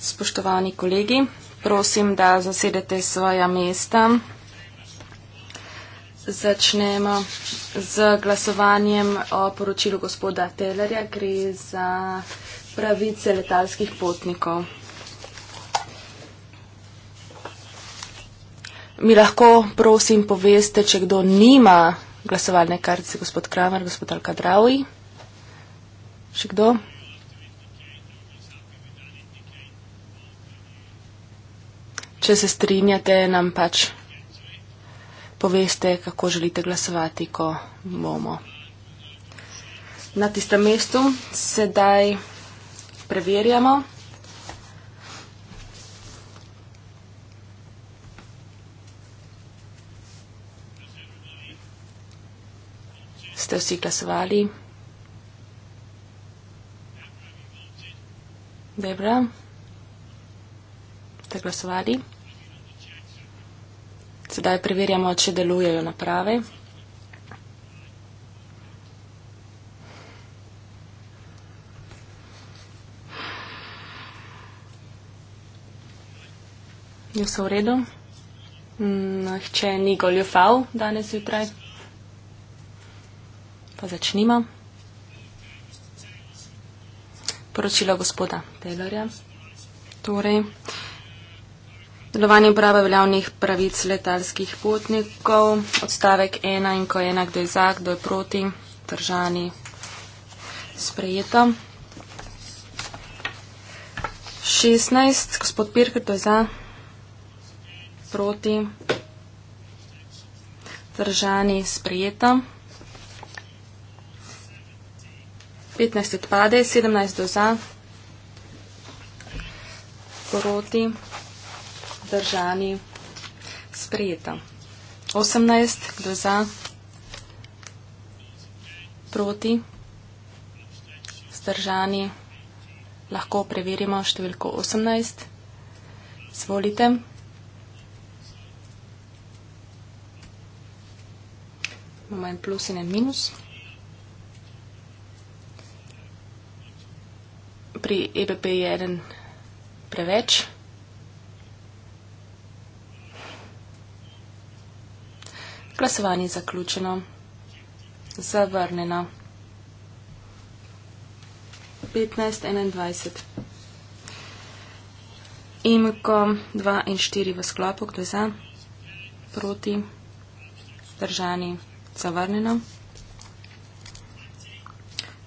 Spoštovani kolegi, prosim, da zasedete svoja mesta. Začnemo z glasovanjem o poročilu gospoda Tellerja. Gre za pravice letalskih potnikov. Mi lahko, prosim, poveste, če kdo nima glasovalne kartice, gospod Kramer, gospod Alkadravi. Še kdo? Če se strinjate, nam pač poveste, kako želite glasovati, ko bomo. Na tistem mestu sedaj preverjamo. Ste vsi glasovali? Debra? Ste glasovali? Sedaj preverjamo, če delujejo naprave. Je vse v redu? Nihče ni goljufal danes zjutraj pa začnimo. Poročilo gospoda Taylorja. Torej, delovanje prava veljavnih pravic letalskih potnikov, odstavek 1 in ko je enak, kdo je za, kdo je proti, držani sprejeto. 16, gospod Pirker, kdo je za, proti, držani sprejeto. 15 odpade, 17 do za, proti, držani, sprejeta. 18 do za, proti, zdržani, lahko preverimo številko 18. Zvolite. Imamo en plus in en minus. pri EBP1 preveč. Glasovanje je zaključeno, zavrnjeno. 15.21. Imko 2 in 4 v sklopu, kdo je za, proti, držani, zavrnjeno.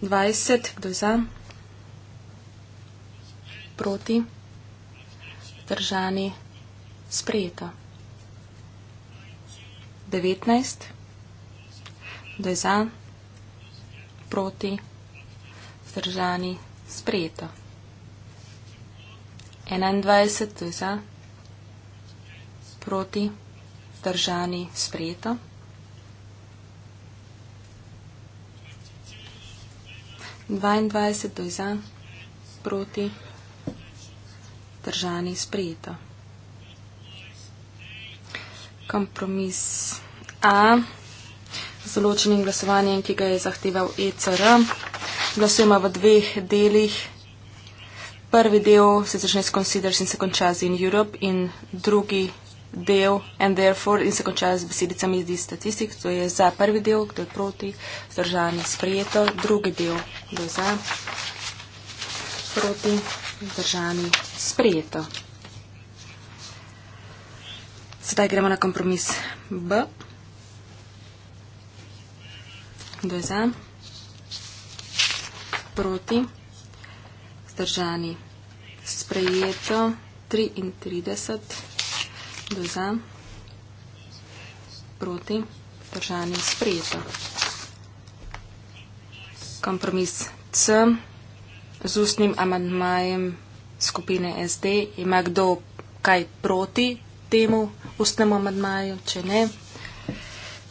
20, kdo je za proti, držani, sprejeto. 19, kdo je za, proti, držani, sprejeto. 21, kdo je za, proti, držani, sprejeto. 22 do izan, proti, vzdržani, sprijeto. Kompromis A z določenim glasovanjem, ki ga je zahteval ECR. Glasujemo v dveh delih. Prvi del se začne s considers in se konča z in Europe in drugi del and therefore in se konča z besedicami iz statistik. To je za prvi del, kdo je proti, vzdržani, sprijeto. Drugi del, kdo je za proti vzdržani sprejeto. Sedaj gremo na kompromis B. Kdo je za? Proti. Zdržani sprejeto. 33. Kdo je za? Proti. Zdržani sprejeto. Kompromis C z ustnim amantmajem skupine SD. Ima kdo kaj proti temu ustnemu amantmaju, če ne?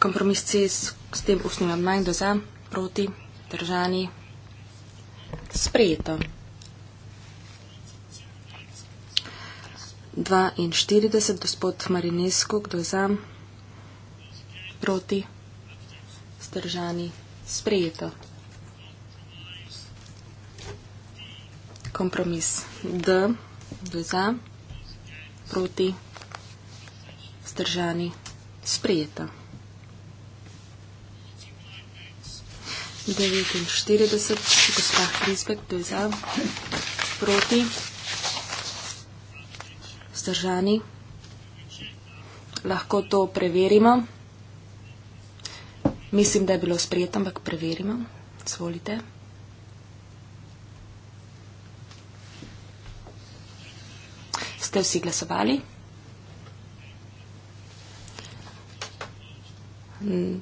Kompromis C s, s tem ustnim amantmajem do za, proti, držani. Sprejeto. 42, gospod Marinesko, kdo za, proti, zdržani, sprejeto. kompromis. D, dve za, proti, vzdržani, sprijeta. 49, gospa Hrisbek, dve za, proti, vzdržani. Lahko to preverimo. Mislim, da je bilo sprijeto, ampak preverimo. Svolite. Ste vsi glasovali?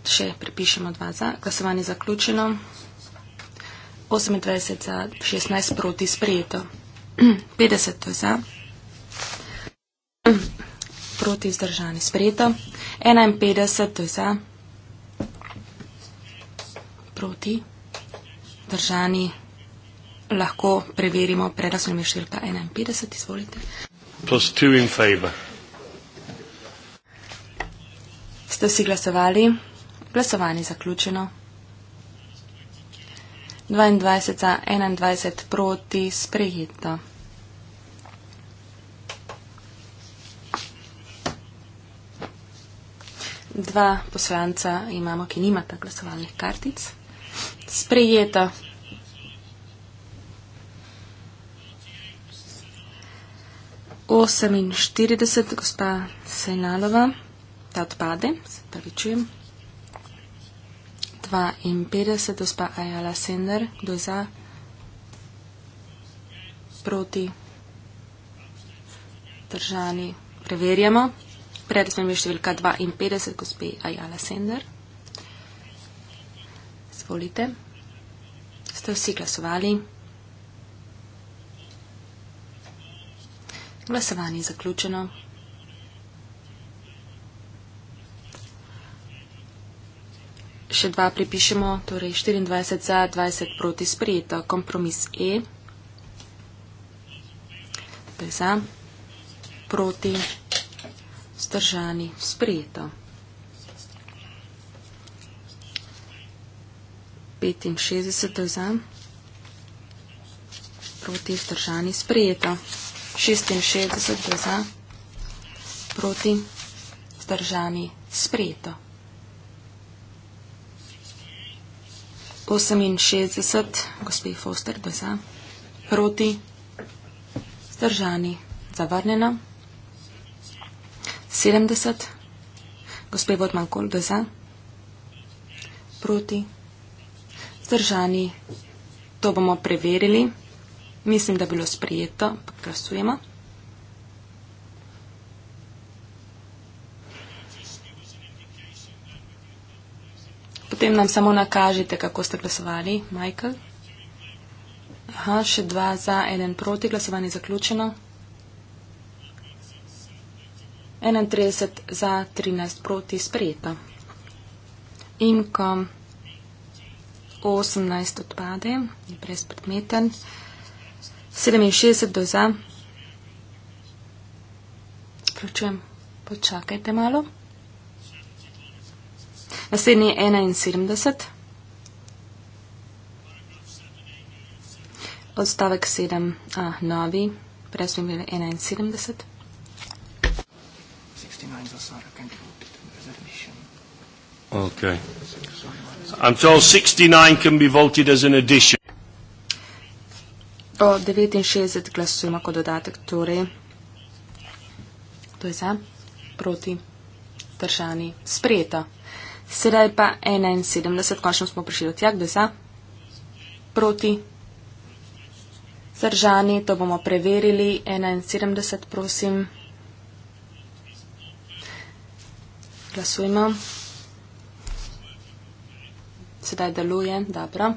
Še pripišemo dva za. Glasovanje je zaključeno. 28 za, 16 proti sprejeto. 50 to je za. Proti izdržani sprejeto. 51 to je za. Proti držani lahko preverimo. Preraz nam je številka 51. Izvolite plus two in favor. Ste vsi glasovali? Glasovanje zaključeno. 22 za 21 proti sprejeto. Dva poslanca imamo, ki nimata glasovalnih kartic. Sprejeto. 48, gospa Sejnalova, ta odpade, se pravi čujem. 52, gospa Ajala Sender, kdo je za? Proti. Držani. Preverjamo. Pred smo imeli številka 52, gospe Ajala Sender. Zvolite. Ste vsi glasovali? Glasovanje je zaključeno. Še dva pripišemo, torej 24 za, 20 proti sprejeto. Kompromis E. Torej za, proti, vzdržani, sprejeto. 65 za, proti, vzdržani, sprejeto. 66 je za, proti, zdržani, sprejeto. 68, gospe Foster, je za, proti, zdržani, zavrnjeno. 70, gospe Vodmankol, je za, proti, zdržani, to bomo preverili. Mislim, da je bilo sprijeto, pa glasujemo. Potem nam samo nakažite, kako ste glasovali, Michael. Aha, še dva za, eden proti, glasovanje zaključeno. 31 za, 13 proti, sprijeto. In ko 18 odpade, je brezpredmeten. 67 do za. Vključujem. Počakajte malo. Naslednji je 71. Odstavek 7. A, novi. Prej smo imeli 71. Okay. I'm told 69 can be voted as an addition. O, 69 glasujemo kot dodatek, torej to je za, proti, držani, sprejeta. Sedaj pa 71, končno smo prišli od tja, kdo je za, proti, držani, to bomo preverili, 71, prosim. Glasujemo. Sedaj deluje, dobro.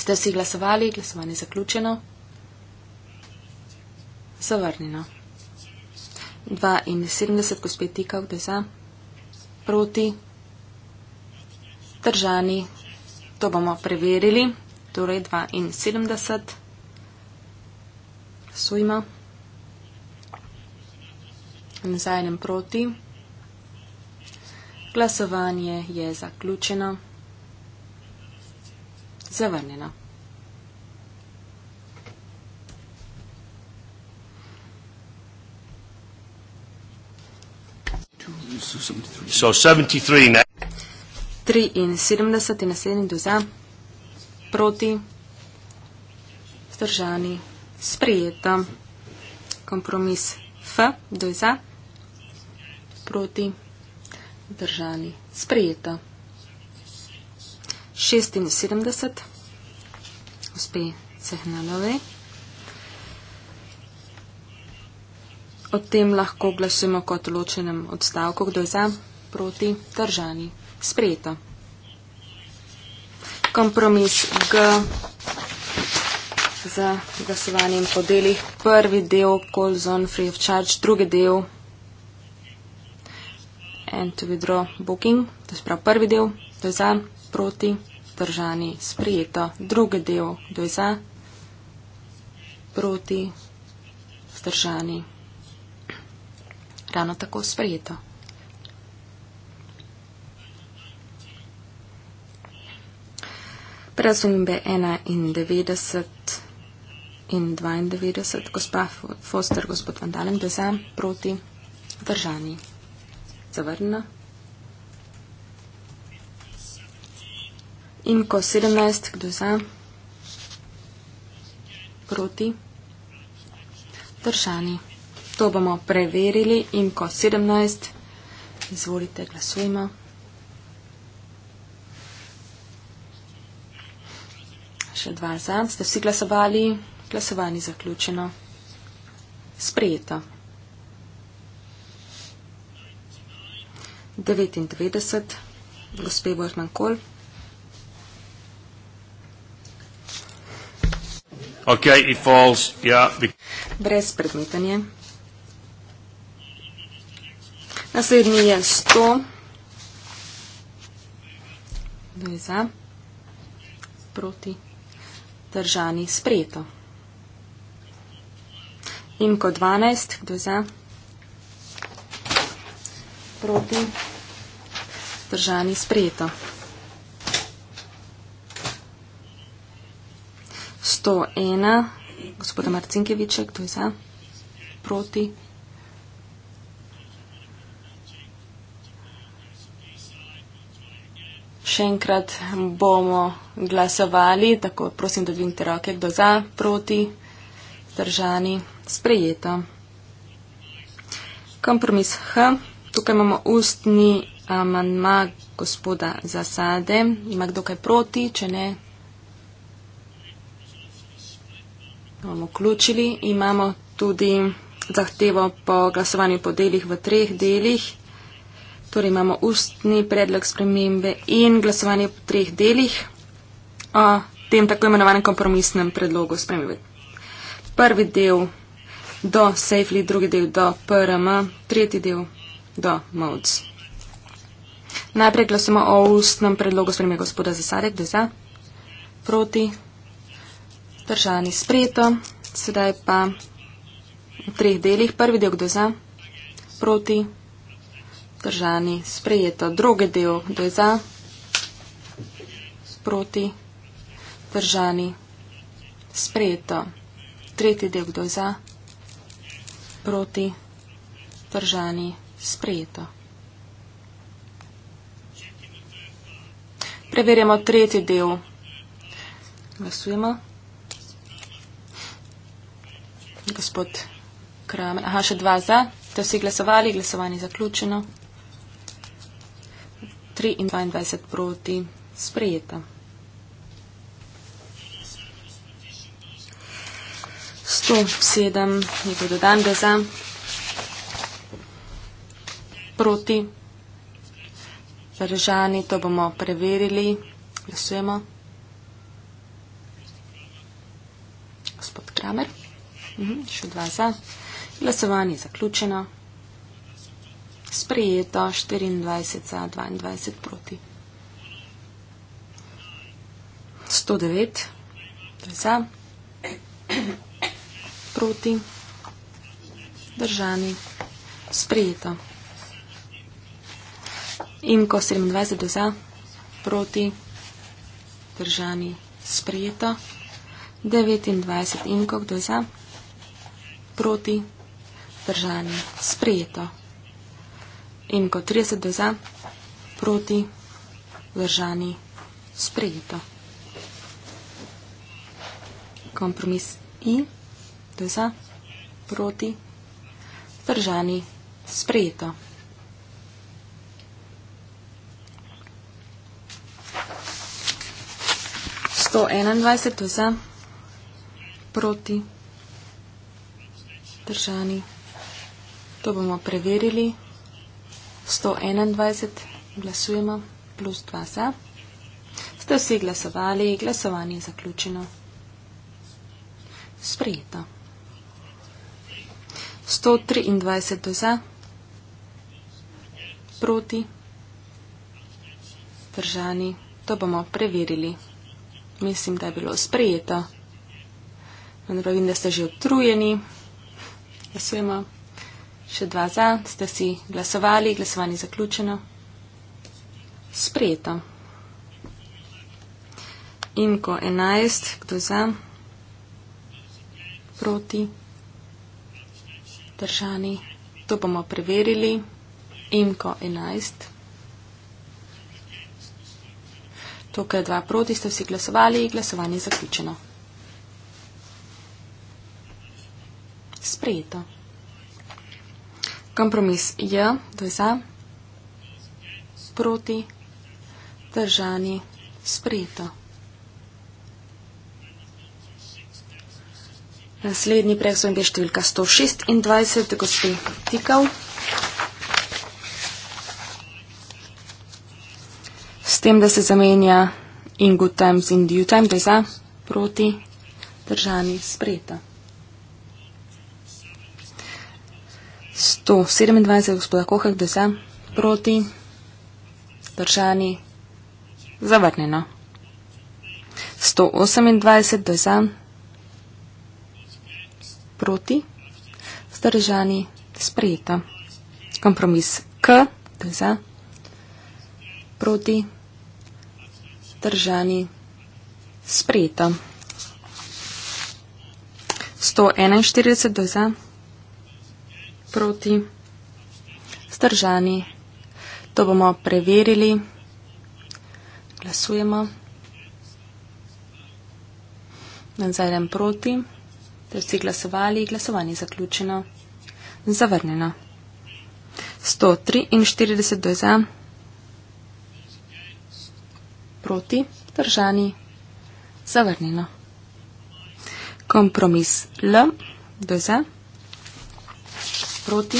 Ste vsi glasovali, glasovanje zaključeno? Zavrnjeno. 72 gospe tikav, da je za, proti, držani, to bomo preverili, torej 72, sujmo, nazaj enem proti, glasovanje je zaključeno zavrnjena. So 73 na 7 do za, proti, zdržani, sprijeta. Kompromis F do za, proti, zdržani, sprijeta. 76, gospe Cehnalovej. O tem lahko glasujemo kot o ločenem odstavku, kdo je za, proti, držani. Sprejeto. Kompromis G za glasovanjem po delih. Prvi del, call zone free of charge, drugi del, and to withdraw booking, to je prav prvi del, to je za, proti, držani vzdržani, sprejeto, drugi del, kdo je za, proti, vzdržani, ravno tako sprejeto. Razumbe 91 in 92, gospa Foster, gospod Vandalen, kdo je za, proti, vzdržani, zavrnjeno. In ko 17, kdo za? Proti. Držani. To bomo preverili. In ko 17, izvolite, glasujmo. Še dva za, ste vsi glasovali, glasovanje zaključeno. Sprejeto. 99, gospe Vojman Kolb. Okay, it falls. Yeah. Brez predmetanje. Naslednji je 100. Kdo je za? Proti. Držani. Sprejeto. In kot 12. Kdo je za? Proti. Držani. Sprejeto. 101, gospoda Marcinkeviče, kdo je za, proti. Še enkrat bomo glasovali, tako prosim, da dvignite roke, kdo za, proti, držani, sprejeto. Kompromis H, tukaj imamo ustni amandma gospoda Zasade, ima kdo kaj proti, če ne, bomo vključili. Imamo tudi zahtevo po glasovanju po delih v treh delih. Torej imamo ustni predlog spremembe in glasovanje po treh delih o tem tako imenovanem kompromisnem predlogu spremembe. Prvi del do Safely, drugi del do PRM, tretji del do MODS. Najprej glasujemo o ustnem predlogu spremembe gospoda Zasadek, da za, proti, Vprašanje sprejeto, sedaj pa v treh delih. Prvi del kdo za, proti, vprašanje sprejeto. Drugi del kdo za, proti, vprašanje sprejeto. Tretji del kdo za, proti, vprašanje sprejeto. Preverjamo tretji del. Glasujemo gospod Kramer. Aha, še dva za. Ste vsi glasovali, glasovanje zaključeno. 3 in 22 proti sprejeta. Sto sedem je bilo dodan ga za, proti, zdržani, to bomo preverili. Glasujemo. Gospod Kramer. Mhm, še dva za. Glasovanje zaključeno. Sprejeto 24 za 22 proti. 109 za. Proti. Držani. Sprejeto. Imko 27 za. Proti. Držani. Sprejeto. 29 imko kdo za proti, držanje sprejeto. In kot 30 za, proti, držanje sprejeto. Kompromis I, za, proti, držanje sprejeto. Sto enaindvajset za, proti, držanje sprejeto zadržani. To bomo preverili. 121 glasujemo, plus 2 za. Ste vsi glasovali, glasovanje je zaključeno. Sprejeto. 123 za, proti, držani. To bomo preverili. Mislim, da je bilo sprejeto. Vendar pa vidim, da ste že utrujeni. Glasujemo. Še dva za. Ste si glasovali. Glasovanje je zaključeno. Sprejeto. Imko 11. Kdo za? Proti. Držani. To bomo preverili. Imko 11. Tukaj dva proti ste vsi glasovali. Glasovanje je zaključeno. sprejeto. Kompromis J, to je za, proti, držani, sprejeto. Naslednji prehzvon je številka 126, gospe Tikal. S tem, da se zamenja in good times in due time, to je za, proti, držani, sprejeto. 127 gospoda Koha, da se proti vprašanji zavrnjeno. 128 do izan proti vzdržani sprejeta. Kompromis K do izan proti vzdržani sprejeta. 141 do izan proti, vzdržani. To bomo preverili. Glasujemo. Nazaj en proti, da vsi glasovali, glasovanje zaključeno. Zavrnjeno. 143 do za, proti, držani, zavrnjeno. Kompromis L do za proti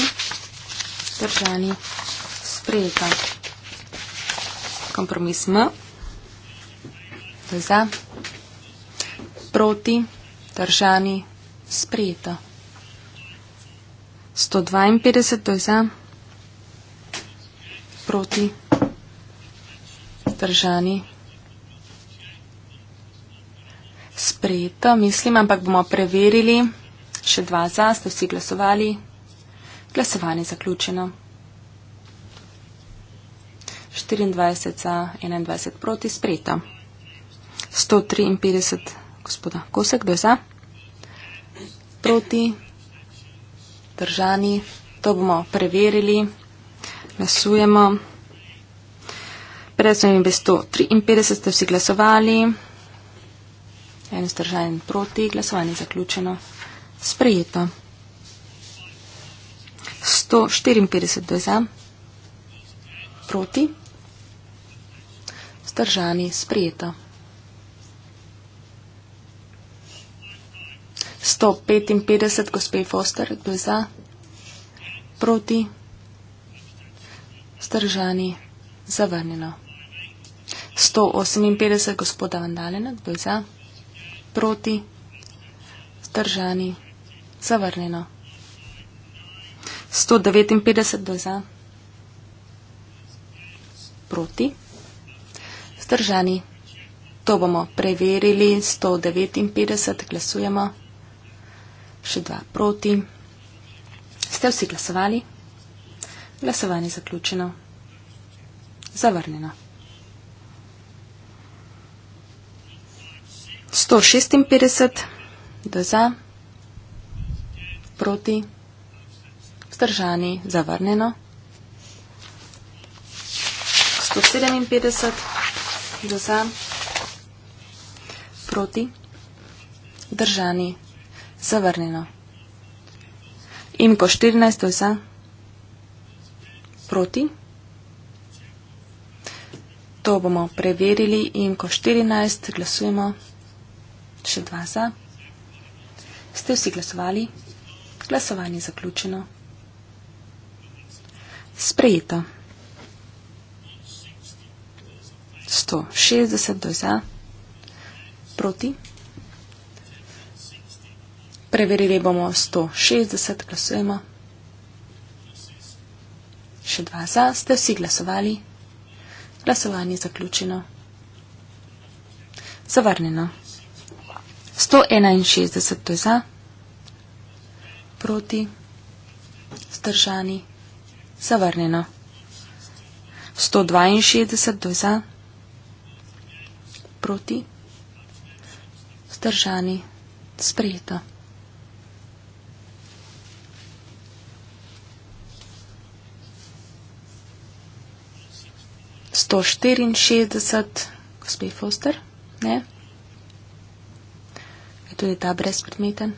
držani sprejeta. Kompromis M, to je za, proti držani sprejeta. 152, to je za, proti držani sprejeta, mislim, ampak bomo preverili, še dva za, ste vsi glasovali, Glasovanje zaključeno. 24 za 21 proti sprejeta. 153 gospoda Kosek, kdo je za? Proti držani. To bomo preverili. Glasujemo. Pred svojim bi 153 ste vsi glasovali. En zdržan proti. Glasovanje zaključeno. Sprejeto. 154 do je za, proti, vzdržani, sprijeta. 155 gospe Foster, kdo je za, proti, vzdržani, zavrnjeno. 158 gospoda Vandalena, kdo je za, proti, vzdržani, zavrnjeno. 159 do za, proti, vzdržani. To bomo preverili, 159 glasujemo, še dva proti. Ste vsi glasovali? Glasovanje je zaključeno. Zavrnjeno. 156 do za, proti vzdržani, zavrnjeno. 157 za, proti, držani, zavrnjeno. In po 14 za, proti. To bomo preverili in ko 14 glasujemo, še dva za. Ste vsi glasovali? Glasovanje zaključeno sprejeta. 160 do za, proti. Preverili bomo 160, glasujemo. Še dva za, ste vsi glasovali. Glasovanje zaključeno. Zavrnjeno. 161 do za, proti, zdržani zavrnjeno. 162 do za, proti, vzdržani, sprejeto. Sto štiriinšestdeset, gospod Foster, ne? Je tudi ta brezpredmeten?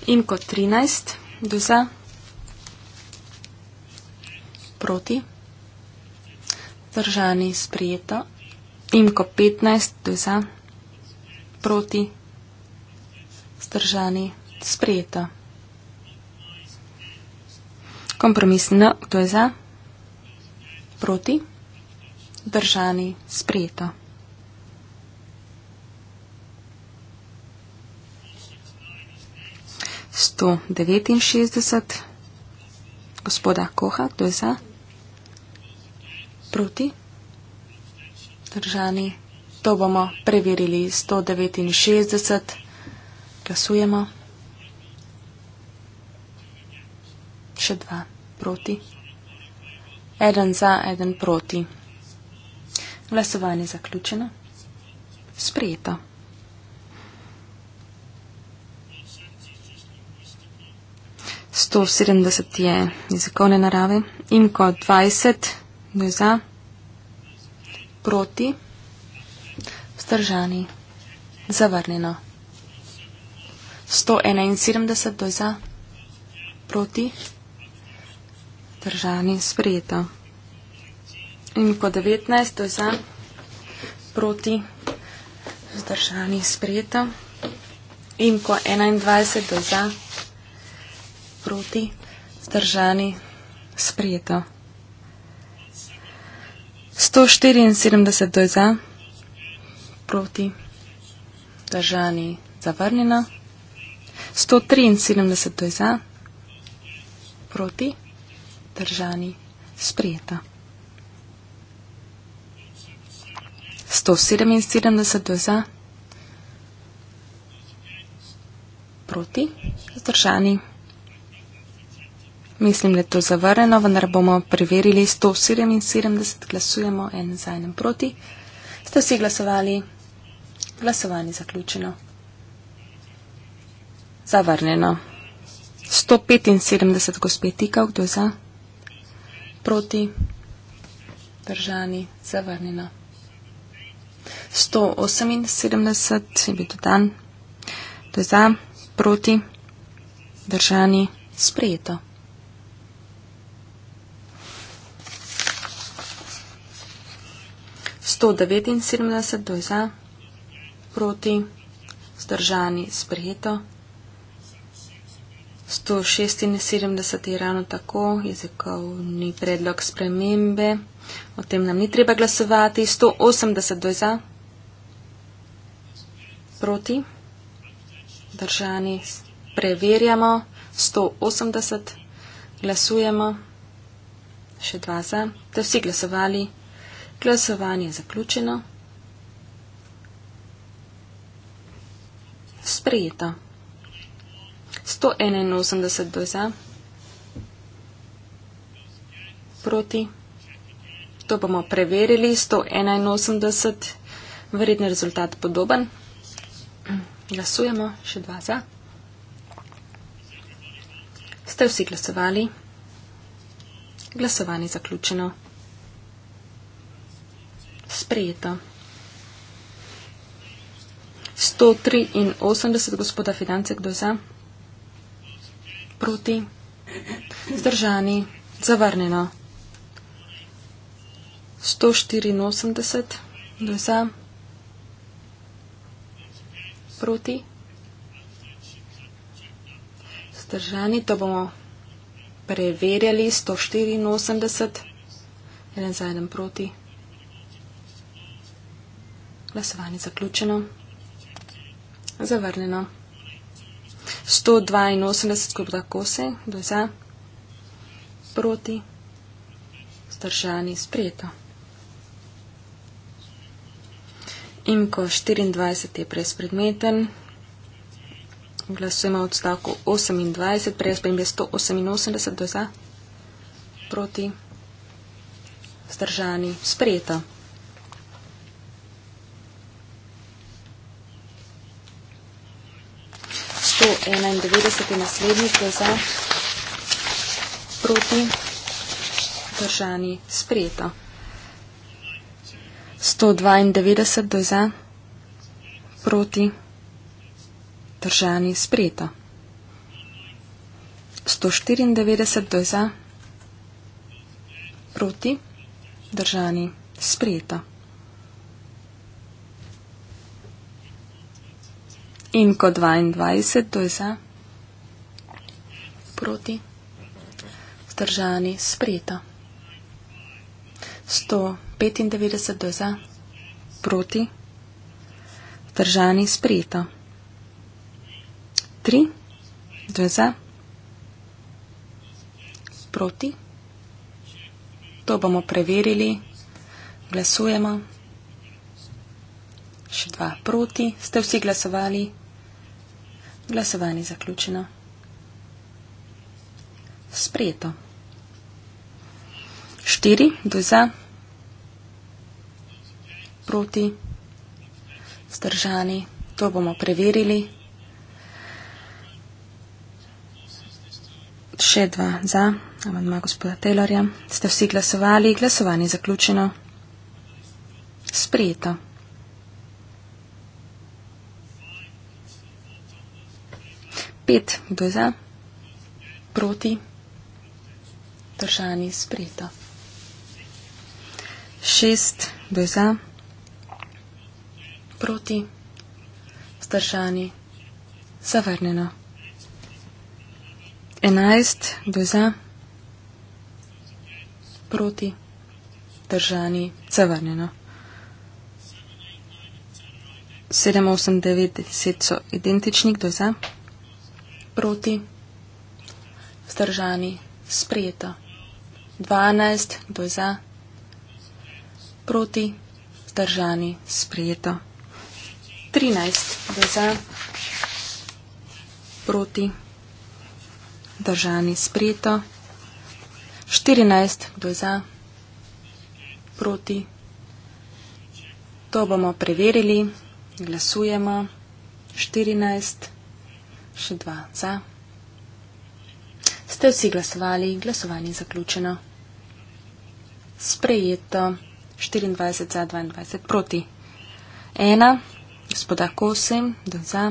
In kot 13, Dusa, proti, držani sprijeto. In kot 15, Dusa, proti, držani sprijeto. Kompromisno, kdo je za, proti, držani sprijeto. 169, gospoda Koha, to je za, proti, držani, to bomo preverili, 169, glasujemo, še dva, proti, eden za, eden proti. Glasovanje zaključeno, sprijeto. 170 je jezikovne narave in kot 20 je za, proti, vzdržani, zavrnjeno. 171 je za, proti, vzdržani, sprejeto. In kot 19 je za, proti, vzdržani, sprejeto. In ko 21 dozna proti, zdržani, sprijeto. 174 je za, proti, zdržani, zavrnjeno. 173 je za, proti, zdržani, sprijeto. 177 je za, proti, zdržani, sprijeto. Mislim, da je to zavrnjeno, vendar bomo preverili 177, glasujemo en za enem proti. Ste vsi glasovali? Glasovanje zaključeno. Zavrnjeno. 175, gospod Tikal, kdo za? Proti. Držani. Zavrnjeno. 178 je bil dodan. Kdo za? Proti. Držani. Sprejeto. 179 do za, proti, zdržani, sprejeto. 176 je ravno tako, jezikovni predlog spremembe, o tem nam ni treba glasovati. 180 do za, proti, zdržani, preverjamo. 180 glasujemo, še dva za, da vsi glasovali. Glasovanje je zaključeno. Sprejeto. 181 do za. Proti. To bomo preverili. 181. Verjetno je rezultat podoben. Glasujemo. Še dva za. Ste vsi glasovali? Glasovanje je zaključeno sprejeta. 183 gospoda Fidance, kdo za? Proti? Zdržani? Zavrnjeno. 184, kdo za? Proti? Zdržani, to bomo preverjali. 184, 1 za 1 proti. Glasovanje zaključeno. Zavrnjeno. 182 skupaj kose, kdo je za, proti, zdržani, sprejeto. Imko 24 je brezpredmeten. Glasujemo v odstavku 28, brezpredmeten je 188, kdo je za, proti, zdržani, sprejeto. 191 naslednjih je za proti držani sprejeto. 192 do za proti držani sprejeto. 194 do za proti držani sprejeto. In ko 22, to je za, proti, vzdržani, sprejeta. 195, to je za, proti, vzdržani, sprejeta. 3, to je za, proti. To bomo preverili, glasujemo. Še dva proti, ste vsi glasovali. Glasovanje zaključeno. Sprejeto. Štiri do za, proti, zdržani. To bomo preverili. Še dva za, amadma gospoda Taylorja. Ste vsi glasovali? Glasovanje zaključeno. Sprejeto. 5. Kdo je za? Proti? Držani sprejeto. 6. Kdo je za? Proti? Zdržani zavrnjeno. 11. Kdo je za? Proti? Držani zavrnjeno. 7, 8, 9, 10 so identični, kdo je za? proti, vzdržani, sprijeta. 12 bo za, proti, vzdržani, sprijeta. 13 bo za, proti, vzdržani, sprijeta. 14 bo za, proti. To bomo preverili, glasujemo. 14 še dva za. Ste vsi glasovali, glasovanje zaključeno. Sprejeto 24 za 22 proti. Ena, gospoda Kosem, da za.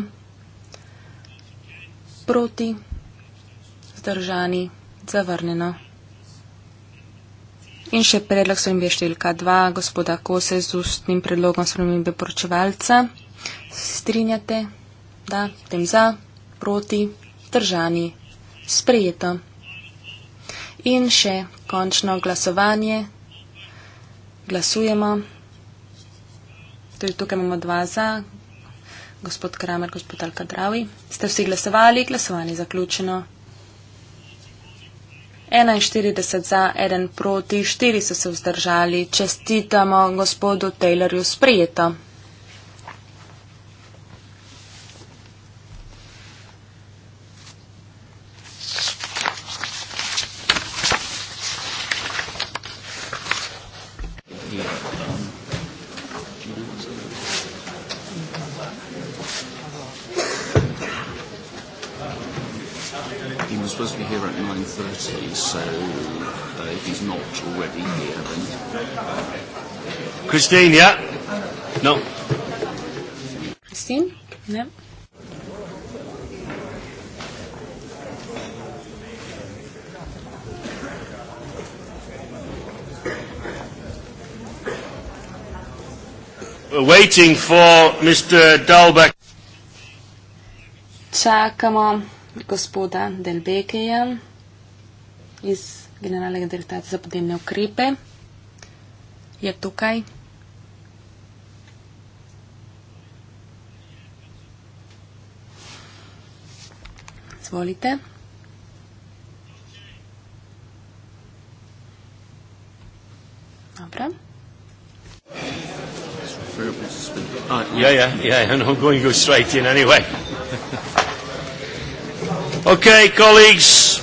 Proti, zdržani, zavrnjeno. In še predlog svojim bi številka 2, gospoda Kose z ustnim predlogom svojim bi poročevalca. Strinjate? Da, tem za proti, držani, sprejeto. In še končno glasovanje. Glasujemo. Tudi tukaj imamo dva za, gospod Kramer, gospod Alkadravi. Ste vsi glasovali, glasovanje zaključeno. 41 za, 1 proti, 4 so se vzdržali. Čestitamo gospodu Taylorju sprejeto. Christine, yeah? Ja? No. Christine? No. We're waiting for Mr. Dalbeck. Čakamo gospoda Delbekeja iz generalnega direktorata za podnebne ukrepe. Je tukaj. izvolite. Dobro. Uh, yeah, yeah, yeah, and I'm going to go straight in anyway. okay, colleagues.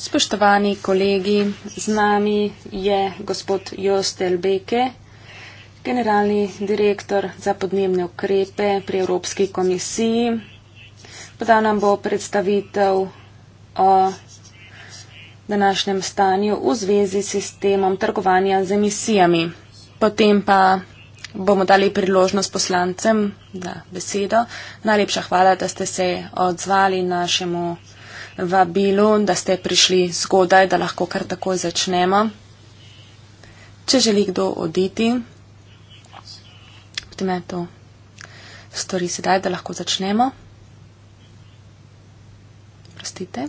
Spoštovani kolegi, z nami je gospod Jostel Beke, generalni direktor za podnebne ukrepe pri Evropski komisiji da nam bo predstavitev o današnjem stanju v zvezi s sistemom trgovanja z emisijami. Potem pa bomo dali priložnost poslancem na besedo. Najlepša hvala, da ste se odzvali našemu vabilu, da ste prišli zgodaj, da lahko kar tako začnemo. Če želi kdo oditi, potem je to stori sedaj, da lahko začnemo oprostite.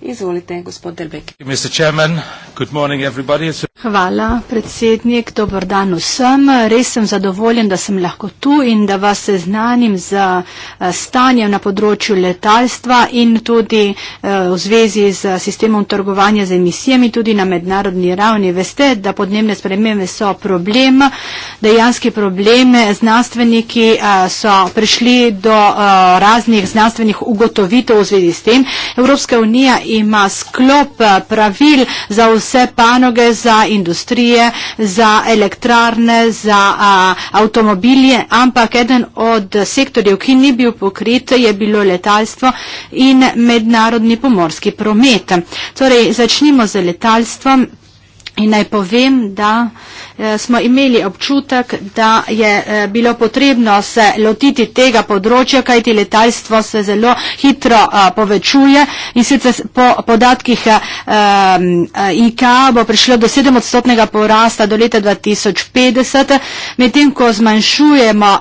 Izvolite, gospod Delbek. Hvala, predsednik, dobr dan vsem. Res sem zadovoljen, da sem lahko tu in da vas seznanim z eh, stanjem na področju letalstva in tudi eh, v zvezi z sistemom trgovanja z emisijami tudi na mednarodni ravni. Veste, da podnebne spremembe so problem, dejanski problem. Znanstveniki eh, so prišli do raznih znanstvenih ugotovitev v zvezi s tem. Evropska unija ima sklop eh, pravil za vse panoge, za industrije, za elektrarne, za a, eh, avtomobilje, ampak eden od sektorjev, ki ni bil pokrit, je bilo letalstvo in mednarodni pomorski promet. Torej, začnimo z letalstvom in naj povem, da Eh, smo imeli občutek, da je eh, bilo potrebno se lotiti tega področja, kajti letalstvo se zelo hitro eh, povečuje in sicer po podatkih IK bo prišlo do 7 odstotnega porasta do leta 2050, medtem ko zmanjšujemo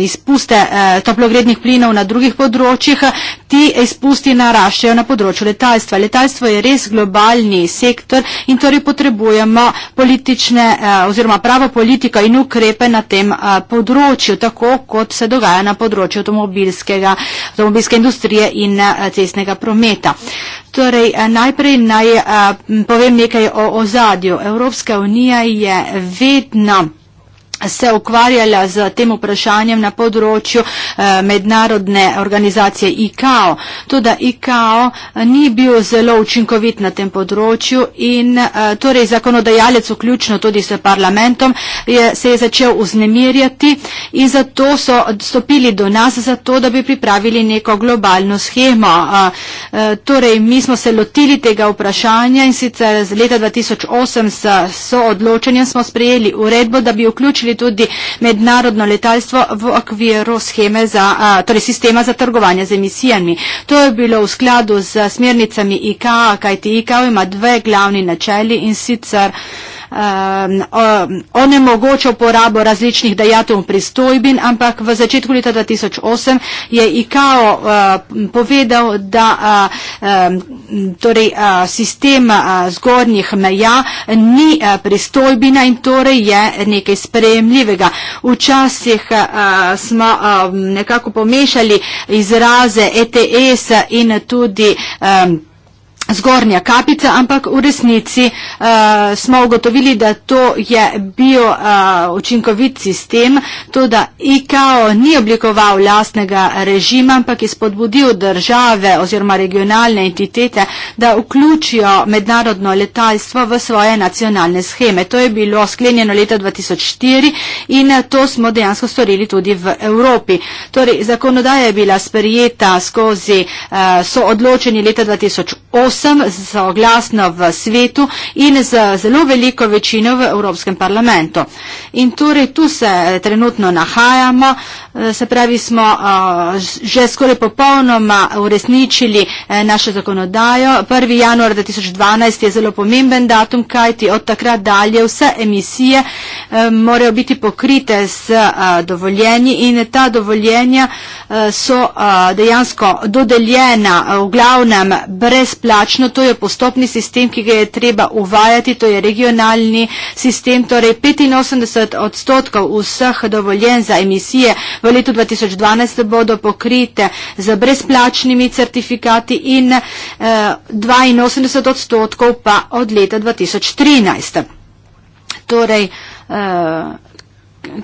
izpuste toplogrednih plinov na drugih področjih, ti izpusti naraščajo na področju letalstva. Letalstvo je res globalni sektor in torej potrebujemo politične Eh, oziroma prava politika in ukrepe na tem eh, področju, tako kot se dogaja na področju avtomobilske industrije in eh, cestnega prometa. Torej, najprej naj a, povem nekaj o ozadju. Evropska unija je vedno se ukvarjala z tem vprašanjem na področju eh, mednarodne organizacije IKO. Tudi IKO eh, ni bil zelo učinkovit na tem področju in eh, torej zakonodajalec, vključno tudi s parlamentom, je, se je začel uznemirjati in zato so stopili do nas, zato da bi pripravili neko globalno schemo. Eh, eh, torej, mi smo se lotili tega vprašanja in sicer z leta 2008 s soodločenjem smo sprejeli uredbo, da bi vključili vključili tudi mednarodno letalstvo v okviru scheme za, torej sistema za trgovanje z emisijami. To je bilo v skladu z smernicami IKA, kajti IKA ima dve glavni načeli in sicer um, onemogočal porabo različnih dajatev in pristojbin, ampak v začetku leta 2008 je IKAO uh, povedal, da uh, um, torej, uh, sistem uh, zgornjih meja ni uh, pristojbina in torej je nekaj sprejemljivega. Včasih uh, smo uh, nekako pomešali izraze ETS in tudi um, zgornja kapica, ampak v resnici uh, smo ugotovili, da to je bil uh, eh, učinkovit sistem, to, da IKO ni oblikoval lastnega režima, ampak je spodbudil države oziroma regionalne entitete, da vključijo mednarodno letalstvo v svoje nacionalne scheme. To je bilo sklenjeno leta 2004 in eh, to smo dejansko storili tudi v Evropi. Torej, zakonodaja je bila sprijeta skozi uh, soodločenje leta 2008 sem soglasna v svetu in z zelo veliko večino v Evropskem parlamentu. In torej tu se eh, trenutno nahajamo, Eh, se pravi smo eh, že skoraj popolnoma uresničili eh, našo zakonodajo. 1. januar 2012 je zelo pomemben datum, kajti od takrat dalje vse emisije morajo biti pokrite z dovoljenji in ta dovoljenja so dejansko dodeljena v glavnem brezplačno. To je postopni sistem, ki ga je treba uvajati, to je regionalni sistem, torej 85 odstotkov vseh dovoljen za emisije V letu 2012 bodo pokrite z brezplačnimi certifikati in eh, 82 odstotkov pa od leta 2013. Torej, eh,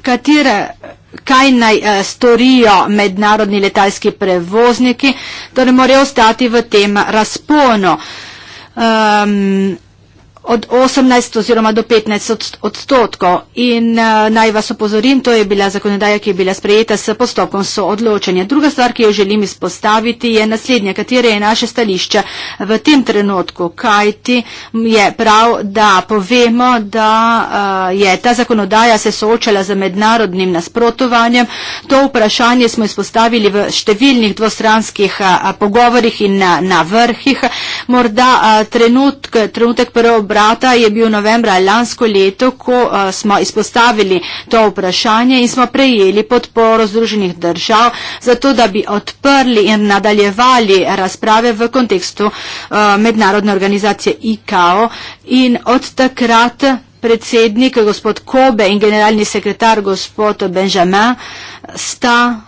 katere, kaj naj eh, storijo mednarodni letalski prevozniki, torej morajo ostati v tem razponu. Eh, od 18 oziroma do 15 odstotkov. In uh, naj vas opozorim, to je bila zakonodaja, ki je bila sprejeta s postopkom so odločanja. Druga stvar, ki jo želim izpostaviti, je naslednja, katere je naše stališče v tem trenutku, kajti je prav, da povemo, da uh, je ta zakonodaja se soočala z mednarodnim nasprotovanjem. To vprašanje smo izpostavili v številnih dvostranskih uh, pogovorih in na, na vrhih. Morda uh, trenutk, trenutek prvo obrata je bil novembra lansko leto, ko a, uh, smo izpostavili to vprašanje in smo prejeli podporo Združenih držav, zato da bi odprli in nadaljevali razprave v kontekstu a, uh, mednarodne organizacije ICAO in od takrat predsednik gospod Kobe in generalni sekretar gospod Benjamin sta,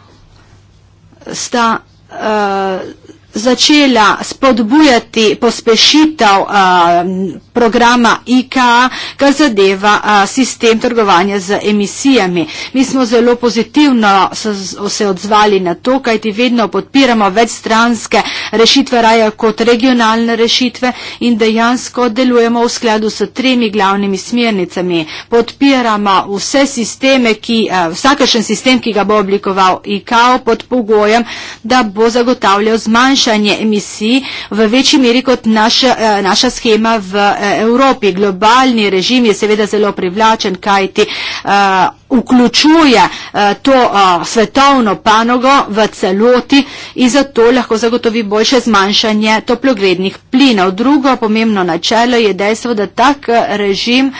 sta a, uh, začela spodbujati pospešitev a, programa IKA, kar zadeva a, sistem trgovanja z emisijami. Mi smo zelo pozitivno se, se odzvali na to, kajti vedno podpiramo večstranske rešitve raje kot regionalne rešitve in dejansko delujemo v skladu s tremi glavnimi smernicami. Podpiramo vse sisteme, ki, a, vsakešen sistem, ki ga bo oblikoval IKA pod pogojem, da bo zagotavljal zmanjšanje zmanjšanje emisij v večji meri kot naša, eh, naša schema v eh, Evropi. Globalni režim je seveda zelo privlačen, kajti eh, vključuje eh, to eh, svetovno panogo v celoti in zato lahko zagotovi boljše zmanjšanje toplogrednih plinov. Drugo pomembno načelo je dejstvo, da tak eh, režim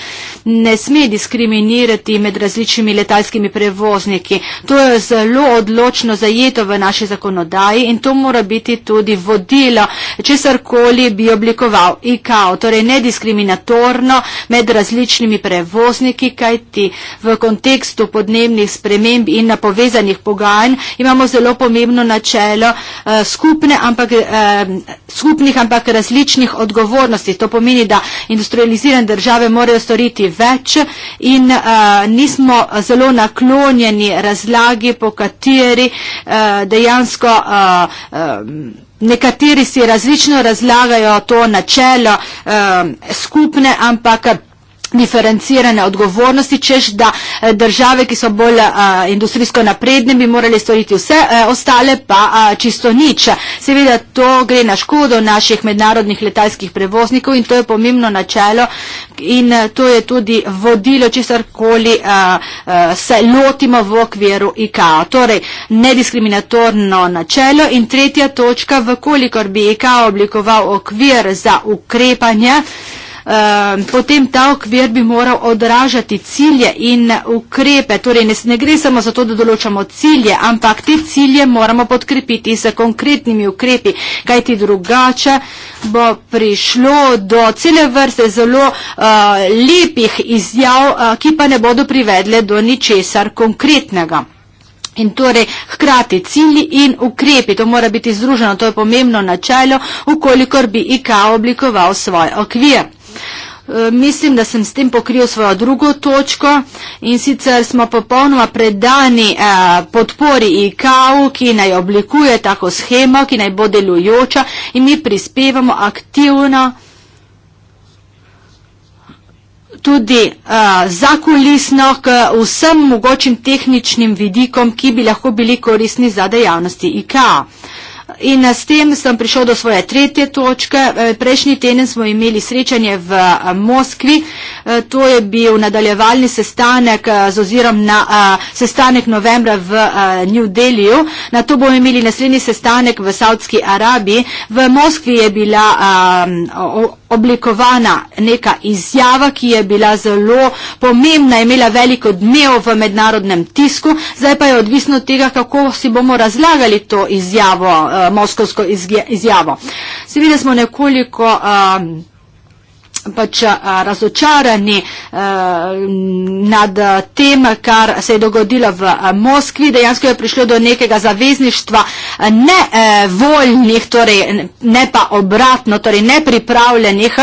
ne sme diskriminirati med različnimi letalskimi prevozniki. To je zelo odločno zajeto v naši zakonodaji in to mora biti tudi vodilo, če srkoli bi oblikoval IKO, torej nediskriminatorno med različnimi prevozniki, kaj ti v kontekstu kontekstu podnebnih sprememb in na povezanih pogajanj imamo zelo pomembno načelo eh, skupne, ampak, eh, skupnih, ampak različnih odgovornosti. To pomeni, da industrializirane države morajo storiti več in eh, nismo zelo naklonjeni razlagi, po kateri eh, dejansko eh, eh, Nekateri si različno razlagajo to načelo eh, skupne, ampak diferencirane odgovornosti, češ da eh, države, ki so bolj eh, industrijsko napredne, bi morali storiti vse, eh, ostale pa čisto nič. Seveda to gre na škodo naših mednarodnih letalskih prevoznikov in to je pomembno načelo in to je tudi vodilo, če sarkoli se lotimo v okviru IKO. Torej, nediskriminatorno načelo in tretja točka, vkolikor bi IKO oblikoval okvir za ukrepanje, Ehm, potem ta okvir bi moral odražati cilje in ukrepe. Torej ne, ne gre samo za to, da določamo cilje, ampak te cilje moramo podkrepiti z konkretnimi ukrepi, kajti drugače bo prišlo do cele vrste zelo uh, lepih izjav, uh, ki pa ne bodo privedle do ničesar konkretnega. In torej hkrati cilji in ukrepi, to mora biti združeno, to je pomembno načelo, ukolikor bi IKA oblikoval svoj okvir. Eh, mislim, da sem s tem pokril svojo drugo točko in sicer smo popolnoma predani eh, podpori IKAU, ki naj oblikuje tako schemo, ki naj bo delujoča in mi prispevamo aktivno tudi uh, eh, zakulisno k vsem mogočim tehničnim vidikom, ki bi lahko bili korisni za dejavnosti IKA. Uh, In eh, s tem sem prišel do svoje tretje točke. Eh, prejšnji teden smo imeli srečanje v eh, Moskvi. To je bil nadaljevalni sestanek z ozirom na sestanek novembra v New Delhiju. Na to bomo imeli naslednji sestanek v Saudski Arabiji. V Moskvi je bila oblikovana neka izjava, ki je bila zelo pomembna, je imela veliko dnev v mednarodnem tisku, zdaj pa je odvisno od tega, kako si bomo razlagali to izjavo, uh, moskovsko izjavo. Seveda smo nekoliko. Uh, pač eh, razočarani eh, nad eh, tem, kar se je dogodilo v Moskvi. Dejansko je prišlo do nekega zavezništva nevoljnih, torej ne pa obratno, torej nepripravljenih,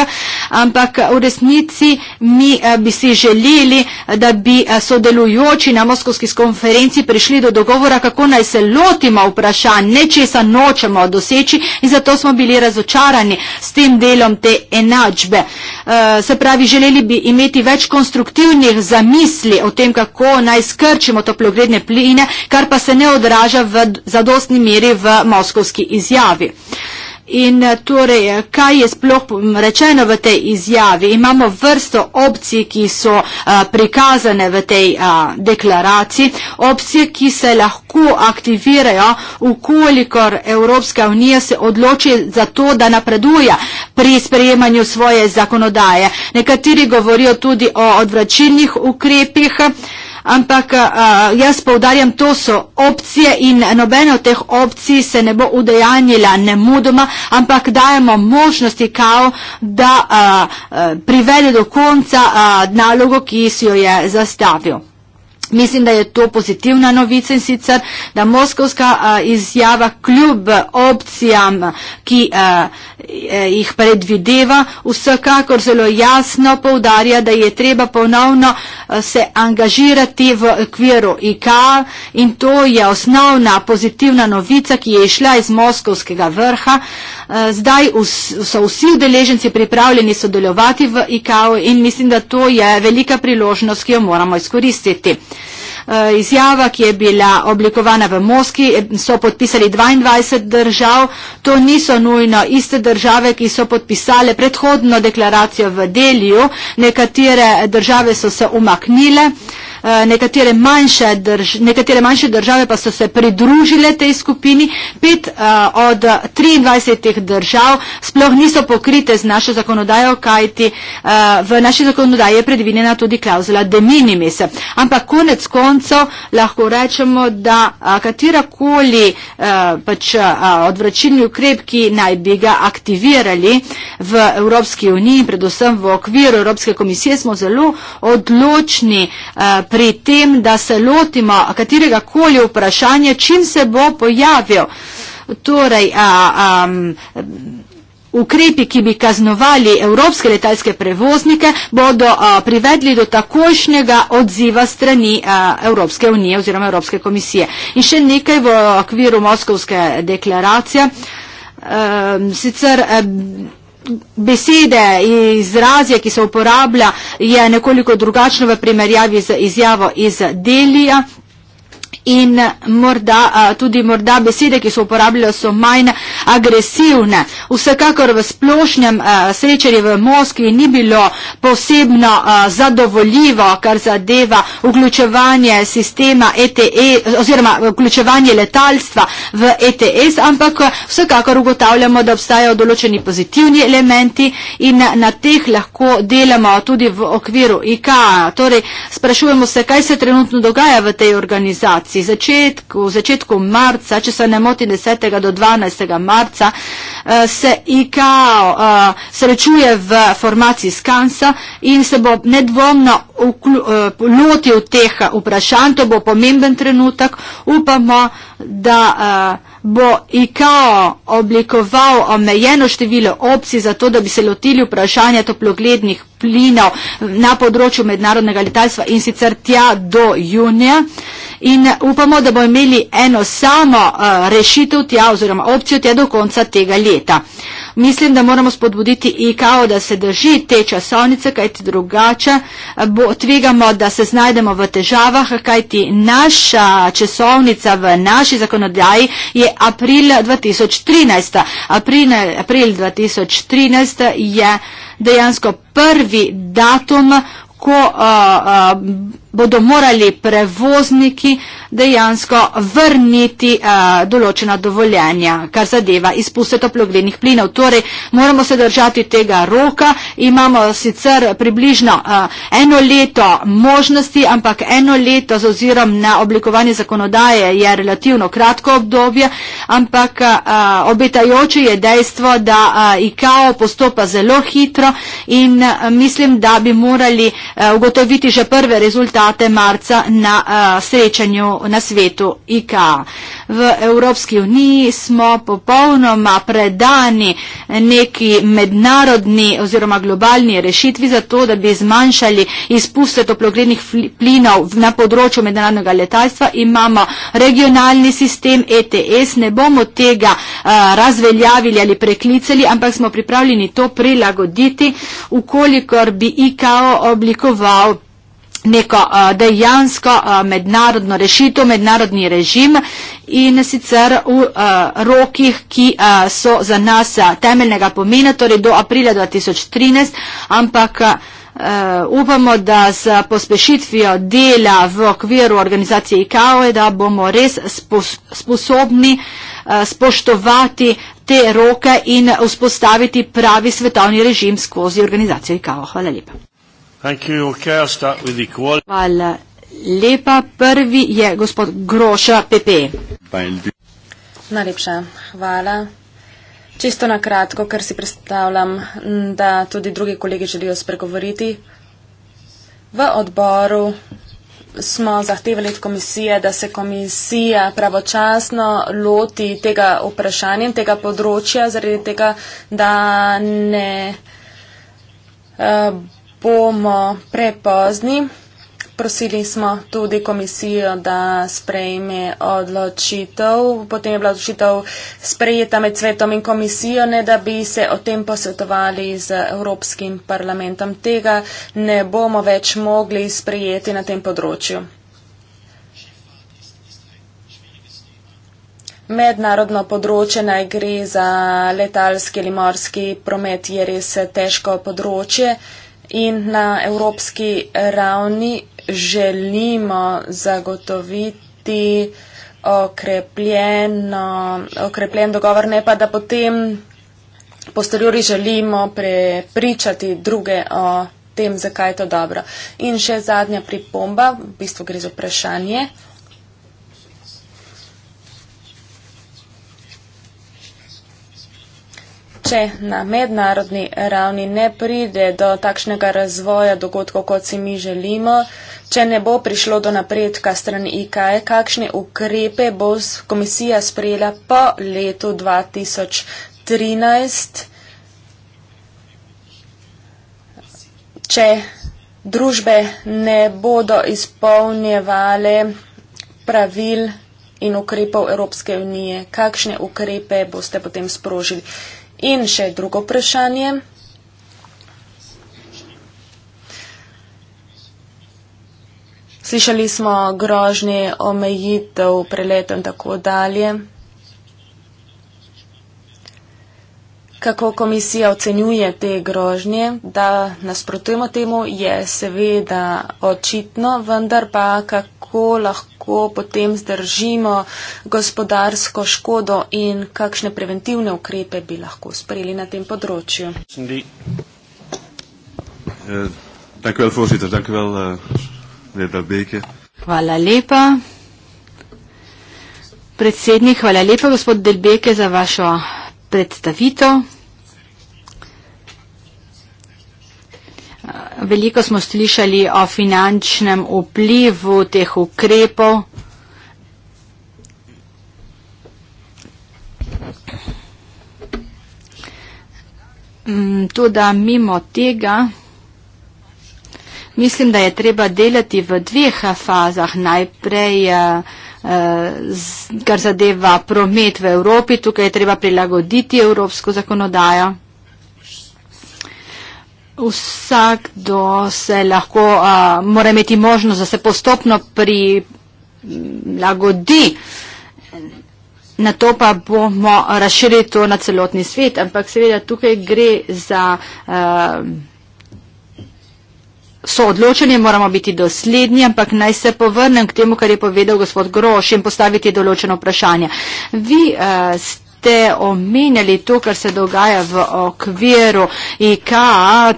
ampak v resnici mi bi si želeli, da bi sodelujoči na Moskovski konferenci prišli do dogovora, kako naj se lotimo vprašanj, nečesa nočemo doseči in zato smo bili razočarani s tem delom te enačbe. Eh, se pravi, želeli bi imeti več konstruktivnih zamisli o tem, kako naj skrčimo toplogredne pline, kar pa se ne odraža v zadostni meri v moskovski izjavi. Uh, In eh, torej, eh, kaj je sploh rečeno v tej izjavi? Imamo vrsto opcij, ki so eh, prikazane v tej deklaraciji. Opcije, ki se lahko aktivirajo, ukolikor Evropska unija se odloči za to, da napreduje pri sprejemanju svoje zakonodaje. Nekateri govorijo tudi o odvračilnih ukrepih ampak uh, jaz povdarjam, to so opcije in nobena od teh opcij se ne bo udejanjila nemudoma, ampak dajemo možnosti, kao da uh, uh, privede do konca uh, nalogo, ki si jo je zastavil. Mislim, da je to pozitivna novica in sicer, da moskovska izjava kljub opcijam, ki e, jih predvideva, vsekakor zelo jasno povdarja, da je treba ponovno se angažirati v okviru IK in to je osnovna pozitivna novica, ki je išla iz moskovskega vrha. Zdaj so vsi udeleženci pripravljeni sodelovati v IK in mislim, da to je velika priložnost, ki jo moramo izkoristiti. Eh, izjava, ki je bila oblikovana v Moskvi, so podpisali 22 držav. To niso nujno iste države, ki so podpisale predhodno deklaracijo v Delju. Nekatere države so se umaknile. Uh, Eh, nekatere manjše, drž nekatere manjše države pa so se pridružile tej skupini. Pet uh, od 23 držav sploh niso pokrite z našo zakonodajo, kajti uh, v naši zakonodaji je predvinjena tudi klauzula de minimis. Ampak konec koncev lahko rečemo, da uh, katerakoli uh, pač, uh, odvračilni ukrep, ki naj bi ga aktivirali v Evropski uniji, predvsem v okviru Evropske komisije, smo zelo odločni. Uh, pri tem, da se lotimo katerega koli vprašanja, čim se bo pojavil. Torej, a, a, ukrepi, ki bi kaznovali evropske letalske prevoznike, bodo a, privedli do takošnjega odziva strani a, Evropske unije oziroma Evropske komisije. In še nekaj v okviru Moskovske deklaracije. A, sicer, a, besede, izrazje, ki se uporablja, je nekoliko drugačno v primerjavi z izjavo iz Delija in morda, tudi morda besede, ki so uporabljali, so manj agresivne. Vsekakor v splošnem srečanju v Moskvi ni bilo posebno zadovoljivo, kar zadeva vključevanje sistema ETS e oziroma vključevanje letalstva v ETS, ampak vsekakor ugotavljamo, da obstajajo določeni pozitivni elementi in na teh lahko delamo tudi v okviru IKA. Torej, sprašujemo se, kaj se trenutno dogaja v tej organizaciji organizaciji. Začetku, v začetku marca, če se ne motim 10. do 12. marca, eh, se IKAO eh, srečuje v formaciji Skansa in se bo nedvomno eh, lotil teh vprašanj. To bo pomemben trenutek. Upamo, da a, bo IKO oblikoval omejeno število opcij za to, da bi se lotili vprašanja toploglednih plinov na področju mednarodnega letalstva in sicer tja do junija. In upamo, da bo imeli eno samo eh, rešitev tja oziroma opcijo tja do konca tega leta. Mislim, da moramo spodbuditi IKO, da se drži te časovnice, kajti drugače eh, bo, tvegamo, da se znajdemo v težavah, kajti naša časovnica v naši zakonodaji je april 2013. April 2013 je dejansko prvi datum, ko uh, uh, bodo morali prevozniki dejansko vrniti uh, določena dovoljenja, kar zadeva izpuste toplogrednih plinov. Torej, moramo se držati tega roka, imamo sicer približno uh, eno leto možnosti, ampak eno leto z ozirom na oblikovanje zakonodaje je relativno kratko obdobje, ampak uh, obetajoče je dejstvo, da uh, IKO postopa zelo hitro in uh, mislim, da bi morali uh, ugotoviti že prve rezultate date marca na uh, srečanju na svetu IKA. V Evropski uniji smo popolnoma predani neki mednarodni oziroma globalni rešitvi za to, da bi zmanjšali izpuste toplogrednih plinov na področju mednarodnega letalstva. Imamo regionalni sistem ETS, ne bomo tega uh, razveljavili ali preklicali, ampak smo pripravljeni to prilagoditi, ukolikor bi IKO oblikoval neko uh, dejansko uh, mednarodno rešitev, mednarodni režim in sicer v uh, rokih, ki uh, so za nas uh, temeljnega pomena, torej do aprila 2013, ampak uh, Uh, upamo, da s pospešitvijo dela v okviru organizacije ICAO je, da bomo res spos sposobni uh, spoštovati te roke in vzpostaviti pravi svetovni režim skozi organizacijo ICAO. Hvala lepa. Hvala lepa. Prvi je gospod Groša PP. Najlepša hvala. Čisto na kratko, ker si predstavljam, da tudi drugi kolegi želijo spregovoriti. V odboru smo zahtevali od komisije, da se komisija pravočasno loti tega vprašanja, tega področja, zaradi tega, da ne. Uh, bomo prepozni. Prosili smo tudi komisijo, da sprejme odločitev. Potem je bila odločitev sprejeta med svetom in komisijo, ne da bi se o tem posvetovali z Evropskim parlamentom. Tega ne bomo več mogli sprejeti na tem področju. Mednarodno področje naj gre za letalski ali morski promet je res težko področje in na evropski ravni želimo zagotoviti okrepljeno, okrepljen dogovor, ne pa da potem posteriori želimo prepričati druge o tem, zakaj je to dobro. In še zadnja pripomba, v bistvu gre za vprašanje. če na mednarodni ravni ne pride do takšnega razvoja dogodkov, kot si mi želimo, če ne bo prišlo do napredka strani IKE, kakšne ukrepe bo komisija sprejela po letu 2013, če družbe ne bodo izpolnjevale pravil in ukrepov Evropske unije, kakšne ukrepe boste potem sprožili. In še drugo vprašanje. Slišali smo grožnje omejitev preletov in tako dalje. kako komisija ocenjuje te grožnje, da nasprotujemo temu, je seveda očitno, vendar pa kako lahko potem zdržimo gospodarsko škodo in kakšne preventivne ukrepe bi lahko sprejeli na tem področju. Eh, eh, hvala lepa. Predsednik, hvala lepa gospod Delbeke za vašo predstavitev. Veliko smo slišali o finančnem vplivu teh ukrepov. Mm, Tudi mimo tega, mislim, da je treba delati v dveh fazah. Najprej, eh, kar zadeva promet v Evropi, tukaj je treba prilagoditi evropsko zakonodajo vsakdo se lahko, uh, mora imeti možnost, da se postopno prilagodi. Na to pa bomo razširili to na celotni svet. Ampak seveda tukaj gre za. Uh, So odločeni, moramo biti dosledni, ampak naj se povrnem k temu, kar je povedal gospod Groš in postaviti določeno vprašanje. Vi uh, ste ste omenjali to, kar se dogaja v okviru IK,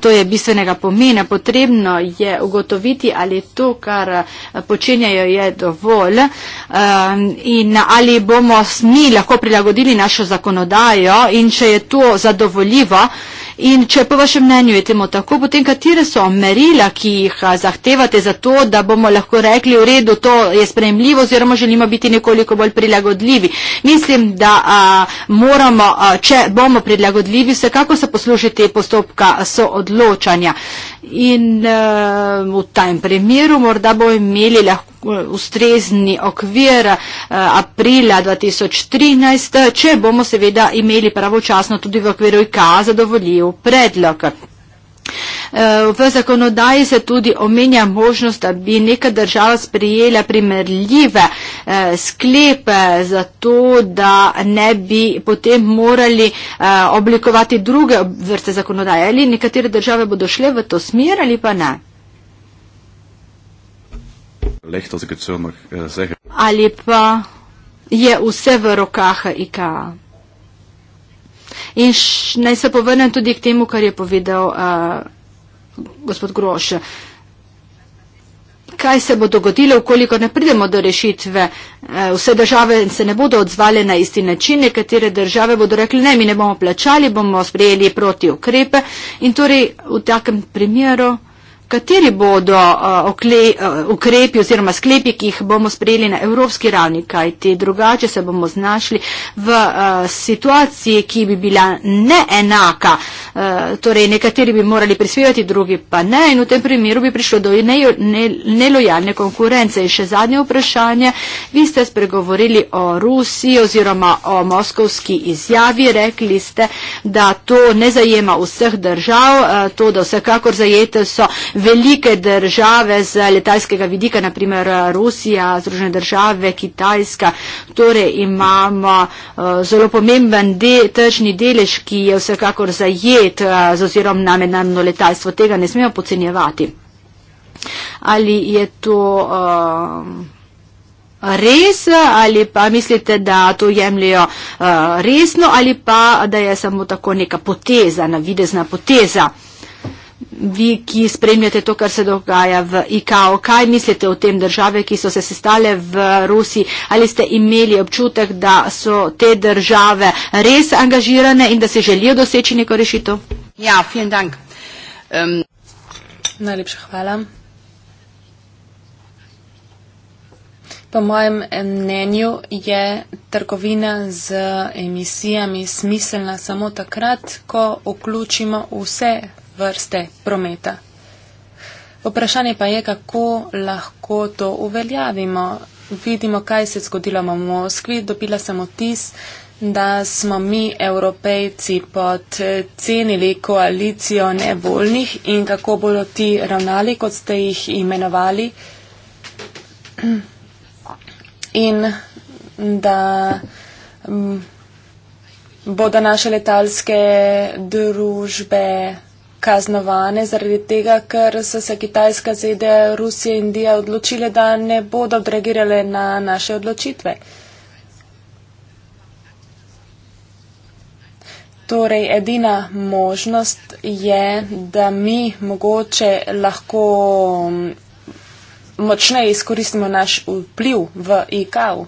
to je bistvenega pomena. Potrebno je ugotoviti, ali to, kar eh, počenjajo, je dovolj ehm, in ali bomo mi lahko prilagodili našo zakonodajo in če je to zadovoljivo. In če po vašem mnenju je temu tako, potem katere so merila, ki jih eh, zahtevate za to, da bomo lahko rekli v redu, to je sprejemljivo oziroma želimo biti nekoliko bolj prilagodljivi. Mislim, da a, eh, moramo, če bomo prilagodljivi, vsekako se poslušati postopka soodločanja. In e, v tem primeru morda bo imeli lahko e, ustrezni okvir e, aprila 2013, če bomo seveda imeli pravočasno tudi v okviru IKA zadovoljiv predlog. Eh, v zakonodaji se tudi omenja možnost, da bi neka država sprijela primerljive eh, sklepe za to, da ne bi potem morali eh, oblikovati druge vrste zakonodaje. Ali nekatere države bodo šle v to smer ali pa ne? Leht, ali pa je vse v rokah IKA? In š, naj se povrnem tudi k temu, kar je povedal uh, gospod Groš. Kaj se bo dogodilo, ukoliko ne pridemo do rešitve? Vse države se ne bodo odzvale na isti način, nekatere države bodo rekli, ne, mi ne bomo plačali, bomo sprejeli protiukrepe. In torej v takem primeru Kateri bodo uh, okle, uh, ukrepi oziroma sklepi, ki jih bomo sprejeli na evropski ravni, kajti drugače se bomo znašli v uh, situaciji, ki bi bila neenaka uh, Eh, torej nekateri bi morali prispevati, drugi pa ne in v tem primeru bi prišlo do nelojalne konkurence. In še zadnje vprašanje, vi ste spregovorili o Rusiji oziroma o moskovski izjavi, rekli ste, da to ne zajema vseh držav, eh, to da vsekakor zajete so velike države z letalskega vidika, naprimer eh, Rusija, Združene države, Kitajska, torej imamo zelo pomemben de, tržni delež, ki je vsekakor zajet let eh, z ozirom na mednarodno letalstvo. Tega ne smemo pocenjevati. Ali je to uh, res ali pa mislite, da to jemljajo uh, eh, resno ali pa da je samo tako neka poteza, navidezna poteza vi, ki spremljate to, kar se dogaja v IKO, kaj mislite o tem države, ki so se sestale v Rusiji, ali ste imeli občutek, da so te države res angažirane in da se želijo doseči neko rešitev? Ja, vielen dank. Um. Najlepša hvala. Po mojem mnenju je trgovina z emisijami smiselna samo takrat, ko vključimo vse vrste prometa. Vprašanje pa je, kako lahko to uveljavimo. Vidimo, kaj se je zgodilo v Moskvi. Dobila sem otis, da smo mi, evropejci, podcenili koalicijo nevoljnih in kako bodo ti ravnali, kot ste jih imenovali. In da mm, bodo naše letalske družbe kaznovane zaradi tega, ker so se Kitajska, ZDA, Rusija in Indija odločile, da ne bodo reagirale na naše odločitve. Torej, edina možnost je, da mi mogoče lahko mm, močneje izkoristimo naš vpliv v IKV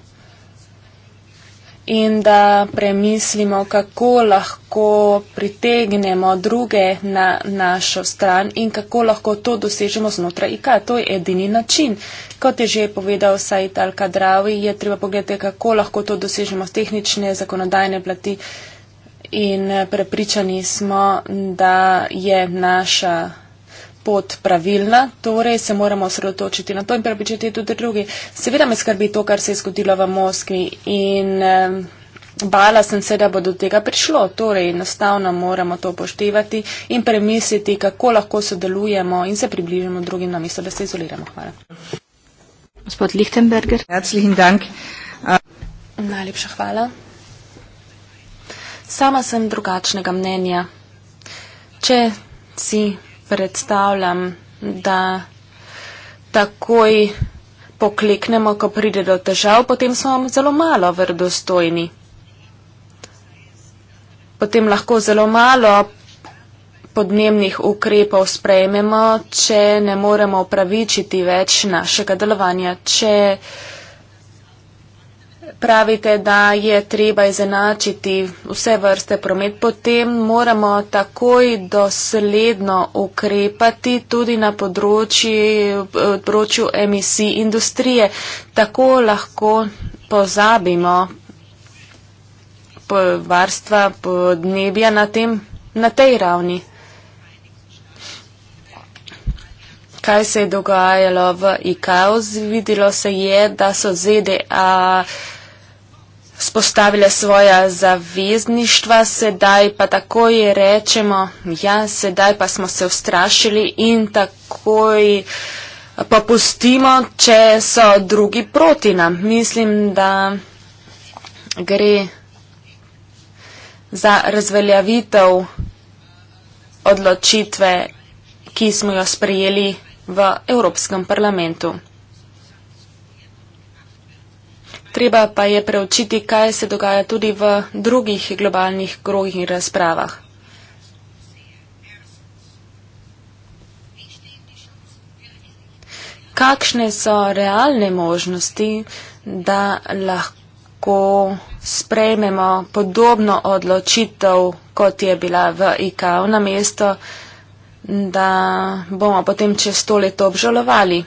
in da premislimo, kako lahko pritegnemo druge na našo stran in kako lahko to dosežemo znotraj IK. To je edini način. Kot je že povedal Said Al-Kadravi, je treba pogledati, kako lahko to dosežemo z tehnične zakonodajne plati in eh, prepričani smo, da je naša pot pravilna, torej se moramo osredotočiti na to in prepričati tudi drugi. Seveda me skrbi to, kar se je zgodilo v Moskvi in eh, bala sem se, da bo do tega prišlo. Torej, enostavno moramo to poštevati in premisliti, kako lahko sodelujemo in se približimo drugim, namesto da se izoliramo. Hvala. Gospod Lichtenberger. Najlepša hvala. Sama sem drugačnega mnenja. Če si predstavljam, da takoj pokleknemo, ko pride do težav, potem smo zelo malo verdostojni. Potem lahko zelo malo podnebnih ukrepov sprejmemo, če ne moremo upravičiti več našega delovanja, če pravite, da je treba izenačiti vse vrste promet, potem moramo takoj dosledno ukrepati tudi na področju emisij industrije. Tako lahko pozabimo varstva podnebja na, tem, na tej ravni. Kaj se je dogajalo v IKAO? Videlo se je, da so ZDA. Uh, spostavile svoja zavezništva, sedaj pa takoj rečemo, ja, sedaj pa smo se ustrašili in takoj popustimo, če so drugi proti nam. Mislim, da gre za razveljavitev odločitve, ki smo jo sprejeli v Evropskem parlamentu. Treba pa je preučiti, kaj se dogaja tudi v drugih globalnih krogih in razpravah. Kakšne so realne možnosti, da lahko sprejmemo podobno odločitev, kot je bila v IKAV na mesto, da bomo potem čez to leto obžalovali?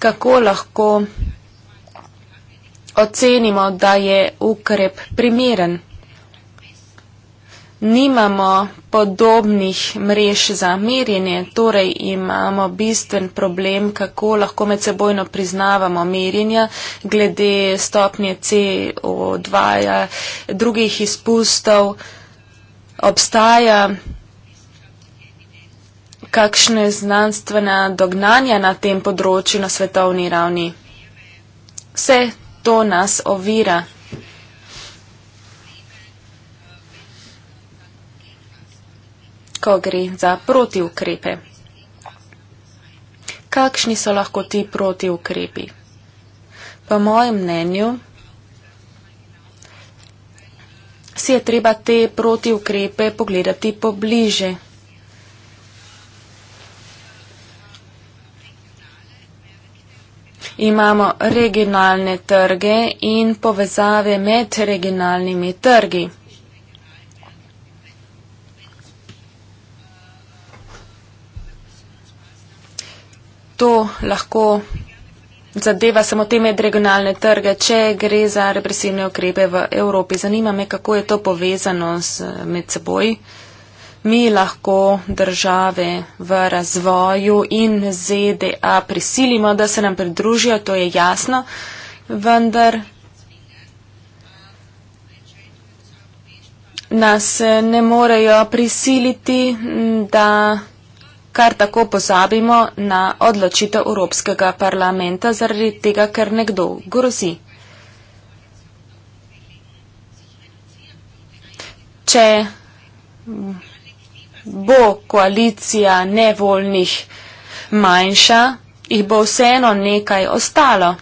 Kako lahko ocenimo, da je ukrep primeren. Nimamo podobnih mrež za merjenje, torej imamo bistven problem, kako lahko med sebojno priznavamo merjenja glede stopnje CO2, ja, drugih izpustov. Obstaja kakšne znanstvena dognanja na tem področju na svetovni ravni. Vse to nas ovira. Ko gre za protiukrepe. Kakšni so lahko ti protiukrepi? Po mojem mnenju si je treba te protiukrepe pogledati pobliže. imamo regionalne trge in povezave med regionalnimi trgi. To lahko zadeva samo te medregionalne trge, če gre za represivne okrepe v Evropi. Zanima me, kako je to povezano z, med seboj mi lahko države v razvoju in ZDA prisilimo, da se nam pridružijo, to je jasno, vendar nas ne morejo prisiliti, da kar tako pozabimo na odločitev Evropskega parlamenta zaradi tega, ker nekdo grozi. Če bo koalicija nevoljnih manjša, jih bo vseeno nekaj ostalo.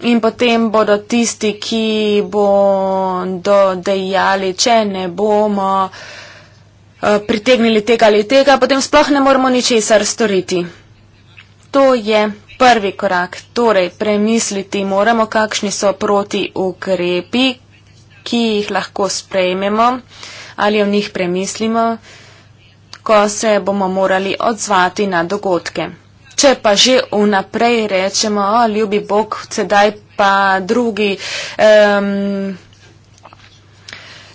In potem bodo tisti, ki bodo dejali, če ne bomo eh, pritegnili tega ali tega, potem sploh ne moremo ničesar storiti. To je prvi korak. Torej, premisliti moramo, kakšni so proti ukrepi, ki jih lahko sprejmemo ali o njih premislimo, ko se bomo morali odzvati na dogodke. Če pa že vnaprej rečemo, o ljubi Bog, sedaj pa drugi um,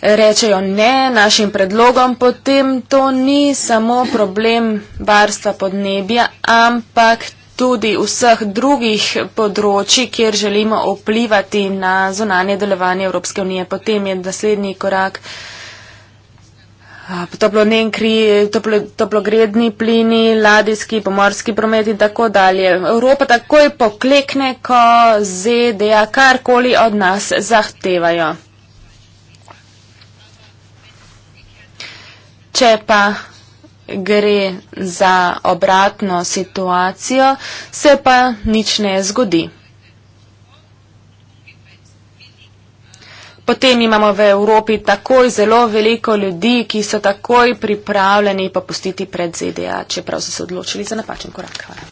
rečejo ne našim predlogom, potem to ni samo problem varstva podnebja, ampak tudi vseh drugih področji, kjer želimo vplivati na zonanje delovanje Evropske unije. Potem je naslednji korak. Uh, potoplonenkri, ah, topl toplogredni plini, ladijski, pomorski promet in tako dalje. Evropa takoj poklekne, ko ZDA karkoli od nas zahtevajo. Če pa gre za obratno situacijo, se pa nič ne zgodi. Potem imamo v Evropi takoj zelo veliko ljudi, ki so takoj pripravljeni popustiti pred ZDA, čeprav so se odločili za napačen korak. Hvala.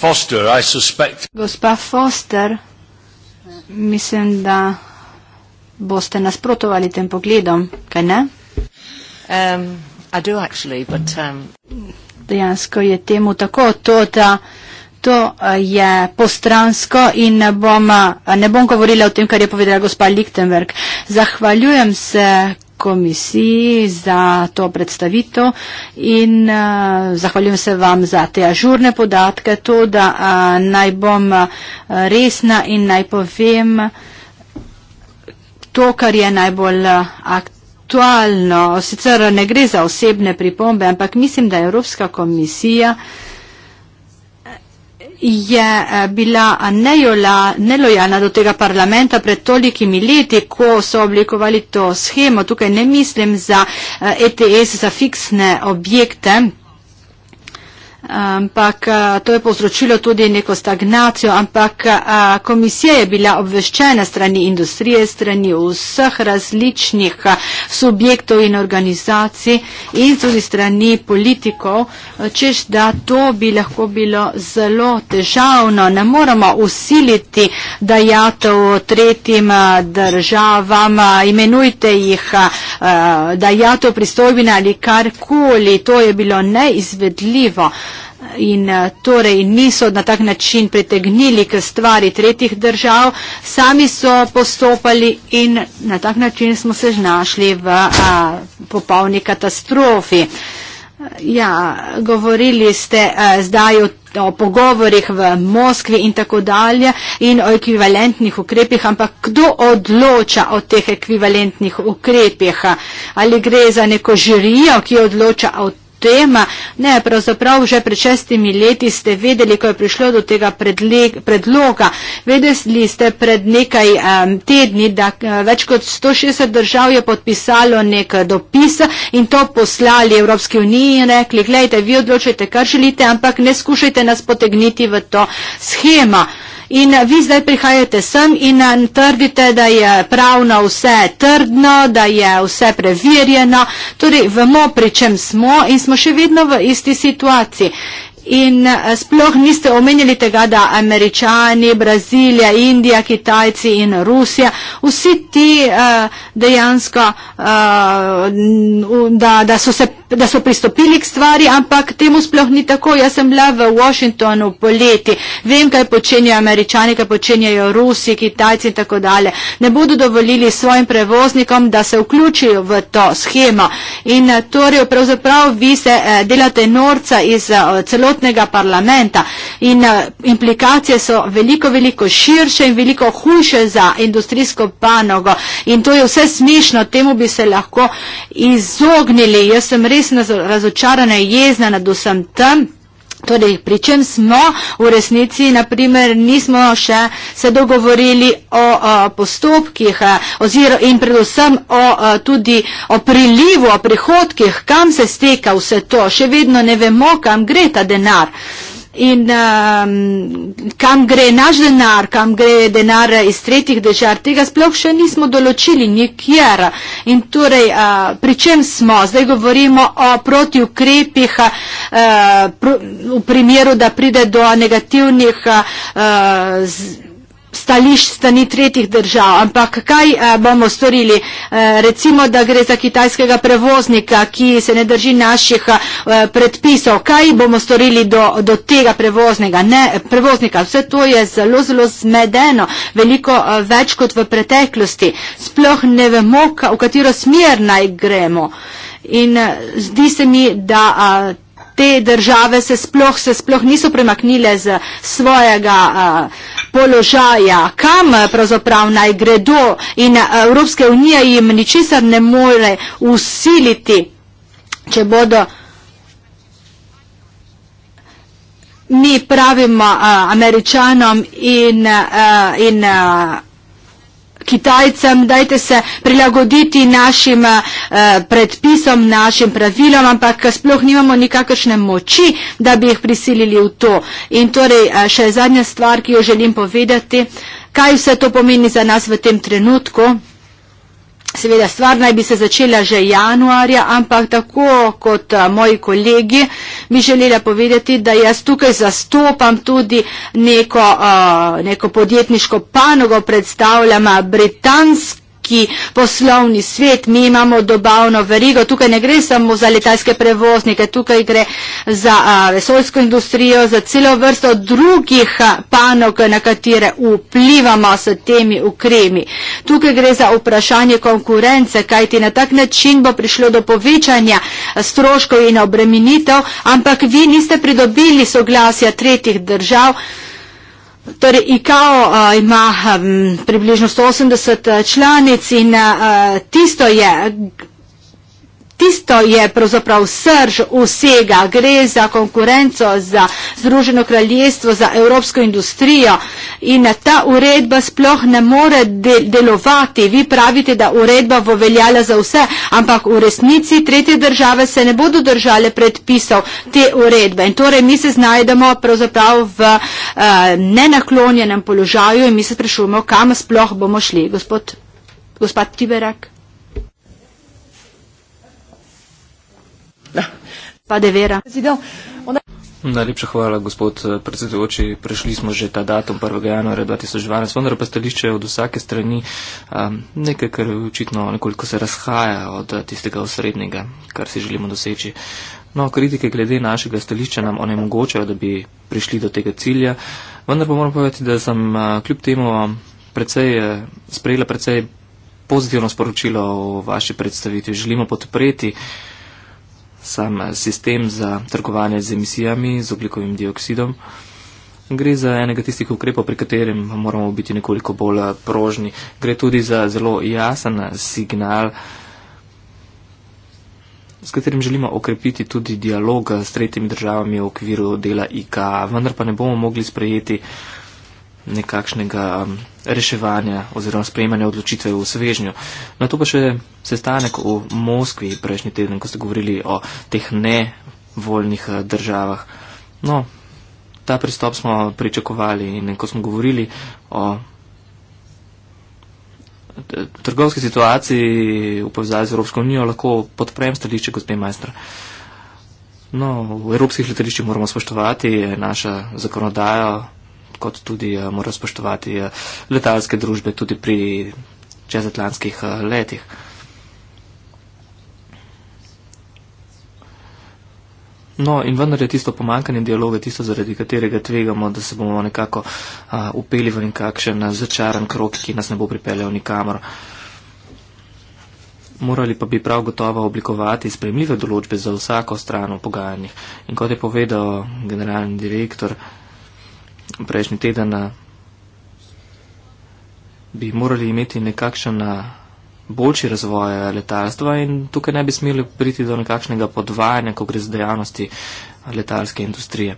Foster, Gospa Foster, mislim, da boste nasprotovali tem pogledom, kaj ne? Um, actually, but, um... Dejansko je temu tako to, da tutto eh, je postransko in ne bom, eh, ne bom govorila o tem, kar je povedala gospa Lichtenberg. Zahvaljujem se komisiji za to predstavitev in uh, zahvaljujem se vam za te ažurne podatke, to, da uh, naj bom resna in naj povem to, kar je najbolj aktualno. Sicer ne gre za osebne pripombe, ampak mislim, da je Evropska komisija uh, je eh, bila nelojalna do tega parlamenta pred tolikimi leti, ko so oblikovali to schemo. Tukaj ne mislim za ETS, eh, e za fiksne objekte ampak to je povzročilo tudi neko stagnacijo, ampak komisija je bila obveščena strani industrije, strani vseh različnih subjektov in organizacij in tudi strani politikov, češ da to bi lahko bilo zelo težavno. Ne moramo usiliti dajatov tretjim državam, imenujte jih dajatov pristojbina ali karkoli, to je bilo neizvedljivo. Uh, in eh, torej niso na tak način pritegnili k stvari tretjih držav, sami so postopali in na tak način smo se znašli v a, eh, popolni katastrofi. Ja, govorili ste a, eh, zdaj o, o pogovorih v Moskvi in tako dalje in o ekvivalentnih ukrepih, ampak kdo odloča o teh ekvivalentnih ukrepih? Ali gre za neko žirijo, ki odloča o tema. Ne, pravzaprav že pred šestimi leti ste vedeli, ko je prišlo do tega predloga. Vedeli ste pred nekaj um, tedni, da eh, več kot 160 držav je podpisalo nek eh, dopis in to poslali Evropski uniji in rekli, gledajte, vi odločite, kar želite, ampak ne skušajte nas potegniti v to schema. In eh, vi zdaj prihajate sem in eh, trdite, da je pravno vse trdno, da je vse preverjeno. Torej, vemo, pri čem smo in smo še vedno v isti situaciji. In eh, sploh niste omenili tega, da američani, Brazilija, Indija, Kitajci in Rusija, vsi ti eh, dejansko, eh, da, da, so se, da so pristopili k stvari, ampak temu sploh ni tako. Jaz sem bila v Washingtonu poleti, vem, kaj počenjajo američani, kaj počenjajo Rusi, Kitajci in tako dalje. Ne bodo dovolili svojim prevoznikom, da se vključijo v to schemo. In torej, pravzaprav vi se delate norca iz celotnega celotnega parlamenta in eh, implikacije so veliko, veliko širše in veliko hujše za industrijsko panogo in to je vse smešno, temu bi se lahko izognili. Jaz sem res razočarana in jezna nad vsem tem. Torej, pri čem smo v resnici, naprimer, nismo še se dogovorili o, o postopkih oziro, in predvsem o, o, tudi o prilivu, o prihodkih, kam se steka vse to. Še vedno ne vemo, kam gre ta denar. In um, kam gre naš denar, kam gre denar iz tretjih držav, tega sploh še nismo določili nikjer. In torej, uh, pri čem smo? Zdaj govorimo o protiukrepih uh, pr v primeru, da pride do negativnih uh, stališč strani tretjih držav. Ampak kaj eh, bomo storili? Eh, recimo, da gre za kitajskega prevoznika, ki se ne drži naših eh, predpisov. Kaj bomo storili do, do tega prevoznega? Ne, prevoznika? Vse to je zelo, zelo zmedeno, veliko več kot v preteklosti. Sploh ne vemo, v katero smer naj gremo. In zdi se mi, da te države se sploh, se sploh niso premaknile z svojega uh, položaja, kam pravzaprav naj gredo in Evropska unija jim ničesar ne more usiliti, če bodo. Mi pravimo uh, američanom in, uh, in uh, Kitajcem, dajte se prilagoditi našim eh, predpisom, našim pravilom, ampak sploh nimamo nikakršne moči, da bi jih prisilili v to. In torej eh, še zadnja stvar, ki jo želim povedati, kaj vse to pomeni za nas v tem trenutku. Seveda stvar naj bi se začela že januarja, ampak tako kot eh, moji kolegi bi želela povedati, da jaz tukaj zastopam tudi neko, eh, neko podjetniško panogo, predstavljam eh, britansko ki poslovni svet, mi imamo dobavno verigo, tukaj ne gre samo za letalske prevoznike, tukaj gre za a, vesoljsko industrijo, za celo vrsto drugih panog, na katere vplivamo s temi ukremi. Tukaj gre za vprašanje konkurence, kajti na tak način bo prišlo do povečanja stroškov in obremenitev, ampak vi niste pridobili soglasja tretjih držav. Torej, IKAO uh, ima um, približno 180 uh, članic in uh, tisto je tisto je pravzaprav srž vsega. Gre za konkurenco, za Združeno kraljestvo, za evropsko industrijo in ta uredba sploh ne more de delovati. Vi pravite, da uredba bo veljala za vse, ampak v resnici tretje države se ne bodo držale predpisov te uredbe. In torej mi se znajdemo pravzaprav v uh, nenaklonjenem položaju in mi se sprašujemo, kam sploh bomo šli. Gospod, gospod Tiberak. Pa de vera. Najlepša hvala, gospod eh, predsedujoči. Prešli smo že ta datum 1. januarja 2012, vendar pa stališče od vsake strani um, nekaj, kar očitno nekoliko se razhaja od eh, tistega osrednjega, kar si želimo doseči. No, kritike glede našega stališča nam onemogočajo, da bi prišli do tega cilja, vendar pa moram povedati, da sem uh, kljub temu ehm, precej, sprejela precej pozitivno sporočilo o vaši predstavitvi. Želimo podpreti. Uh, sam eh, sistem za trgovanje z emisijami, z oglikovim dioksidom. Gre za enega tistih ukrepov, pri katerem moramo biti nekoliko bolj eh, prožni. Gre tudi za zelo jasen eh, signal, s katerim želimo okrepiti tudi dialog s tretjimi državami v okviru dela IKA, vendar pa ne bomo mogli sprejeti nekakšnega um, reševanja oziroma sprejemanja odločitve v svežnju. Na to pa še sestanek v Moskvi prejšnji teden, ko ste govorili o teh nevoljnih uh, državah. No, ta pristop smo pričakovali in ko smo govorili o eh, trgovski situaciji v povezavi z Evropsko unijo, lahko podprem stališče gospe majstra. No, v evropskih letališčih moramo spoštovati eh, naša zakonodaja, kot tudi eh, morajo spoštovati eh, letalske družbe tudi pri čezatlantskih eh, letih. No, in vendar je tisto pomankanje dialoga tisto, zaradi katerega tvegamo, da se bomo nekako a, upeli v nekakšen začaran krok, ki nas ne bo pripeljal nikamor. Morali pa bi prav gotovo oblikovati sprejemljive določbe za vsako stran v pogajanjih. In kot je povedal generalni direktor, prejšnji teden, bi morali imeti nekakšen boljši razvoj letalstva in tukaj ne bi smeli priti do nekakšnega podvajanja, ko gre za dejavnosti letalske industrije.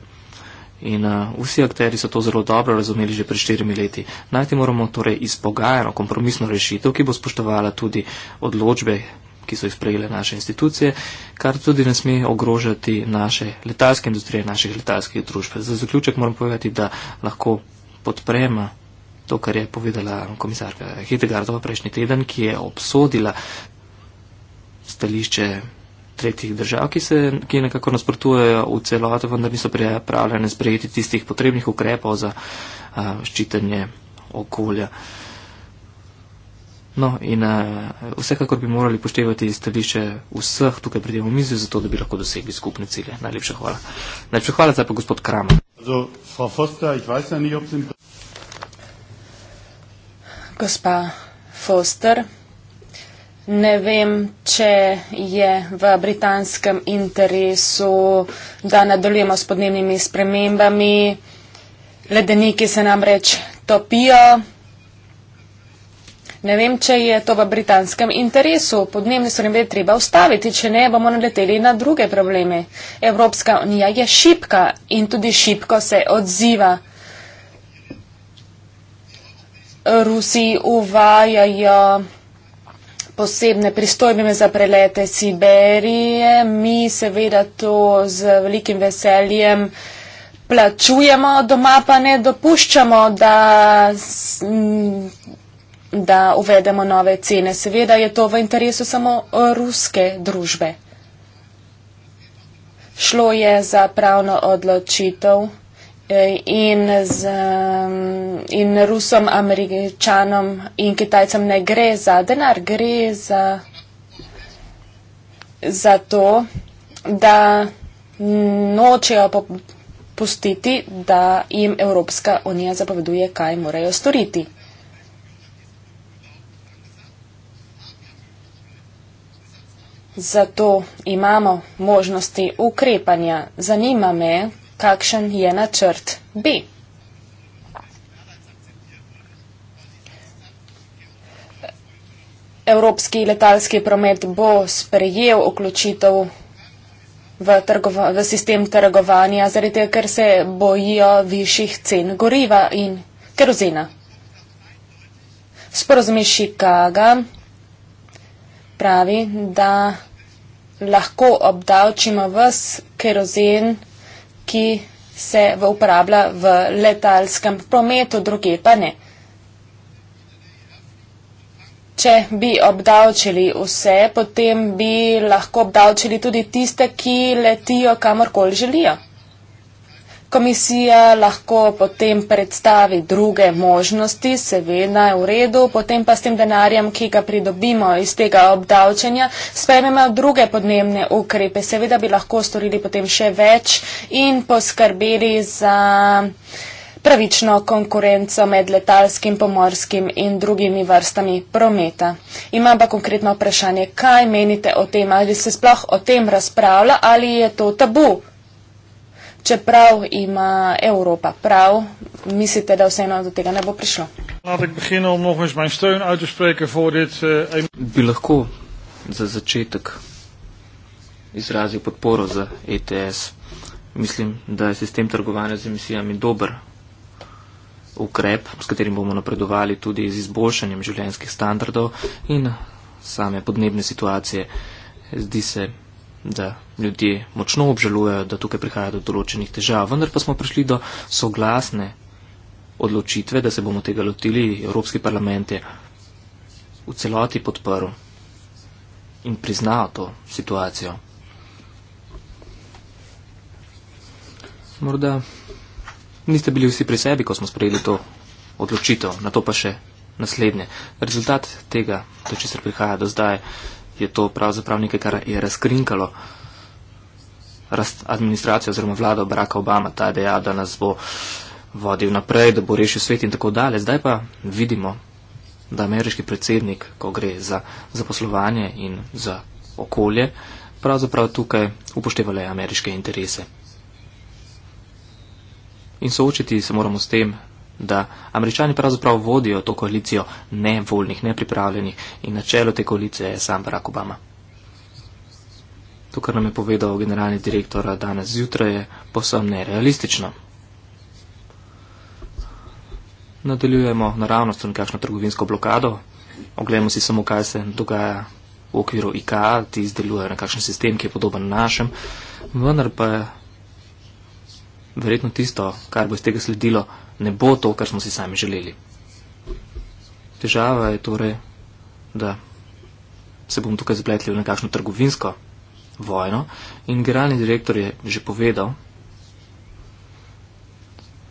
In a, vsi akteri so to zelo dobro razumeli že pred štirimi leti. Najti moramo torej izpogajano kompromisno rešitev, ki bo spoštovala tudi odločbe ki so jih sprejele naše institucije, kar tudi ne sme ogrožati naše letalske industrije, naših letalskih družb. Za zaključek moram povedati, da lahko podprema to, kar je povedala komisarka Hitegardova prejšnji teden, ki je obsodila stališče tretjih držav, ki, se, ki nekako nasprotujejo v celoti, vendar niso pripravljene sprejeti tistih potrebnih ukrepov za ščitanje okolja. No, in uh, vsekakor bi morali poštevati stališče vseh tukaj pred tem omizijo, zato da bi lahko dosegli skupne cilje. Najlepša hvala. Najlepša hvala, zdaj pa gospod Krama. Ja Gospa Foster, ne vem, če je v britanskem interesu, da nadaljujemo s podnebnimi spremembami. Ledeniki se namreč topijo. Ne vem, če je to v britanskem interesu. Podnebne spremembe je treba ustaviti, če ne bomo naleteli na druge probleme. Evropska unija je šipka in tudi šipko se odziva. Rusi uvajajo posebne pristojbine za prelete Siberije. Mi seveda to z velikim veseljem plačujemo doma, pa ne dopuščamo, da da uvedemo nove cene. Seveda je to v interesu samo ruske družbe. Šlo je za pravno odločitev eh, in, z, mm, in Rusom, Američanom in Kitajcem ne gre za denar, gre za, za to, da nočejo popustiti, da jim Evropska unija zapoveduje, kaj morajo storiti. Zato imamo možnosti ukrepanja. Zanima me, kakšen je načrt B. Evropski letalski promet bo sprejel vključitev v, v sistem trgovanja, zaradi tega, ker se bojijo višjih cen goriva in kerozina. Sporozumi Šikaga pravi, da lahko obdavčimo vse kerozen, ki se uporablja v letalskem prometu, druge pa ne. Če bi obdavčili vse, potem bi lahko obdavčili tudi tiste, ki letijo kamorkoli želijo. Komisija lahko potem predstavi druge možnosti, seveda v redu, potem pa s tem denarjem, ki ga pridobimo iz tega obdavčenja, spememo druge podnebne ukrepe. Seveda bi lahko storili potem še več in poskrbeli za pravično konkurenco med letalskim, pomorskim in drugimi vrstami prometa. Imam pa konkretno vprašanje, kaj menite o tem, ali se sploh o tem razpravlja ali je to tabu? čeprav ima Evropa prav, mislite, da vseeno do tega ne bo prišlo? Eh, Bi lahko za začetek izrazil podporo za ETS. Mislim, da je sistem trgovanja z emisijami dober ukrep, s katerim bomo napredovali tudi z izboljšanjem življenjskih standardov in same podnebne situacije. Zdi se, da ljudje močno obžalujejo, da tukaj prihaja do določenih težav. Vendar pa smo prišli do soglasne odločitve, da se bomo tega lotili. Evropski parlament je v celoti podprl in priznal to situacijo. Morda niste bili vsi pri sebi, ko smo sprejeli to odločitev, na to pa še naslednje. Rezultat tega, to če se prihaja do zdaj, je to pravzaprav nekaj, kar je razkrinkalo administracijo oziroma vlado Baracka Obama. Ta je dejal, da nas bo vodil naprej, da bo rešil svet in tako dalje. Zdaj pa vidimo, da ameriški predsednik, ko gre za zaposlovanje in za okolje, pravzaprav tukaj upoštevale ameriške interese. In soočiti se moramo s tem, da američani pravzaprav vodijo to koalicijo nevoljnih, nepripravljenih in na čelu te koalicije je sam Barack Obama. To, kar nam je povedal generalni direktor danes zjutraj, je posebno nerealistično. Nadaljujemo naravnost v nekakšno trgovinsko blokado. Oglejmo si samo, kaj se dogaja v okviru IKA, ti izdelujejo nekakšen sistem, ki je podoben našem. Vendar pa je verjetno tisto, kar bo iz tega sledilo, ne bo to, kar smo si sami želeli. Težava je torej, da se bom tukaj zapletli v nekakšno trgovinsko blokado vojno in generalni direktor je že povedal,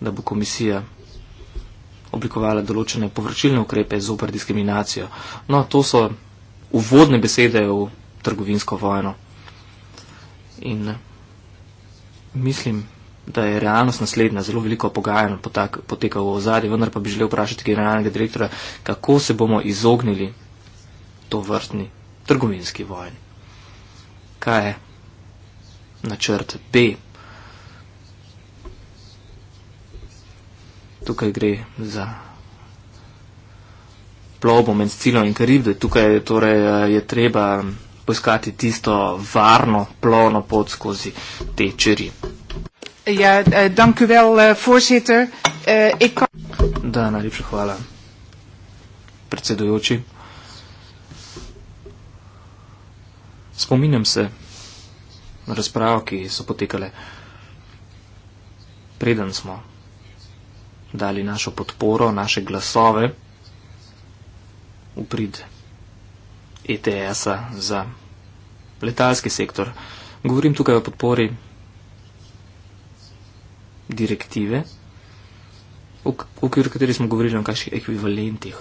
da bo komisija oblikovala določene povračilne ukrepe zoper diskriminacijo. No, to so uvodne besede v trgovinsko vojno. In eh, mislim, da je realnost naslednja, zelo veliko pogajanj poteka v ozadju, vendar pa bi želel vprašati generalnega direktora, kako se bomo izognili to vrtni trgovinski vojni kaj je načrt B. Tukaj gre za plovbo med Cilom in Karibde. Tukaj torej je treba poiskati tisto varno, plovno pot skozi te čeri. Ja, eh, dank u wel, eh, voorzitter. Uh, ik kan... Da, najlepša hvala, predsedujoči. spominjam se razprav, ki so potekale, preden smo dali našo podporo, naše glasove v prid ETS-a za letalski sektor. Govorim tukaj o podpori direktive, v okviru kateri smo govorili o kakšnih ekvivalentih.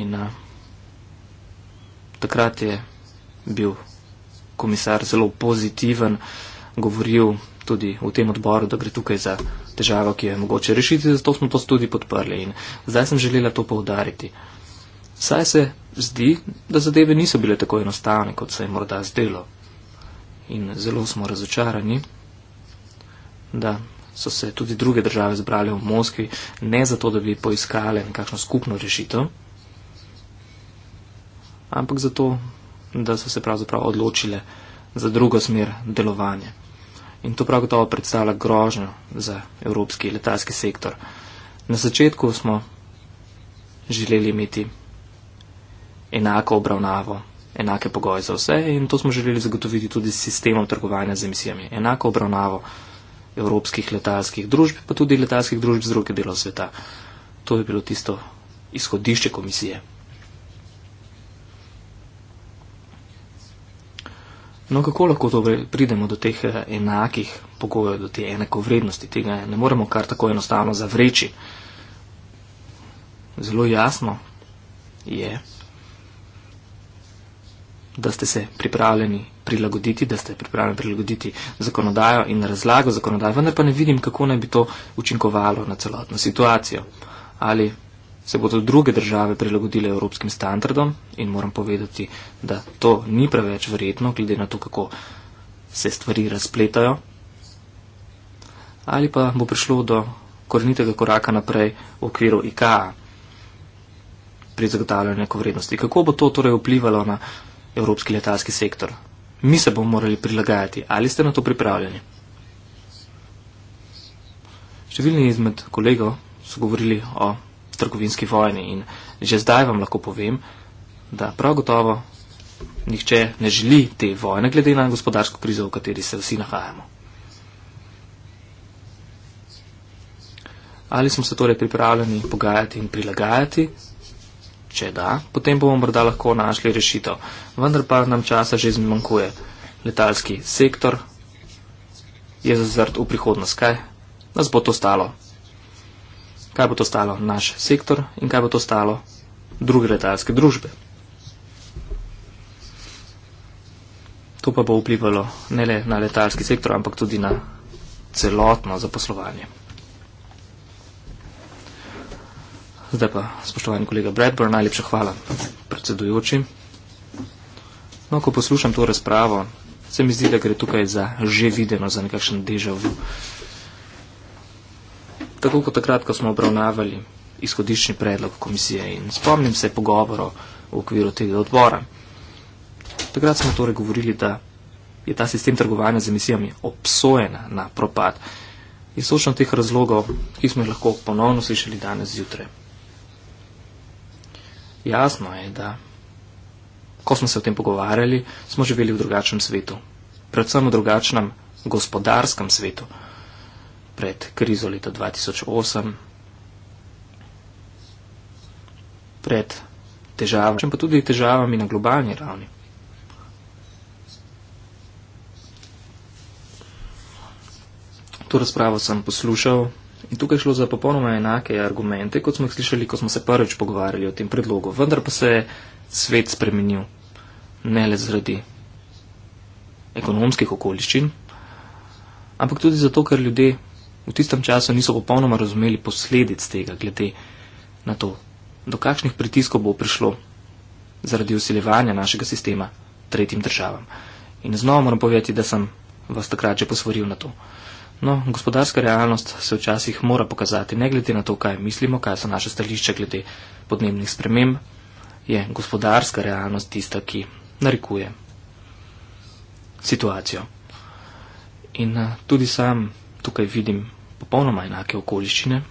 In a, eh, takrat je bil komisar zelo pozitiven, govoril tudi v tem odboru, da gre tukaj za težavo, ki jo je mogoče rešiti, zato smo to tudi podprli in zdaj sem želela to povdariti. Saj se zdi, da zadeve niso bile tako enostavne, kot se je morda zdelo. In zelo smo razočarani, da so se tudi druge države zbrale v Moskvi, ne zato, da bi poiskale nekakšno skupno rešitev, ampak zato, da so se pravzaprav odločile za drugo smer delovanja. In to prav gotovo predstavlja grožnjo za evropski letalski sektor. Na začetku smo želeli imeti enako obravnavo, enake pogoje za vse in to smo želeli zagotoviti tudi s sistemom trgovanja z emisijami. Enako obravnavo evropskih letalskih družb, pa tudi letalskih družb z druge delov sveta. To je bilo tisto izhodišče komisije. No, kako lahko torej pridemo do teh eh, enakih pogojev, do te enakovrednosti? Tega ne moremo kar tako enostavno zavreči. Zelo jasno je, da ste se pripravljeni prilagoditi, da ste pripravljeni prilagoditi zakonodajo in razlago zakonodaje, vendar pa ne vidim, kako naj bi to učinkovalo na celotno situacijo. Ali se bodo druge države prilagodile evropskim standardom in moram povedati, da to ni preveč verjetno, glede na to, kako se stvari razpletajo. Ali pa bo prišlo do korenitega koraka naprej v okviru IKA pri zagotavljanju nekovrednosti. Kako bo to torej vplivalo na evropski letalski sektor? Mi se bomo morali prilagajati. Ali ste na to pripravljeni? Številni izmed kolegov so govorili o trgovinski vojni. In že zdaj vam lahko povem, da prav gotovo nihče ne želi te vojne, glede na gospodarsko krizo, v kateri se vsi nahajamo. Ali smo se torej pripravljeni pogajati in prilagajati? Če da, potem bomo morda lahko našli rešitev. Vendar pa nam časa že zmanjkuje. Letalski sektor je zazrt v prihodnost. Kaj nas bo to stalo? kaj bo to stalo naš sektor in kaj bo to stalo druge letalske družbe. To pa bo vplivalo ne le na letalski sektor, ampak tudi na celotno zaposlovanje. Zdaj pa, spoštovani kolega Bradburn, najlepša hvala predsedujoči. No, ko poslušam to razpravo, se mi zdi, da gre tukaj za že videno, za nekakšen deževu tako kot takrat, ko smo obravnavali izhodišnji predlog komisije in spomnim se pogovorov v okviru tega odbora. Takrat smo torej govorili, da je ta sistem trgovanja z emisijami obsojena na propad. In sočno teh razlogov, ki smo jih lahko ponovno slišali danes zjutraj. Jasno je, da ko smo se o tem pogovarjali, smo živeli v drugačnem svetu. Predvsem v drugačnem gospodarskem svetu pred krizo leta 2008, pred težavami, pa tudi težavami na globalni ravni. To razpravo sem poslušal in tukaj je šlo za popolnoma enake argumente, kot smo jih slišali, ko smo se prvič pogovarjali o tem predlogu. Vendar pa se je svet spremenil, ne le zaradi ekonomskih okoliščin, ampak tudi zato, ker ljudje v tistem času niso popolnoma razumeli posledic tega, glede na to, do kakšnih pritiskov bo prišlo zaradi usiljevanja našega sistema tretjim državam. In znova moram povedati, da sem vas takrat že posvoril na to. No, gospodarska realnost se včasih mora pokazati, ne glede na to, kaj mislimo, kaj so naše stališče glede podnebnih sprememb, je gospodarska realnost tista, ki narekuje situacijo. In eh, tudi sam tukaj vidim popolnoma enake okoliščine.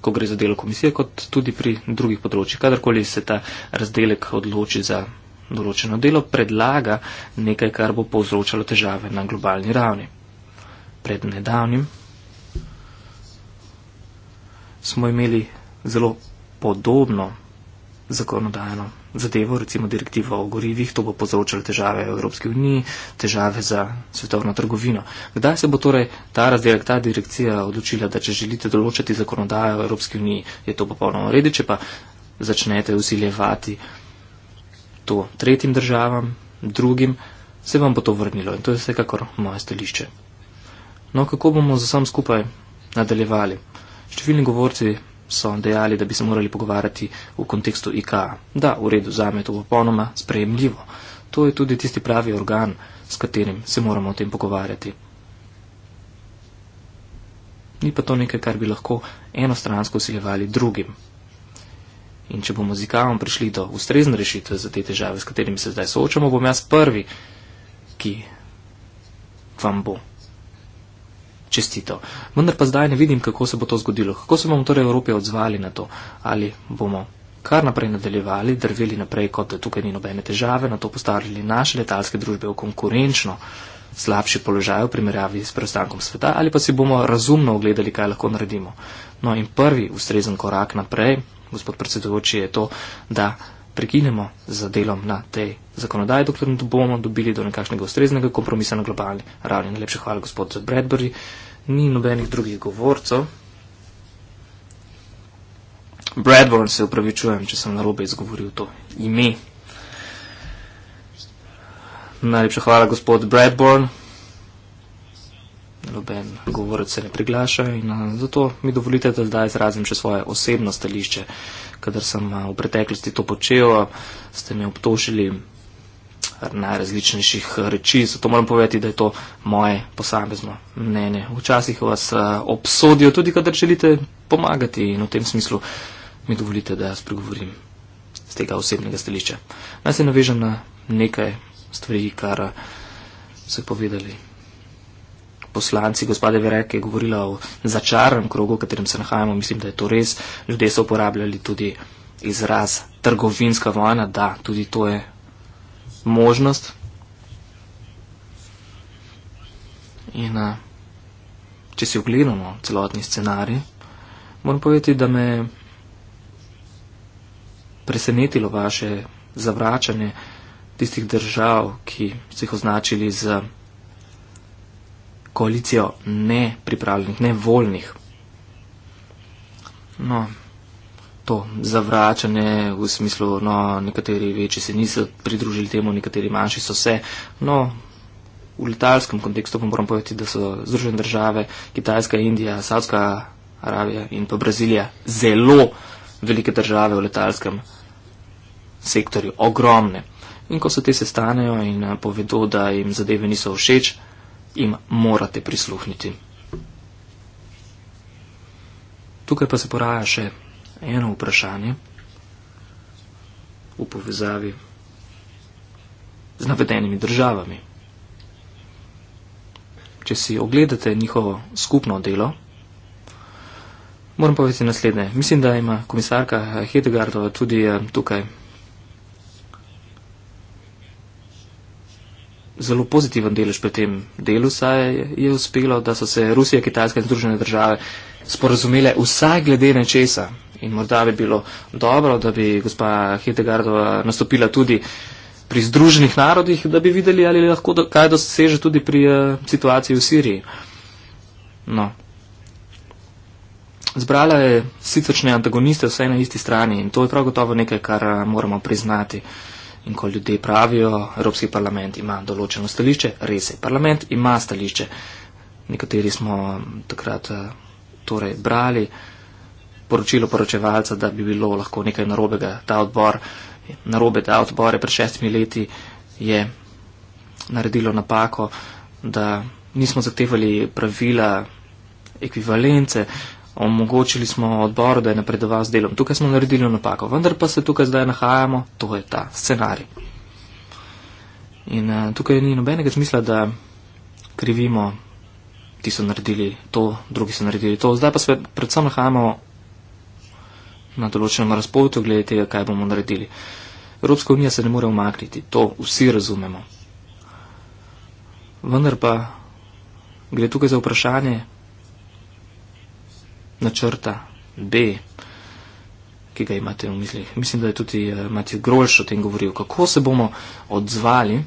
Ko gre za delo komisije, kot tudi pri drugih področjih, kadarkoli se ta razdelek odloči za določeno delo, predlaga nekaj, kar bo povzročalo težave na globalni ravni. Pred nedavnim smo imeli zelo podobno zakonodajno zadevo, recimo direktiva o gorivih, to bo povzročalo težave v Evropski uniji, težave za svetovno trgovino. Kdaj se bo torej ta razdelek, ta direkcija odločila, da če želite določati zakonodajo v Evropski uniji, je to popolnoma redi, če pa začnete usiljevati to tretjim državam, drugim, se vam bo to vrnilo in to je vsekakor moje stališče. No, kako bomo za sam skupaj nadaljevali? Številni govorci so dejali, da bi se morali pogovarjati v kontekstu IKA. Da, v redu, zame je to popolnoma sprejemljivo. To je tudi tisti pravi organ, s katerim se moramo o tem pogovarjati. Ni pa to nekaj, kar bi lahko enostransko usiljevali drugim. In če bomo z IKA-om prišli do ustrezne rešitve za te težave, s katerimi se zdaj soočamo, bom jaz prvi, ki vam bo čestito. Vendar pa zdaj ne vidim, kako se bo to zgodilo. Kako se bomo torej v Evropi odzvali na to? Ali bomo kar naprej nadaljevali, drveli naprej, kot da tukaj ni nobene težave, na to postavili naše letalske družbe v konkurenčno slabši položaj v primerjavi s preostankom sveta, ali pa si bomo razumno ogledali, kaj lahko naredimo. No in prvi ustrezen korak naprej, gospod predsedujoči, je to, da prekinemo z delom na tej zakonodaji, dokler ne bomo dobili do nekakšnega ustreznega kompromisa na globalni ravni. Najlepša hvala, gospod Bradbury. Ni nobenih drugih govorcev. Bradburn se upravičujem, če sem narobe izgovoril to ime. Najlepša hvala, gospod Bradburn noben govorec se ne priglaša in zato mi dovolite, da zdaj izrazim še svoje osebno stališče. Kadar sem v preteklosti to počel, ste me obtožili najrazličnejših reči, zato moram povedati, da je to moje posamezno mnenje. Včasih vas obsodijo tudi, kadar želite pomagati in v tem smislu mi dovolite, da jaz pregovorim z tega osebnega stališča. Naj se navežem na nekaj stvari, kar so povedali poslanci, gospode Verek je govorila o začaranem krogu, v katerem se nahajamo, mislim, da je to res. Ljudje so uporabljali tudi izraz trgovinska vojna, da tudi to je možnost. In a, če si ogledamo celotni scenarij, moram povedati, da me presenetilo vaše zavračanje tistih držav, ki so jih označili za koalicijo nepripravljenih, nevoljnih. No, to zavračanje v smislu, no, nekateri večji se niso pridružili temu, nekateri manjši so se. No, v letalskem kontekstu pa moram povedati, da so Združene države, Kitajska, Indija, Savska Arabija in pa Brazilija zelo velike države v letalskem sektorju, ogromne. In ko se te sestanejo in povedo, da jim zadeve niso všeč, jim morate prisluhniti. Tukaj pa se poraja še eno vprašanje v povezavi z navedenimi državami. Če si ogledate njihovo skupno delo, moram povedati naslednje. Mislim, da ima komisarka Hedegardova tudi eh, tukaj zelo pozitiven delež pri tem delu, saj je uspelo, da so se Rusija, Kitajska in Združene države sporazumele vsaj glede nečesa. In morda bi bilo dobro, da bi gospa Hildegardova nastopila tudi pri Združenih narodih, da bi videli, ali lahko do, kaj doseže tudi pri uh, situaciji v Siriji. No. Zbrala je sicerčne antagoniste vse na isti strani in to je prav gotovo nekaj, kar uh, moramo priznati. Uh, In ko ljudje pravijo, Evropski parlament ima določeno stališče, res je, parlament ima stališče. Nekateri smo takrat eh, torej, brali poročilo poročevalca, da bi bilo lahko nekaj narobega. Ta odbor, narobe ta odbor je pred šestimi leti je naredilo napako, da nismo zahtevali pravila ekvivalence, omogočili smo odboru, da je napredoval z delom. Tukaj smo naredili napako, vendar pa se tukaj zdaj nahajamo, to je ta scenarij. In uh, tukaj ni nobenega smisla, da krivimo, ti so naredili to, drugi so naredili to. Zdaj pa se predvsem nahajamo na določenem razpovedu glede tega, kaj bomo naredili. Evropska unija se ne more umakniti, to vsi razumemo. Vendar pa gre tukaj za vprašanje, načrta B, ki ga imate v mislih. Mislim, da je tudi eh, Matjo Grolš o tem govoril, kako se bomo odzvali,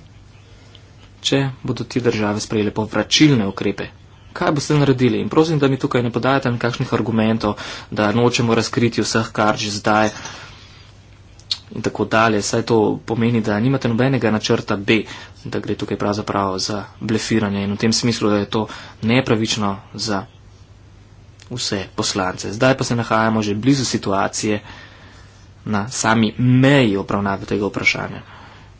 če bodo ti države sprejele povračilne ukrepe. Kaj boste naredili? In prosim, da mi tukaj ne podajate nekakšnih argumentov, da nočemo razkriti vseh kar že zdaj in tako dalje. Saj to pomeni, da nimate nobenega načrta B, da gre tukaj pravzaprav za blefiranje in v tem smislu je to nepravično za vse poslance. Zdaj pa se nahajamo že blizu situacije na sami meji obravnave tega vprašanja.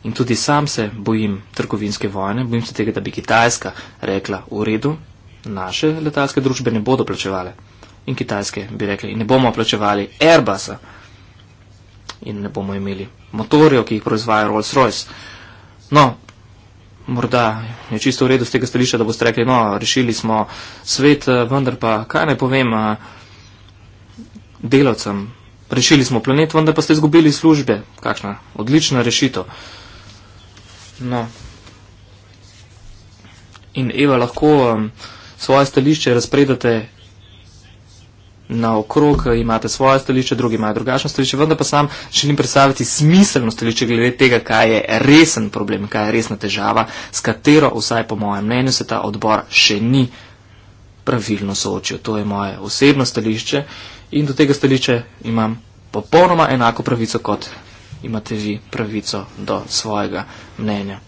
In tudi sam se bojim trgovinske vojne, bojim se tega, da bi Kitajska rekla v redu, naše letalske družbe ne bodo plačevale. In Kitajske bi rekli, ne bomo plačevali Airbusa in ne bomo imeli motorjev, ki jih proizvaja Rolls-Royce. No, morda je čisto v redu z tega stališča, da boste rekli, no, rešili smo svet, eh, vendar pa, kaj naj povem eh, delavcem, rešili smo planet, vendar pa ste izgubili službe. Kakšna odlična rešitev. No. In Eva, lahko eh, svoje stališče razpredate naokrog, eh, imate svoje stališče, drugi imajo drugačno stališče, vendar pa sam želim predstaviti smiselno stališče glede tega, kaj je resen problem, kaj je resna težava, s katero vsaj po mojem mnenju se ta odbor še ni pravilno soočil. To je moje osebno stališče in do tega stališče imam popolnoma enako pravico, kot imate vi pravico do svojega mnenja.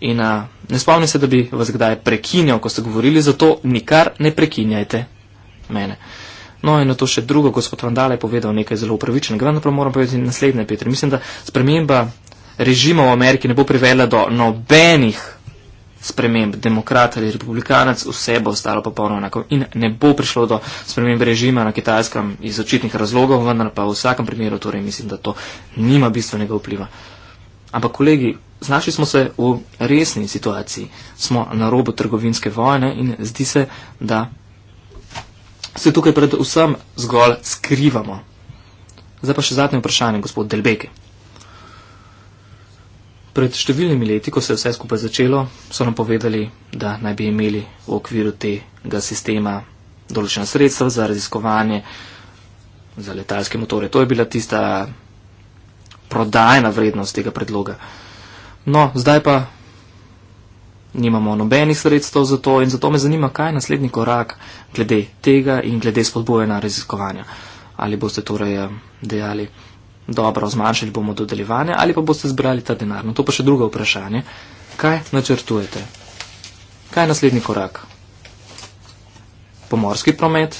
In a, eh, ne spomnim se, da bi vas kdaj prekinjal, ko ste govorili, zato nikar ne prekinjajte mene. No in na to še drugo, gospod Vandala je povedal nekaj zelo upravičenega. Vendar pa moram povedati naslednje, Petr. Mislim, da sprememba režima v Ameriki ne bo privela do nobenih sprememb, demokrat ali republikanec, vse bo ostalo popolnoma enako in ne bo prišlo do sprememb režima na kitajskem iz očitnih razlogov, vendar pa v vsakem primeru torej mislim, da to nima bistvenega vpliva. Ampak kolegi, znašli smo se v resni situaciji, smo na robu trgovinske vojne in zdi se, da se tukaj pred vsem zgolj skrivamo. Zdaj pa še zadnje vprašanje, gospod Delbeke. Pred številnimi leti, ko se je vse skupaj začelo, so nam povedali, da naj bi imeli v okviru tega sistema določena sredstva za raziskovanje, za letalske motore. To je bila tista prodajna vrednost tega predloga. No, zdaj pa nimamo nobenih sredstev za to in zato me zanima, kaj je naslednji korak glede tega in glede spodbujena raziskovanja. Ali boste torej eh, dejali, dobro, zmanjšali bomo dodeljevanje ali pa boste zbrali ta denar. No, to pa še drugo vprašanje. Kaj načrtujete? Kaj je naslednji korak? Pomorski promet?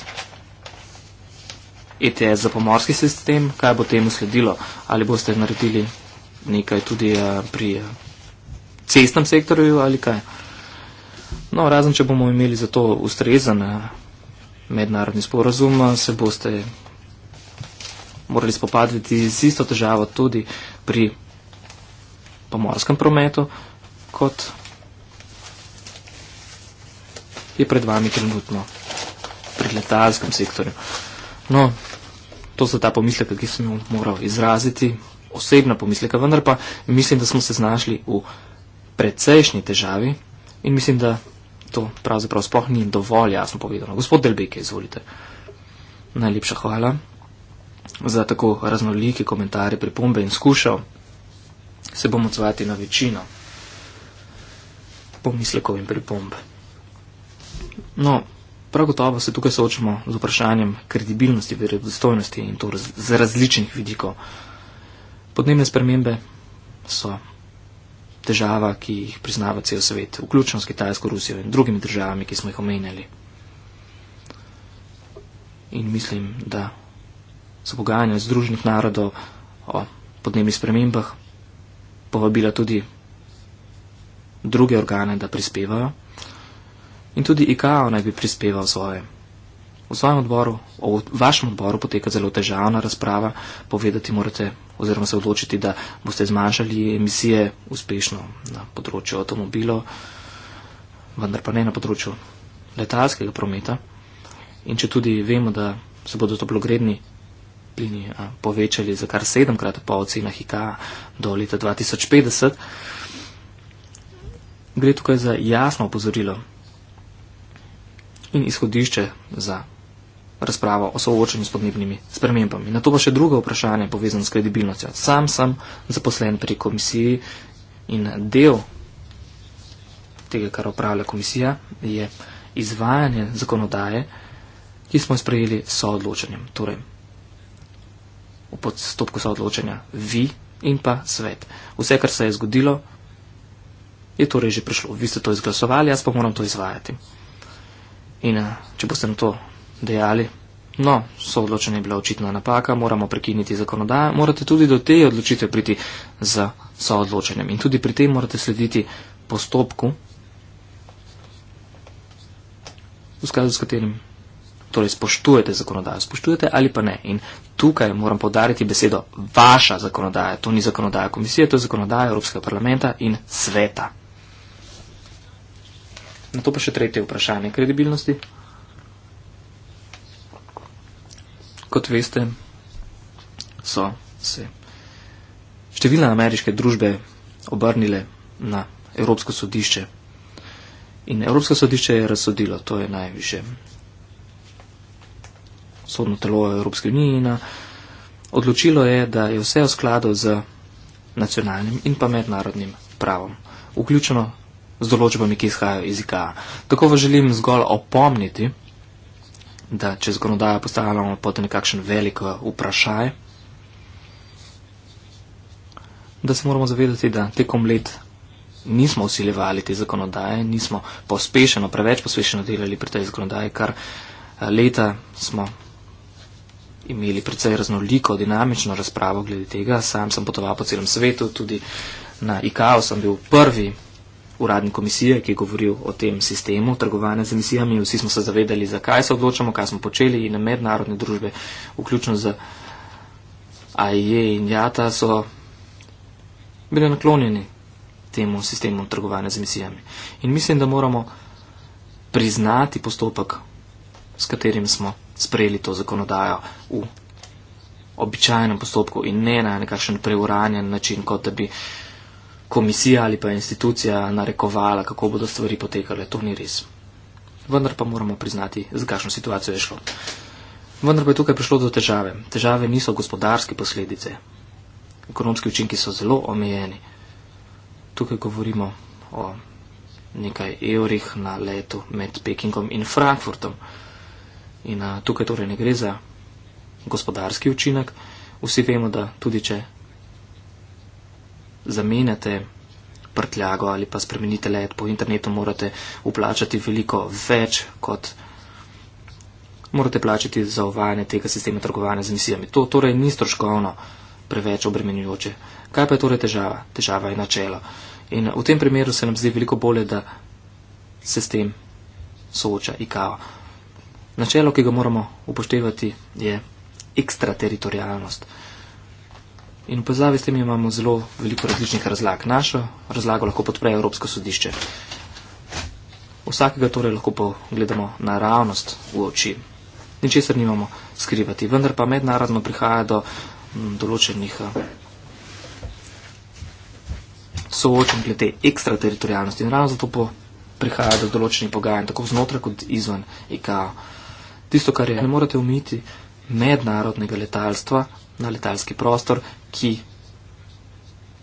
ETS za pomorski sistem? Kaj bo temu sledilo? Ali boste naredili nekaj tudi eh, pri eh, cestnem sektorju ali kaj. No, razen, če bomo imeli za to ustrezan eh, mednarodni sporazum, eh, se boste morali spopadati z isto težavo tudi pri pomorskem prometu, kot je pred vami trenutno pri letalskem sektorju. No, to so ta pomisleka, ki sem jo moral izraziti, osebna pomisleka, vendar pa mislim, da smo se znašli v precejšnji težavi in mislim, da to pravzaprav sploh ni dovolj jasno povedano. Gospod Delbeke, izvolite. Najlepša hvala za tako raznolike komentarje, pripombe in skušal se bom odzvati na večino pomislekov in pripomb. No, prav gotovo se tukaj soočamo z vprašanjem kredibilnosti, verodostojnosti in to raz z različnih vidikov. Podnebne spremembe so težava, ki jih priznava cel svet, vključno s Kitajsko, Rusijo in drugimi državami, ki smo jih omenjali. In mislim, da so pogajanja Združenih narodov o podnebnih spremembah povabila tudi druge organe, da prispevajo. In tudi IKO naj bi prispeval svoje v svojem odboru, o vašem odboru poteka zelo težavna razprava, povedati morate oziroma se odločiti, da boste zmanjšali emisije uspešno na področju avtomobilo, vendar pa ne na področju letalskega prometa. In če tudi vemo, da se bodo toplogredni plini a, povečali za kar sedemkrat po ocenah IKA do leta 2050, gre tukaj za jasno opozorilo in izhodišče za razpravo o soočanju s podnebnimi spremembami. Na to pa še drugo vprašanje povezano s kredibilnostjo. Sam sem zaposlen pri komisiji in del tega, kar opravlja komisija, je izvajanje zakonodaje, ki smo sprejeli s odločanjem. Torej, v postopku so odločanja vi in pa svet. Vse, kar se je zgodilo, je torej že prišlo. Vi ste to izglasovali, jaz pa moram to izvajati. In eh, če boste na to dejali. No, soodločanje je bila očitna napaka, moramo prekiniti zakonodajo, morate tudi do te odločitve priti z soodločenjem. In tudi pri tem morate slediti postopku, v skladu s katerim torej spoštujete zakonodajo, spoštujete ali pa ne. In tukaj moram podariti besedo vaša zakonodaja, to ni zakonodaja komisije, to je zakonodaja Evropskega parlamenta in sveta. Na to pa še tretje vprašanje kredibilnosti. Kot veste, so se številne ameriške družbe obrnile na Evropsko sodišče. In Evropsko sodišče je razsodilo, to je najviše sodno telo Evropske unije. Eh, odločilo je, da je vse v skladu z nacionalnim in pa mednarodnim pravom, vključeno z določbami, ki izhajajo iz IKA. Tako vam želim zgolj opomniti, da če zakonodajo postavljamo pod nekakšen veliko eh, vprašaj, da se moramo zavedati, da tekom let nismo usiljevali te zakonodaje, nismo pospešeno, preveč pospešeno delali pri tej zakonodaji, kar eh, leta smo imeli precej raznoliko, dinamično razpravo glede tega. Sam sem potoval po celem svetu, tudi na IKAO sem bil prvi uradni komisije, ki je govoril o tem sistemu trgovanja z emisijami. Vsi smo se zavedali, zakaj se odločamo, kaj smo počeli in mednarodne družbe, vključno z AIE in JATA, so bile naklonjeni temu sistemu trgovanja z emisijami. In mislim, da moramo priznati postopek, s katerim smo sprejeli to zakonodajo v običajnem postopku in ne na nekakšen preuranjen način, kot da bi komisija ali pa institucija narekovala, kako bodo stvari potekale. To ni res. Vendar pa moramo priznati, za kakšno situacijo je šlo. Vendar pa je tukaj prišlo do težave. Težave niso gospodarske posledice. Ekonomski učinki so zelo omejeni. Tukaj govorimo o nekaj evrih na letu med Pekingom in Frankfurtom. In a, tukaj torej ne gre za gospodarski učinek. Vsi vemo, da tudi če zamenjate prtljago ali pa spremenite let po internetu, morate uplačati veliko več kot morate plačati za uvajanje tega sistema trgovanja z emisijami. To torej ni stroškovno preveč obremenjujoče. Kaj pa je torej težava? Težava je načelo. In v tem primeru se nam zdi veliko bolje, da se s tem sooča IKAO. Načelo, ki ga moramo upoštevati, je ekstrateritorijalnost. In v povezavi s tem imamo zelo veliko različnih razlag. Našo razlago lahko podpre Evropsko sodišče. Vsakega torej lahko pogledamo na realnost v oči. Ničesar nimamo skrivati, vendar pa mednarodno prihaja do mm, določenih eh, soočen glede ekstrateritorijalnosti in ravno zato bo prihaja do določenih pogajanj, tako znotraj kot izven IKO. Tisto, kar je, ne morete umiti mednarodnega letalstva na letalski prostor, ki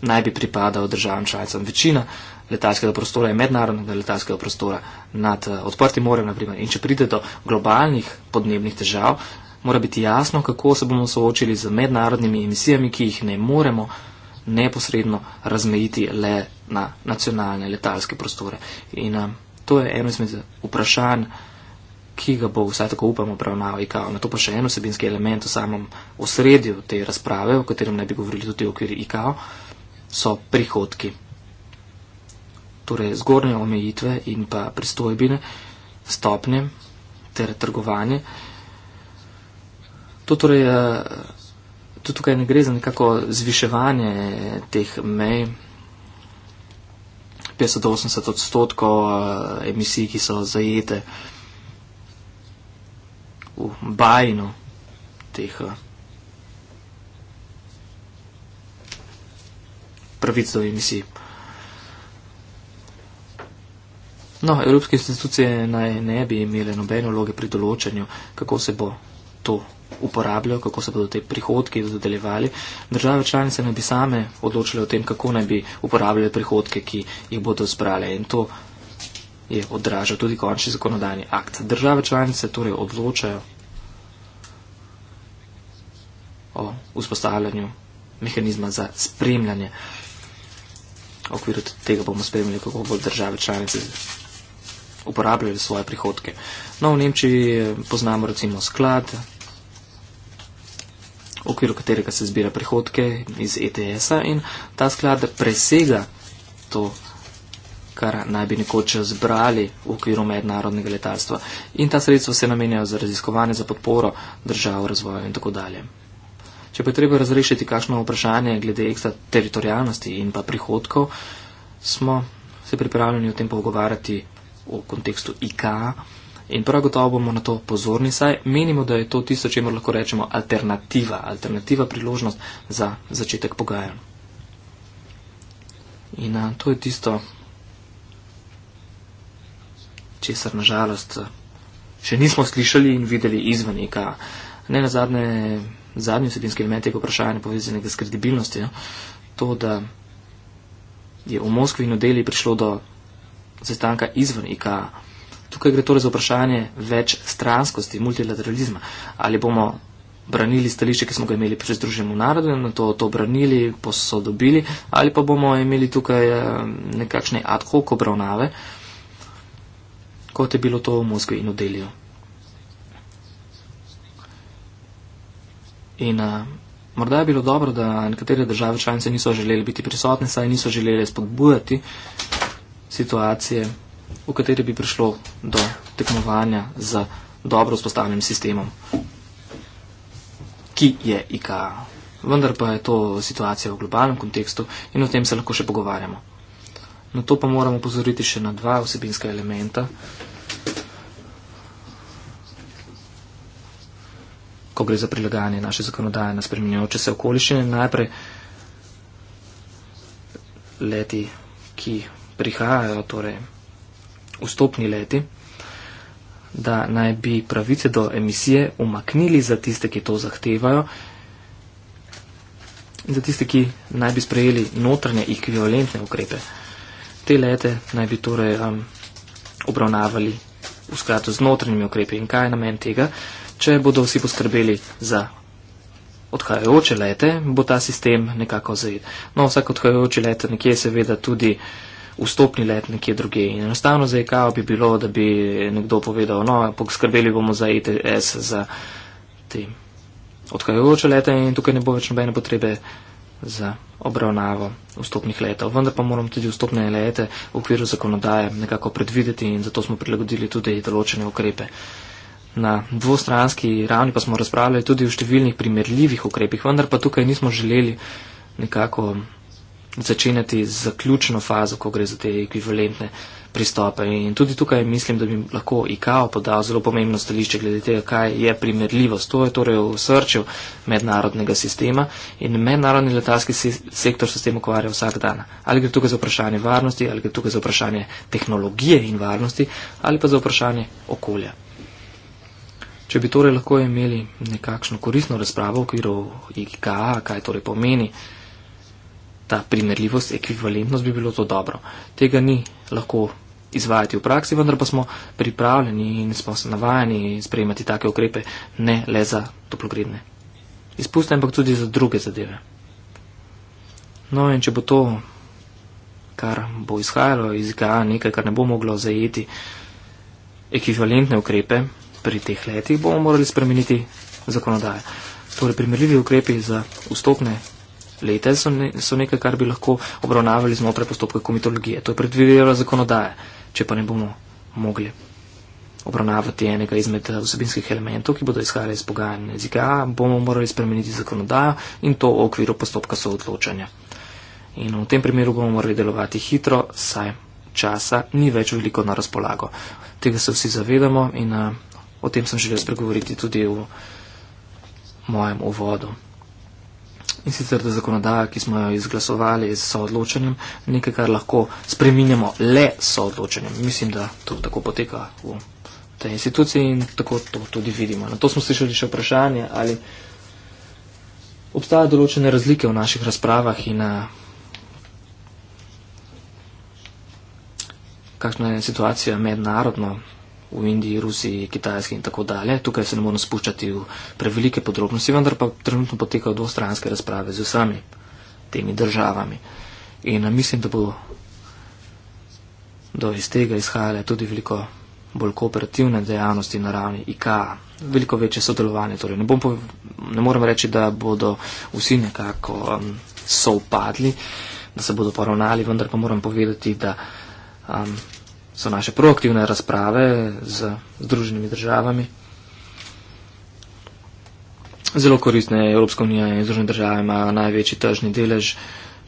naj bi pripadal državam članicam. Večina letalskega prostora je mednarodnega letalskega prostora nad eh, odprtim morem, naprimer. In če pride do globalnih podnebnih težav, mora biti jasno, kako se bomo soočili z mednarodnimi emisijami, ki jih ne moremo neposredno razmejiti le na nacionalne letalske prostore. In a, eh, to je eno izmed vprašanj, ki ga bo vsaj tako upamo obravnaval IKAO. Na to pa še en osebinski element v samem osredju te razprave, o katerem ne bi govorili tudi v okviru IKAO, so prihodki. Torej zgornje omejitve in pa pristojbine, stopnje ter trgovanje. To torej, eh, to tukaj ne gre za nekako zviševanje teh mej. 50 do 80 odstotkov eh, emisij, ki so zajete v bajno teh eh, pravic do emisij. No, evropske institucije naj ne bi imele nobene vloge pri določanju, kako se bo to uporabljalo, kako se bodo te prihodke dodeljevali. Države članice naj bi same odločile o tem, kako naj bi uporabljali prihodke, ki jih bodo zbrale. In to je odražal tudi končni zakonodajni akt. Države članice torej odločajo o vzpostavljanju mehanizma za spremljanje. V okviru tega bomo spremljali, kako bodo države članice uporabljali svoje prihodke. No, v Nemčiji eh, poznamo recimo sklad, v okviru katerega se zbira prihodke iz ETS-a in ta sklad presega to kar naj bi nekoč zbrali v okviru mednarodnega letalstva. In ta sredstva se namenjajo za raziskovanje, za podporo držav, razvoju in tako dalje. Če pa je treba razrešiti kakšno vprašanje glede ekstrateritorijalnosti in pa prihodkov, smo se pripravljeni o tem pogovarjati v kontekstu IKA in prav gotovo bomo na to pozorni, saj menimo, da je to tisto, čemer lahko rečemo alternativa, alternativa priložnost za začetek pogajanj. In a, to je tisto, česar nažalost eh, še nismo slišali in videli izven neka. Ne na zadnje, zadnji vsebinski element je vprašanje povezanega s kredibilnostjo. To, da je v Moskvi in Odeli prišlo do sestanka izven IKA. E tukaj gre torej za vprašanje več stranskosti, multilateralizma. Ali bomo branili stališče, ki smo ga imeli pri Združenju narodov in to, to branili, posodobili, ali pa bomo imeli tukaj eh, nekakšne ad hoc obravnave, uh, kot je bilo to v mozgu in v delju. In a, eh, morda je bilo dobro, da nekatere države članice niso želeli biti prisotne, saj niso želeli spodbujati situacije, v kateri bi prišlo do tekmovanja z dobro vzpostavljenim sistemom, ki je IKA. Vendar pa je to situacija v globalnem kontekstu in o tem se lahko še pogovarjamo. Na to pa moramo pozoriti še na dva vsebinska elementa, ko gre za prilagajanje naše zakonodaje na spremenjajoče se okoliščine, najprej leti, ki prihajajo, torej vstopni leti, da naj bi pravice do emisije umaknili za tiste, ki to zahtevajo in za tiste, ki naj bi sprejeli notranje ekvivalentne ukrepe. Te lete naj bi torej um, obravnavali v skladu z notranjimi ukrepi. In kaj je namen tega? Uh, če bodo vsi poskrbeli za odhajajoče lete, bo ta sistem nekako zajet. No, vsak odhajajoči let nekje seveda tudi vstopni let nekje druge. In enostavno za IKAO e bi bilo, da bi nekdo povedal, no, poskrbeli bomo za ETS, za te odhajajoče lete in tukaj ne bo več nobene potrebe za obravnavo vstopnih letov. Vendar pa moram tudi vstopne lete v okviru zakonodaje nekako predvideti in zato smo prilagodili tudi določene ukrepe. Uh, na dvostranski ravni, pa smo razpravljali tudi o številnih primerljivih ukrepih, vendar pa tukaj nismo želeli nekako začenjati z zaključno fazo, ko gre za te ekvivalentne pristope. In tudi tukaj mislim, da bi lahko IKAO podal zelo pomembno stališče glede tega, kaj je primerljivost. To je torej v srčju mednarodnega sistema in mednarodni letalski sektor se s tem ukvarja vsak dan. Ali gre tukaj za vprašanje varnosti, ali gre tukaj za vprašanje tehnologije in varnosti, ali pa za vprašanje okolja. Če bi torej lahko imeli nekakšno korisno razpravo v okviru IGA, kaj torej pomeni ta primerljivost, ekvivalentnost, bi bilo to dobro. Tega ni lahko izvajati v praksi, vendar pa smo pripravljeni in smo se navajeni sprejemati take ukrepe ne le za toplogredne izpuste, ampak tudi za druge zadeve. No in če bo to, kar bo izhajalo iz IGA, nekaj, kar ne bo moglo zajeti ekvivalentne ukrepe, pri teh letih bomo morali spremeniti zakonodajo. Torej, primerljivi ukrepi za vstopne lete so, ne, so nekaj, kar bi lahko obravnavali znotraj postopka komitologije. To je predvidela zakonodaja, če pa ne bomo mogli obravnavati enega izmed eh, vsebinskih elementov, ki bodo izhajali iz pogajanja jezika, bomo morali spremeniti zakonodajo in to v okviru postopka soodločanja. In v tem primeru bomo morali delovati hitro, saj časa ni več veliko na razpolago. Tega se vsi zavedamo in uh, O tem sem želel spregovoriti tudi v mojem uvodu. In sicer, da zakonodaja, ki smo jo izglasovali s soodločenjem, nekaj, kar lahko spreminjamo le s soodločenjem. Mislim, da to tako poteka v tej instituciji in tako to tudi vidimo. Na to smo slišali še vprašanje, ali obstajajo določene razlike v naših razpravah in eh, kakšna je situacija mednarodno v Indiji, Rusiji, Kitajski in tako dalje. Tukaj se ne moramo spuščati v prevelike podrobnosti, vendar pa trenutno potekajo dvostranske razprave z vsemi temi državami. In eh, mislim, da bo da iz tega izhajale tudi veliko bolj kooperativne dejavnosti na ravni IKA, veliko večje sodelovanje. Torej, ne, bom, ne morem reči, da bodo vsi nekako um, so upadli, da se bodo poravnali, vendar pa moram povedati, da um, so naše proaktivne razprave z združenimi državami. Zelo koristne je Evropska unija in združene države ima največji tržni delež,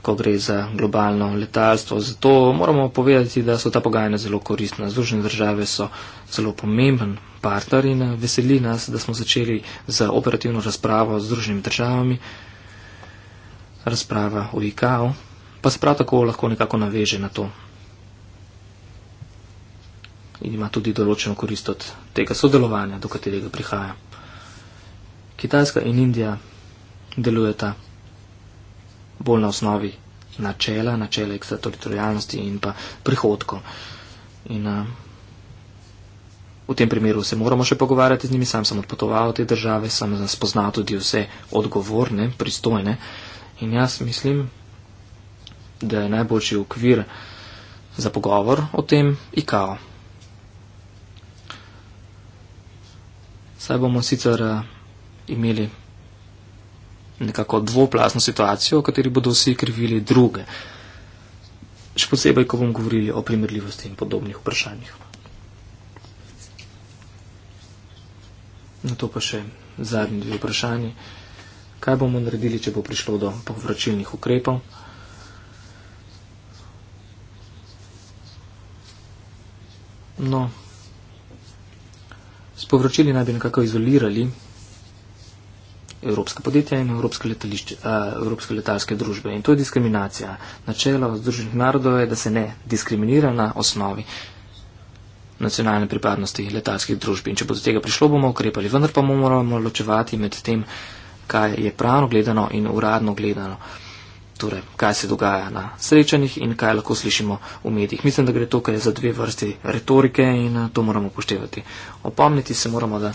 ko gre za globalno letalstvo. Zato moramo povedati, da so ta pogajanja zelo koristna. Združene države so zelo pomemben partner in veseli nas, da smo začeli z operativno razpravo z združenimi državami. Razprava o IKO pa se prav tako lahko nekako naveže na to in ima tudi določeno korist od tega sodelovanja, do katerega prihaja. Kitajska in Indija delujeta bolj na osnovi načela, načela ekstrateritorijalnosti in pa prihodkov. In a, eh, v tem primeru se moramo še pogovarjati z njimi, sam sem odpotoval v te države, sem spoznal tudi vse odgovorne, pristojne in jaz mislim, da je najboljši okvir za pogovor o tem IKAO. Saj bomo sicer eh, imeli nekako dvoplasno situacijo, v kateri bodo vsi krivili druge. Še posebej, ko bom govorili o primerljivosti in podobnih vprašanjih. Na to pa še zadnji dve vprašanji. Kaj bomo naredili, če bo prišlo do povračilnih ukrepov? No, povročili naj bi nekako izolirali evropska podjetja in evropske, letališče, uh, evropske letalske družbe. In to je diskriminacija. Načelo Združenih narodov je, da se ne diskriminira na osnovi nacionalne pripadnosti letalskih družb. In če bo do tega prišlo, bomo ukrepali. Vendar pa moramo ločevati med tem, kaj je pravno gledano in uradno gledano. Uh, torej, kaj se dogaja na srečanjih in kaj lahko slišimo v medijih. Mislim, da gre tukaj za dve vrsti retorike in eh, to moramo poštevati. Opomniti se moramo, da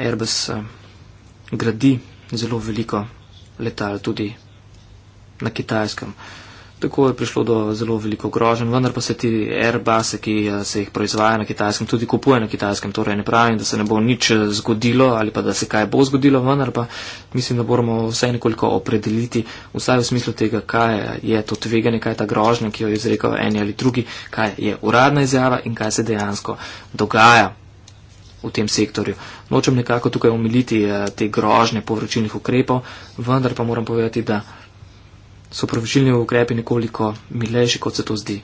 Airbus eh, gradi zelo veliko letal tudi na kitajskem. Tako je prišlo do zelo veliko grožen, vendar pa se ti Airbus, ki eh, se jih proizvaja na kitajskem, tudi kupuje na kitajskem. Torej ne pravim, da se ne bo nič eh, zgodilo ali pa da se kaj bo zgodilo, vendar pa mislim, da moramo vse nekoliko opredeliti, vsaj v smislu tega, kaj je to tveganje, kaj je ta grožnja, ki jo je izrekel en ali drugi, kaj je uradna izjava in kaj se dejansko dogaja v tem sektorju. Nočem nekako tukaj omiliti eh, te grožne povračilnih ukrepov, vendar pa moram povedati, da so pravičilni ukrepi nekoliko milejši, kot se to zdi.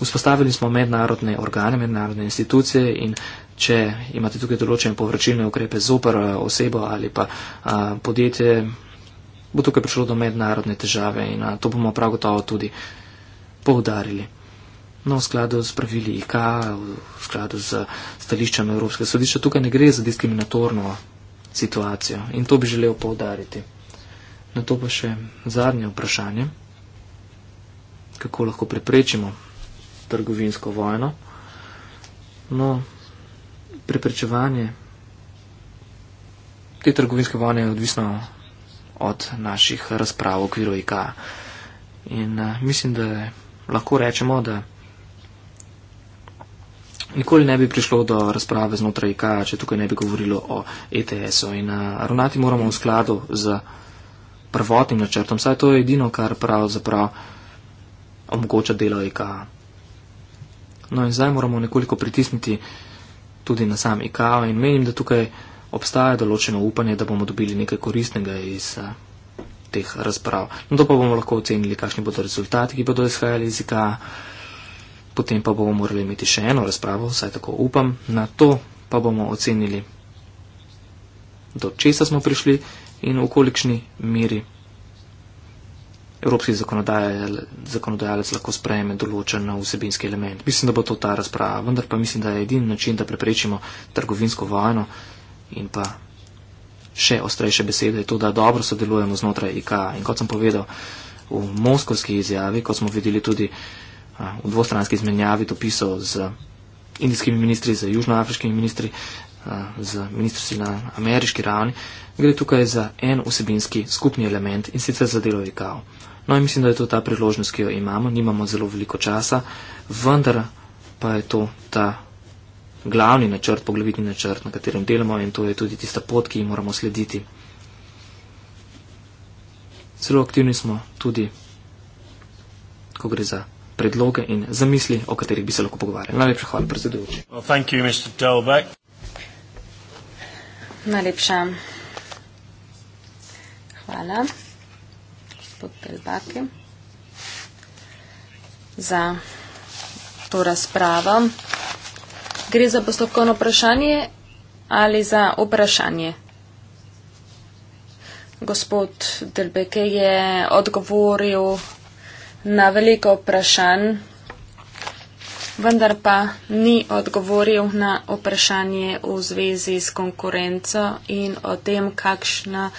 Vzpostavili smo mednarodne organe, mednarodne institucije in če imate tukaj določene povračilne ukrepe zoper eh, osebo ali pa a, eh, podjetje, bo tukaj prišlo do mednarodne težave in a, eh, to bomo prav gotovo tudi poudarili. No, v skladu z pravili IK, v skladu z stališčem Evropske sodišča, tukaj ne gre za diskriminatorno situacijo in to bi želel poudariti. Na to pa še zadnje vprašanje. Kako lahko preprečimo trgovinsko vojno? No, preprečevanje te trgovinske vojne je odvisno od naših razprav v okviru IK. In uh, mislim, da lahko rečemo, da nikoli ne bi prišlo do razprave znotraj IK, če tukaj ne bi govorilo o ETS-u. In uh, ravnati moramo v skladu z. Uh, prvotnim načrtom, saj to je edino, kar pravzaprav omogoča delo IKA. E no in zdaj moramo nekoliko pritisniti tudi na sam IKA e in menim, da tukaj obstaja določeno upanje, da bomo dobili nekaj koristnega iz eh, teh razprav. No to pa bomo lahko ocenili, kakšni bodo rezultati, ki bodo izhajali iz IKA. E Potem pa bomo morali imeti še eno razpravo, vsaj tako upam. Na to pa bomo ocenili, do česa smo prišli in v kolikšni meri evropski zakonodajalec lahko sprejme določen vsebinski element. Mislim, da bo to ta razprava, vendar pa mislim, da je edini način, da preprečimo trgovinsko vojno in pa še ostrejše besede, je to, da dobro sodelujemo znotraj IKA. In kot sem povedal v moskovski izjavi, kot smo videli tudi v dvostranski izmenjavi dopisov z indijskimi ministri, z južnoafriškimi ministri, z ministrstvi na ameriški ravni, gre tukaj za en vsebinski skupni element in sicer za delo IKAO. No in mislim, da je to ta priložnost, ki jo imamo, nimamo zelo veliko časa, vendar pa je to ta glavni načrt, poglavitni načrt, na katerem delamo in to je tudi tista pot, ki jo moramo slediti. Zelo aktivni smo tudi, ko gre za predloge in zamisli, o katerih bi se lahko pogovarjali. Najlepša hvala, predsedujoči. Well, Najlepša. Hvala, gospod Pelbaki, za to razpravo. Gre za postopkovno vprašanje ali za vprašanje? Gospod Delbeke je odgovoril na veliko vprašanj vendar pa ni odgovoril na vprašanje v zvezi s konkurenco in o tem, kakšna,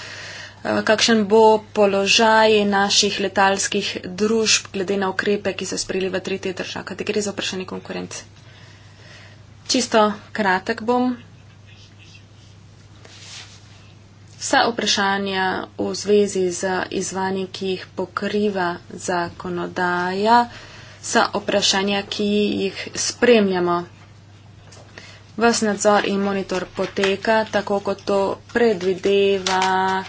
eh, kakšen bo položaj naših letalskih družb glede na ukrepe, ki so sprili v tretji državi. Kaj gre za vprašanje konkurence? Čisto kratek bom. Vsa vprašanja v zvezi z izvanji, ki jih pokriva zakonodaja, vsa vprašanja, ki jih spremljamo. Ves nadzor in monitor poteka tako, kot to predvideva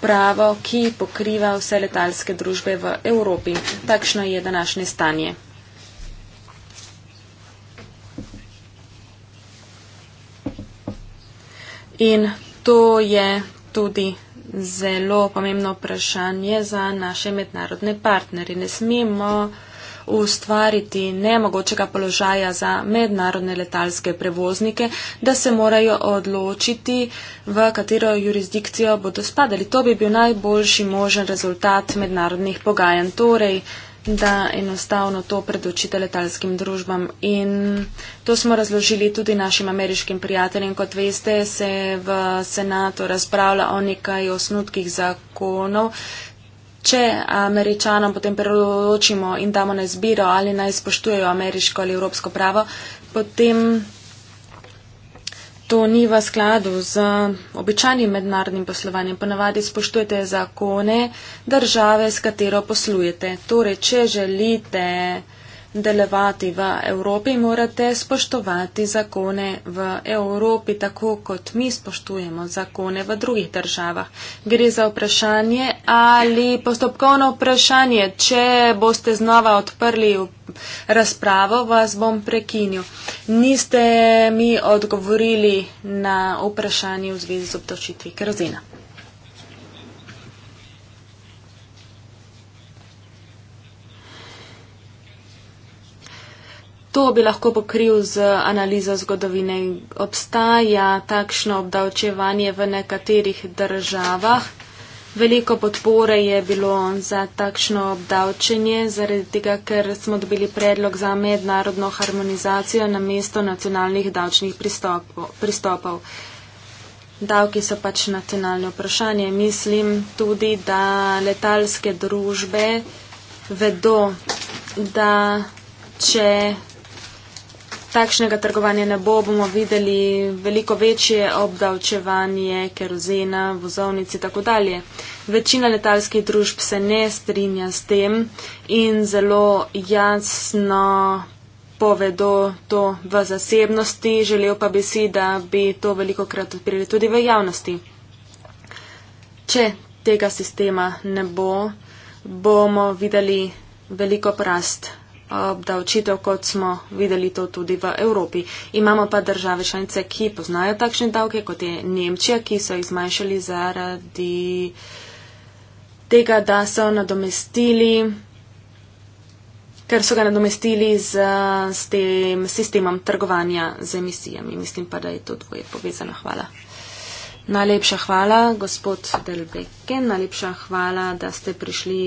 pravo, ki pokriva vse letalske družbe v Evropi. Takšno je današnje stanje. In to je tudi zelo pomembno vprašanje za naše mednarodne partnerje. Ne smemo ustvariti nemogočega položaja za mednarodne letalske prevoznike, da se morajo odločiti, v katero jurisdikcijo bodo spadali. To bi bil najboljši možen rezultat mednarodnih pogajanj. Torej, da enostavno to predočite letalskim družbam. In to smo razložili tudi našim ameriškim prijateljem. Kot veste, se v senatu razpravlja o nekaj osnutkih zakonov. Če američanom potem preročimo in damo na izbiro ali naj spoštujejo ameriško ali evropsko pravo, potem to ni v skladu z običajnim mednarodnim poslovanjem. Ponavadi spoštujete zakone države, s katero poslujete. Torej, če želite delovati v Evropi, morate spoštovati zakone v Evropi, tako kot mi spoštujemo zakone v drugih državah. Gre za vprašanje ali postopkovno vprašanje. Če boste znova odprli razpravo, vas bom prekinil. Niste mi odgovorili na vprašanje v zvezi z obdavčitvi kerozina. to bi lahko pokril z analizo zgodovine. Obstaja takšno obdavčevanje v nekaterih državah. Veliko podpore je bilo za takšno obdavčenje, zaradi tega, ker smo dobili predlog za mednarodno harmonizacijo na mesto nacionalnih davčnih pristopov. Davki so pač nacionalne vprašanje. Mislim tudi, da letalske družbe vedo, da če takšnega trgovanja ne bo, bomo videli veliko večje obdavčevanje, kerozena, vozovnice itd. Večina letalskih družb se ne strinja s tem in zelo jasno povedo to v zasebnosti, želel pa bi si, da bi to veliko krat odpirili tudi v javnosti. Če tega sistema ne bo, bomo videli veliko prast obdavčitev, kot smo videli to tudi v Evropi. Imamo pa države članice, ki poznajo takšne davke, kot je Nemčija, ki so jih zmanjšali zaradi tega, da so nadomestili, ker so ga nadomestili z, s tem sistemom trgovanja z emisijami. Mislim pa, da je to dvoje povezano. Hvala. Najlepša hvala, gospod Delbeke. Najlepša hvala, da ste prišli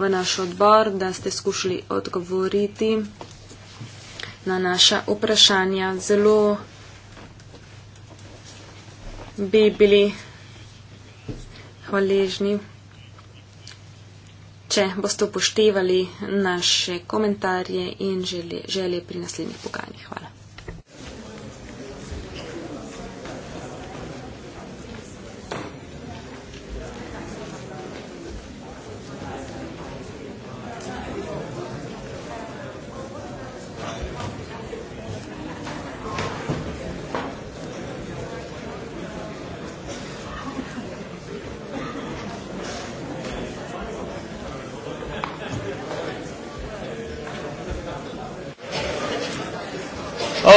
v naš odbor, da ste skušali odgovoriti na naša vprašanja. Zelo bi bili hvaležni, če boste upoštevali naše komentarje in želje, želje pri naslednjih pogajanjih. Hvala.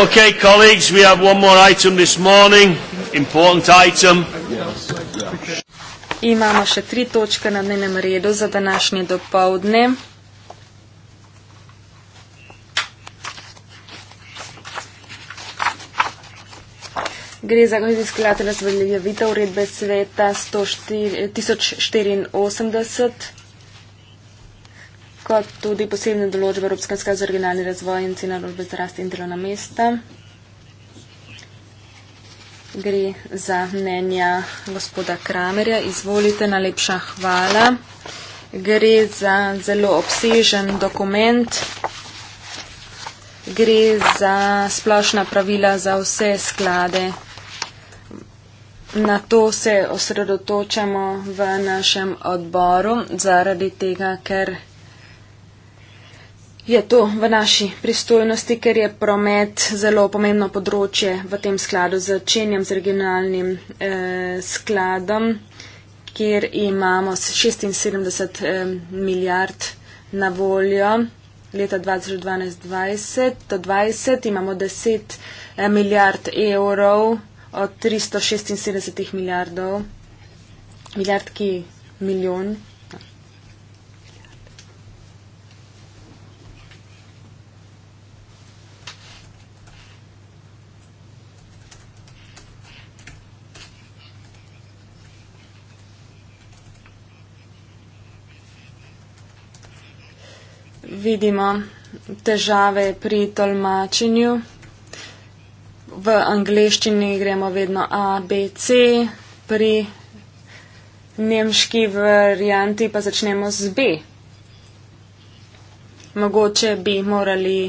Okay, colleagues, we have one more item this morning. Important item. Imamo še tri točke na dnevnem redu za današnje dopoledne. Gre za izkladno razveljavitev uredbe sveta 1484 kot tudi posebne določbe Evropske skrbi za regionalni razvoj in cena naložbe za rast in delovna mesta. Gre za mnenja gospoda Kramerja. Izvolite, najlepša hvala. Gre za zelo obsežen dokument. Gre za splošna pravila za vse sklade. Na to se osredotočamo v našem odboru, zaradi tega, ker Je to v naši pristojnosti, ker je promet zelo pomembno področje v tem skladu. Začenjam z regionalnim eh, skladom, kjer imamo 76 eh, milijard na voljo leta 2012-2020. Do 20 imamo 10 eh, milijard evrov od 376 milijardov, milijard ki milijon. vidimo težave pri tolmačenju. V angleščini gremo vedno ABC, pri nemški varianti pa začnemo z B. Mogoče bi morali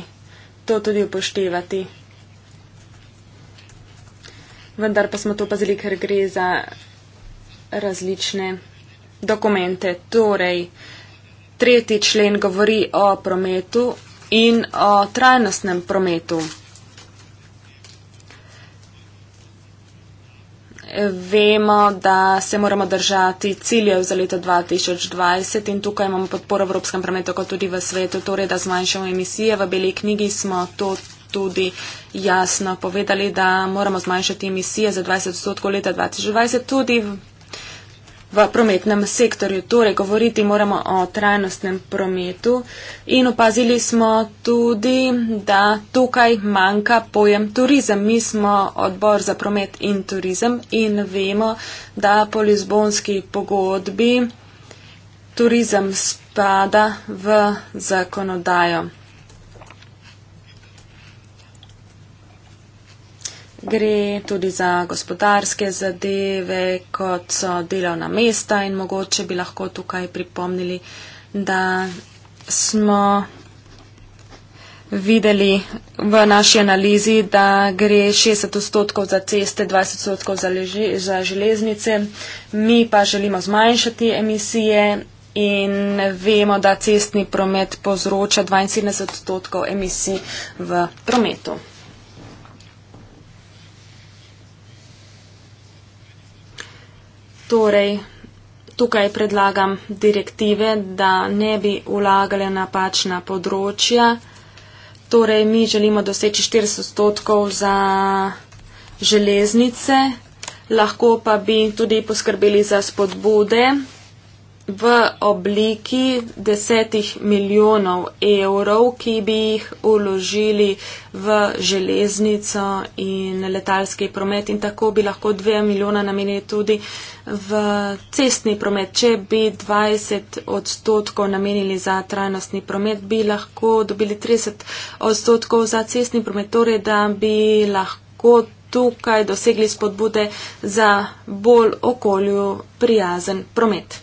to tudi upoštevati. Vendar pa smo to pazili, ker gre za različne dokumente. Torej, uh, tretji člen govori o prometu in o trajnostnem prometu. Vemo, da se moramo držati ciljev za leto 2020 in tukaj imamo podporo v Evropskem prometu, kot tudi v svetu, torej da zmanjšamo emisije. V Beli knjigi smo to tudi jasno povedali, da moramo zmanjšati emisije za 20 odstotkov leta 2020, tudi v prometnem sektorju. Torej, govoriti moramo o trajnostnem prometu in opazili smo tudi, da tukaj manjka pojem turizem. Mi smo odbor za promet in turizem in vemo, da po Lizbonski pogodbi turizem spada v zakonodajo. gre tudi za gospodarske zadeve, kot so delovna mesta in mogoče bi lahko tukaj pripomnili, da smo videli v naši analizi, da gre 60 odstotkov za ceste, 20 odstotkov za, za železnice. Mi pa želimo zmanjšati emisije in vemo, da cestni promet povzroča 72 odstotkov emisij v prometu. Torej, tukaj predlagam direktive, da ne bi ulagale napačna področja. Torej, mi želimo doseči 40 odstotkov za železnice, lahko pa bi tudi poskrbeli za spodbude v obliki desetih milijonov evrov, ki bi jih uložili v železnico in letalski promet in tako bi lahko dve milijona namenili tudi v cestni promet. Če bi 20 odstotkov namenili za trajnostni promet, bi lahko dobili 30 odstotkov za cestni promet, torej da bi lahko tukaj dosegli spodbude za bolj okolju prijazen promet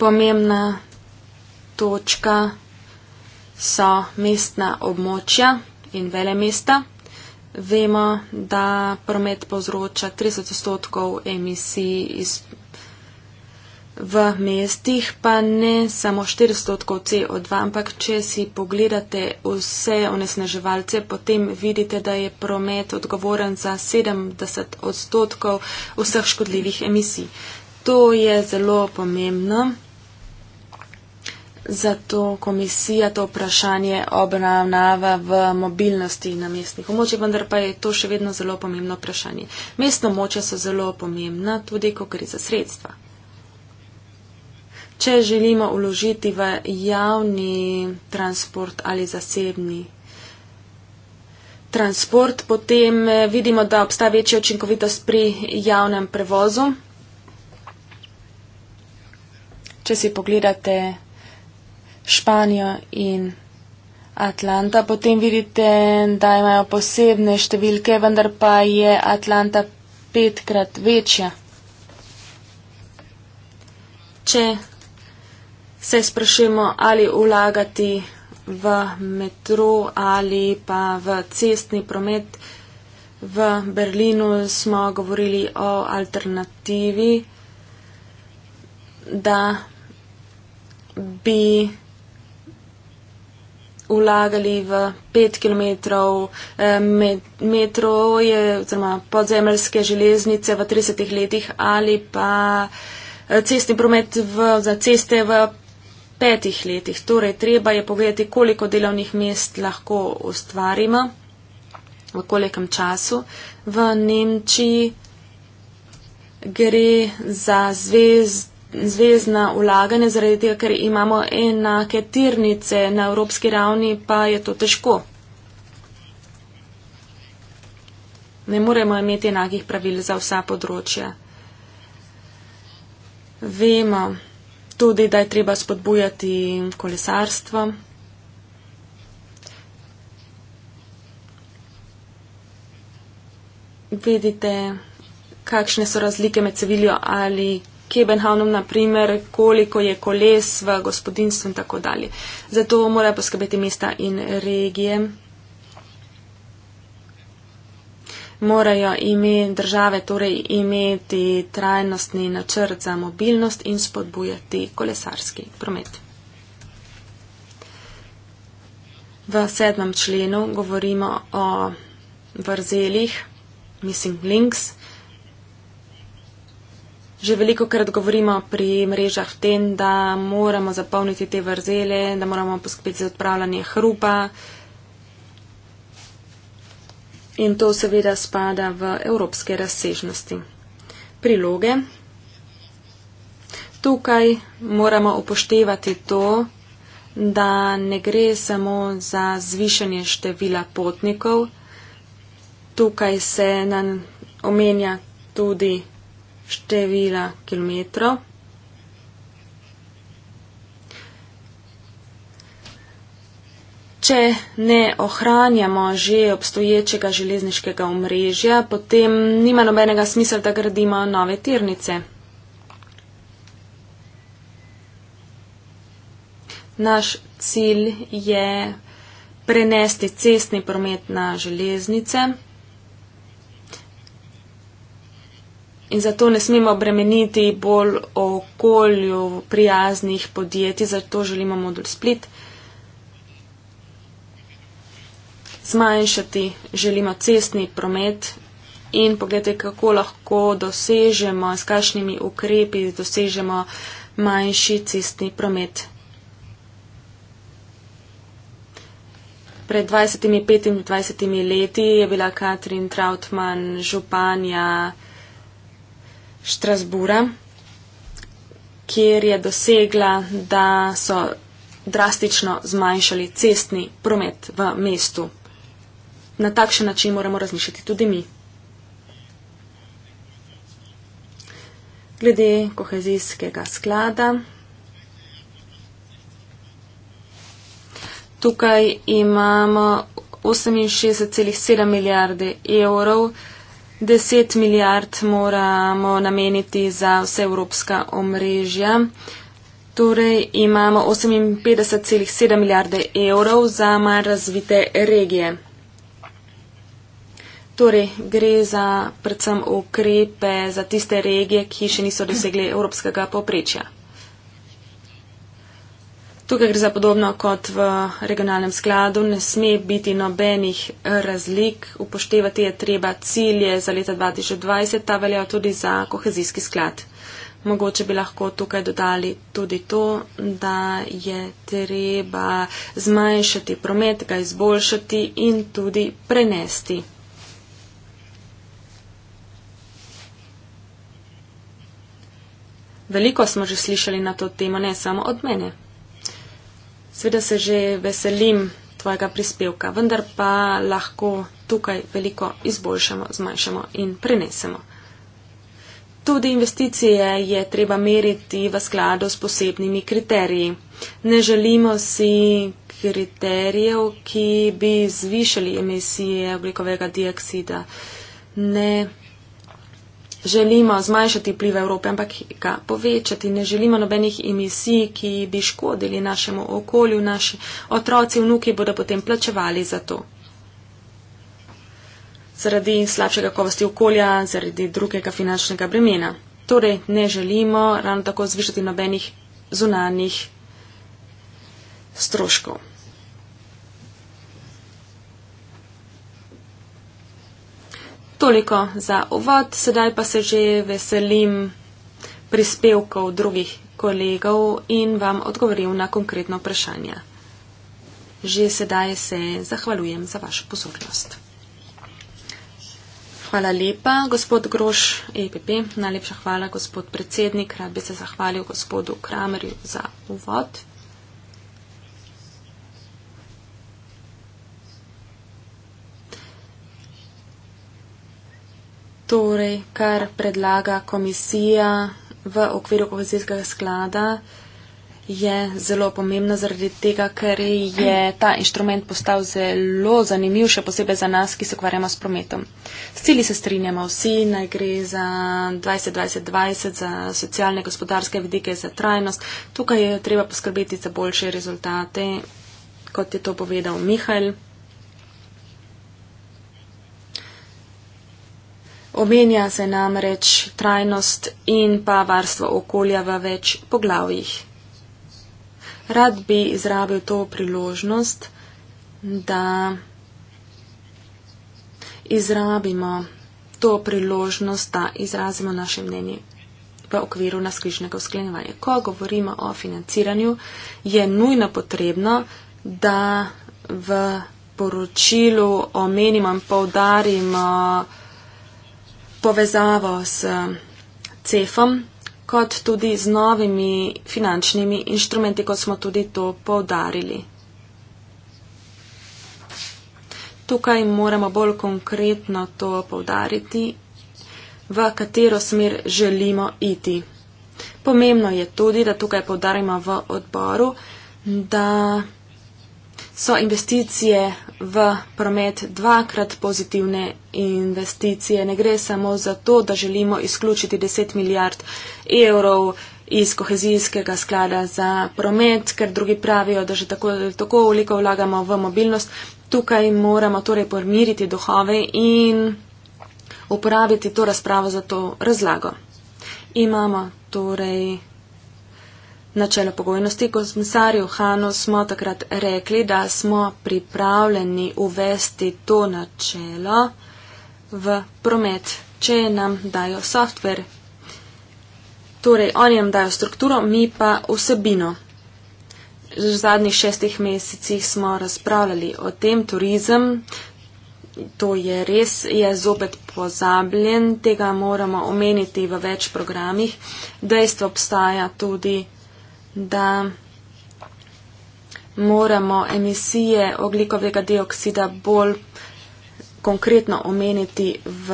pomembna točka so mestna območja in vele mesta. Vemo, da promet povzroča 30 odstotkov emisij iz, v mestih, pa ne samo 4 odstotkov CO2, ampak če si pogledate vse onesnaževalce, potem vidite, da je promet odgovoren za 70 odstotkov vseh škodljivih emisij. To je zelo pomembno zato komisija to vprašanje obravnava v mobilnosti na mestnih območjih, vendar pa je to še vedno zelo pomembno vprašanje. Mestno moče so zelo pomembna tudi, ko gre za sredstva. Če želimo uložiti v javni transport ali zasebni transport, potem eh, vidimo, da obstaja večja učinkovitost pri javnem prevozu. Če si pogledate Španijo in Atlanta. Potem vidite, da imajo posebne številke, vendar pa je Atlanta petkrat večja. Če se sprašujemo, ali ulagati v metro ali pa v cestni promet, v Berlinu smo govorili o alternativi, da bi vlagali v 5 km eh, med, metroje oziroma podzemeljske železnice v 30 letih ali pa eh, cestni promet v, za ceste v petih letih. Torej, treba je povedati, koliko delovnih mest lahko ustvarimo v kolikem času. V Nemčiji gre za zvezd zvezdna ulaganja, zaradi tega, ker imamo enake tirnice na evropski ravni, pa je to težko. Ne moremo imeti enakih pravil za vsa področja. Vemo tudi, da je treba spodbujati kolesarstvo. Vidite, kakšne so razlike med civilijo ali Kebenhavnom, naprimer, koliko je koles v gospodinstvu in tako dalje. Zato morajo poskrbeti mesta in regije. Morajo imeti države, torej imeti trajnostni načrt za mobilnost in spodbujati kolesarski promet. V sedmem členu govorimo o vrzelih, missing links, Že veliko krat govorimo pri mrežah tem, da moramo zapolniti te vrzele, da moramo poskrbeti za odpravljanje hrupa. In to seveda spada v evropske razsežnosti. Priloge. Tukaj moramo upoštevati to, da ne gre samo za zvišanje števila potnikov. Tukaj se nam omenja tudi števila kilometrov. Če ne ohranjamo že obstoječega železniškega omrežja, potem nima nobenega smisla, da gradimo nove tirnice. Naš cilj je prenesti cestni promet na železnice. in zato ne smemo bremeniti bolj okolju prijaznih podjetij, zato želimo modul split. Zmanjšati želimo cestni promet in pogledajte, kako lahko dosežemo, s kakšnimi ukrepi dosežemo manjši cestni promet. Pred 25 leti je bila Katrin Trautmann županja. Štrasbura, kjer je dosegla, da so drastično zmanjšali cestni promet v mestu. Na takšen način moramo razmišljati tudi mi. Glede kohezijskega sklada. Tukaj imamo 68,7 milijarde evrov, 10 milijard moramo nameniti za vse evropska omrežja. Torej imamo 58,7 milijarde evrov za manj razvite regije. Torej gre za predvsem ukrepe za tiste regije, ki še niso dosegli evropskega poprečja. Tukaj gre za podobno kot v regionalnem skladu, ne sme biti nobenih razlik, upoštevati je treba cilje za leta 2020, ta veljajo tudi za kohezijski sklad. Mogoče bi lahko tukaj dodali tudi to, da je treba zmanjšati promet, ga izboljšati in tudi prenesti. Veliko smo že slišali na to temo, ne samo od mene. Sveda se že veselim tvojega prispevka, vendar pa lahko tukaj veliko izboljšamo, zmanjšamo in prenesemo. Tudi investicije je treba meriti v skladu s posebnimi kriteriji. Ne želimo si kriterijev, ki bi zvišali emisije oglikovega dioksida. Ne želimo želimo zmanjšati vpliv Evrope, ampak ga povečati. Ne želimo nobenih emisij, ki bi škodili našemu okolju, naši otroci, vnuki bodo potem plačevali za to. Zaradi slabšega kakovosti okolja, zaradi drugega finančnega bremena. Torej, ne želimo ravno tako zvišati nobenih zunanjih stroškov. Toliko za uvod, sedaj pa se že veselim prispevkov drugih kolegov in vam odgovoril na konkretno vprašanje. Že sedaj se zahvaljujem za vašo pozornost. Hvala lepa, gospod Groš, EPP. Najlepša hvala, gospod predsednik. Rad bi se zahvalil gospodu Kramerju za uvod. Torej, kar predlaga komisija v okviru kohezijskega sklada je zelo pomembno zaradi tega, ker je ta inštrument postal zelo zanimiv, še posebej za nas, ki se ukvarjamo s prometom. S cili se strinjamo vsi, naj gre za 2020-2020, za socialne, gospodarske vidike, za trajnost. Tukaj je treba poskrbeti za boljše rezultate, kot je to povedal Mihajl. Omenja se namreč trajnost in pa varstvo okolja v več poglavjih. Rad bi izrabil to priložnost, da izrabimo to priložnost, da izrazimo naše mnenje v okviru naskrižnega usklenjevanja. Ko govorimo o financiranju, je nujno potrebno, da v poročilu omenimo in povdarimo, povezavo s CEF-om, kot tudi z novimi finančnimi inštrumenti, kot smo tudi to poudarili. Tukaj moramo bolj konkretno to poudariti, v katero smer želimo iti. Pomembno je tudi, da tukaj poudarimo v odboru, da so investicije v promet dvakrat pozitivne investicije. Ne gre samo za to, da želimo izključiti 10 milijard evrov iz kohezijskega sklada za promet, ker drugi pravijo, da že tako, tako veliko vlagamo v mobilnost. Tukaj moramo torej pomiriti duhove in uporabiti to razpravo za to razlago. Imamo torej Načelo pogojnosti, ko smo sarju Hanu, smo takrat rekli, da smo pripravljeni uvesti to načelo v promet, če nam dajo softver. Torej, oni nam dajo strukturo, mi pa vsebino. V zadnjih šestih mesecih smo razpravljali o tem turizem. To je res, je zopet pozabljen, tega moramo omeniti v več programih. Dejstvo obstaja tudi da moramo emisije oglikovega dioksida bolj konkretno omeniti v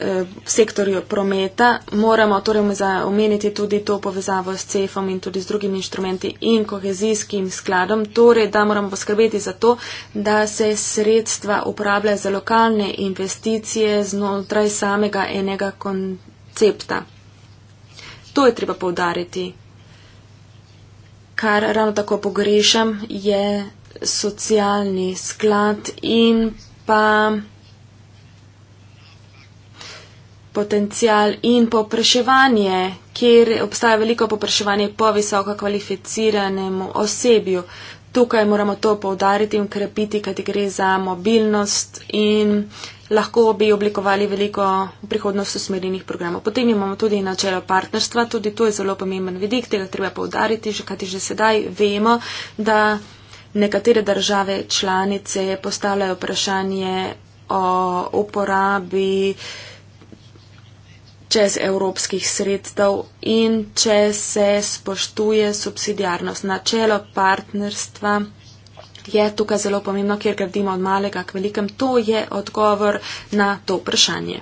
eh, sektorju prometa. Moramo torej omeniti tudi to povezavo s CEF-om in tudi z drugimi inštrumenti in kohezijskim skladom, torej da moramo poskrbeti za to, da se sredstva uporabljajo za lokalne investicije znotraj samega enega koncepta to je treba povdariti. Kar ravno tako pogrešam, je socialni sklad in pa potencial in popraševanje, kjer obstaja veliko popraševanje po visoko kvalificiranemu osebju tukaj moramo to povdariti in krepiti, kajti gre za mobilnost in lahko bi oblikovali veliko prihodnost usmerjenih programov. Potem imamo tudi načelo partnerstva, tudi to je zelo pomemben vidik, tega treba povdariti, že kajti že sedaj vemo, da nekatere države članice postavljajo vprašanje o uporabi čez evropskih sredstev in če se spoštuje subsidijarnost. Načelo partnerstva je tukaj zelo pomembno, ker gradimo od malega k velikem. To je odgovor na to vprašanje.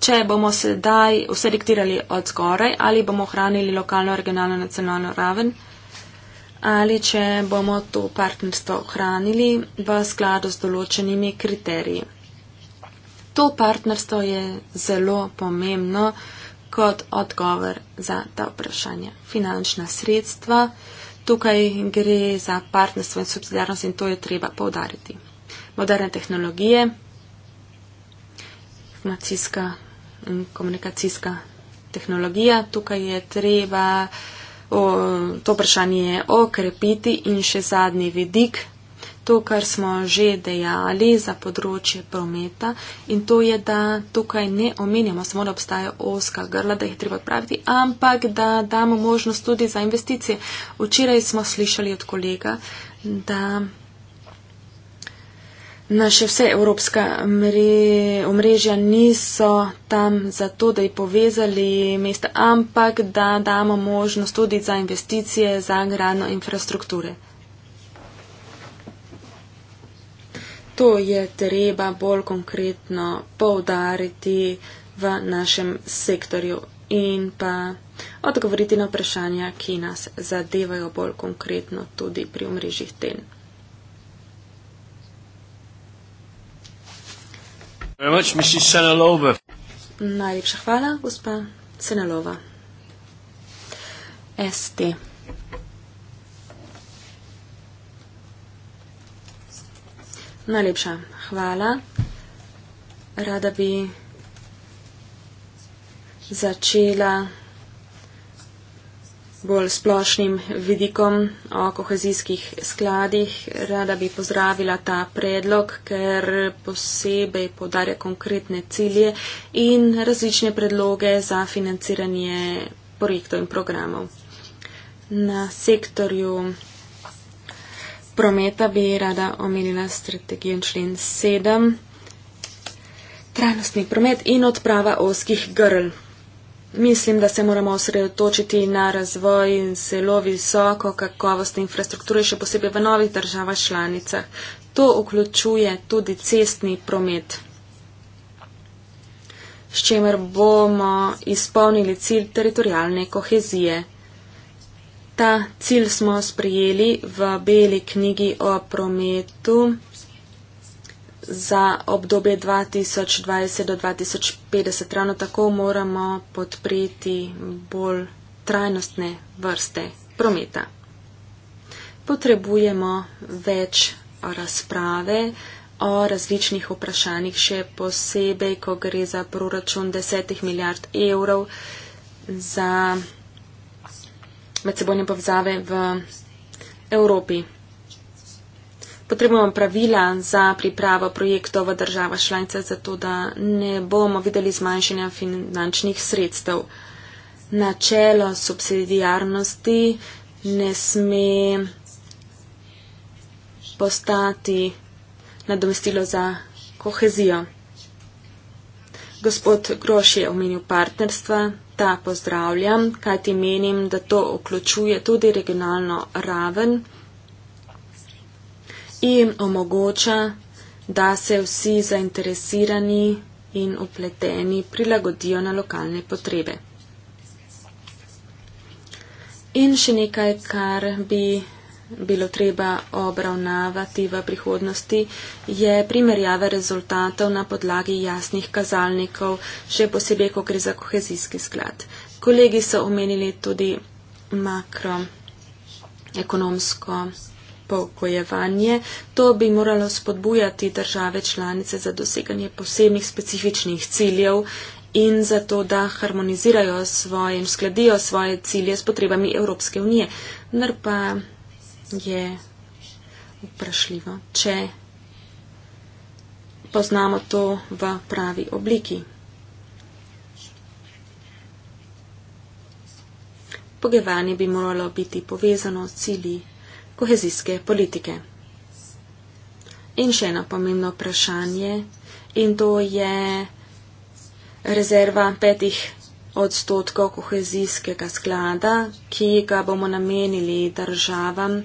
Če bomo sedaj vse diktirali od zgoraj ali bomo hranili lokalno, regionalno, nacionalno raven, ali če bomo to partnerstvo ohranili v skladu z določenimi kriteriji. To partnerstvo je zelo pomembno kot odgovor za ta vprašanja. Finančna sredstva, tukaj gre za partnerstvo in subsidiarnost in to je treba povdariti. Moderne tehnologije, informacijska in komunikacijska tehnologija, tukaj je treba o, to vprašanje je okrepiti in še zadnji vidik, to, kar smo že dejali za področje prometa in to je, da tukaj ne omenjamo samo, da obstaja oska grla, da jih treba odpraviti, ampak da damo možnost tudi za investicije. Včeraj smo slišali od kolega, da Naše vse evropska mre, omrežja niso tam zato, da bi povezali mesta, ampak da damo možnost tudi za investicije, za gradno infrastrukture. To je treba bolj konkretno poudariti v našem sektorju in pa odgovoriti na vprašanja, ki nas zadevajo bolj konkretno tudi pri omrežjih ten. very much, Mrs. Senelova. Najlepša hvala, gospa Senelova. ST. Najlepša hvala. Rada bi začela bolj splošnim vidikom o kohezijskih skladih. Rada bi pozdravila ta predlog, ker posebej podarja konkretne cilje in različne predloge za financiranje projektov in programov. Na sektorju prometa bi rada omenila strategijo člen 7. Trajnostni promet in odprava oskih grl. Mislim, da se moramo osredotočiti na razvoj in zelo visoko kakovost infrastrukture, še posebej v novih državah članicah. To vključuje tudi cestni promet, s čemer bomo izpolnili cilj teritorijalne kohezije. Ta cilj smo sprejeli v beli knjigi o prometu 2021-2030 za obdobje 2020 do 2050. Ravno tako moramo podpreti bolj trajnostne vrste prometa. Potrebujemo več razprave o različnih vprašanjih, še posebej, ko gre za proračun 10 milijard evrov za medsebojne povzave v Evropi potrebujemo pravila za pripravo projektov v država šlanjce, zato da ne bomo videli zmanjšanja finančnih sredstev. Načelo subsidijarnosti ne sme postati nadomestilo za kohezijo. Gospod Groš je omenil partnerstva, ta pozdravljam, kajti menim, da to vključuje tudi regionalno raven in omogoča, da se vsi zainteresirani in upleteni prilagodijo na lokalne potrebe. In še nekaj, kar bi bilo treba obravnavati v prihodnosti, je primerjava rezultatov na podlagi jasnih kazalnikov, še posebej, ko gre za kohezijski sklad. Kolegi so omenili tudi makroekonomsko upokojevanje. To bi moralo spodbujati države članice za doseganje posebnih specifičnih ciljev in zato, da harmonizirajo svoje in skladijo svoje cilje s potrebami Evropske unije. Nr pa je vprašljivo, če poznamo to v pravi obliki. Pogevanje bi moralo biti povezano s cilji kohezijske politike. In še eno pomembno vprašanje, in to je rezerva petih odstotkov kohezijskega sklada, ki ga bomo namenili državam,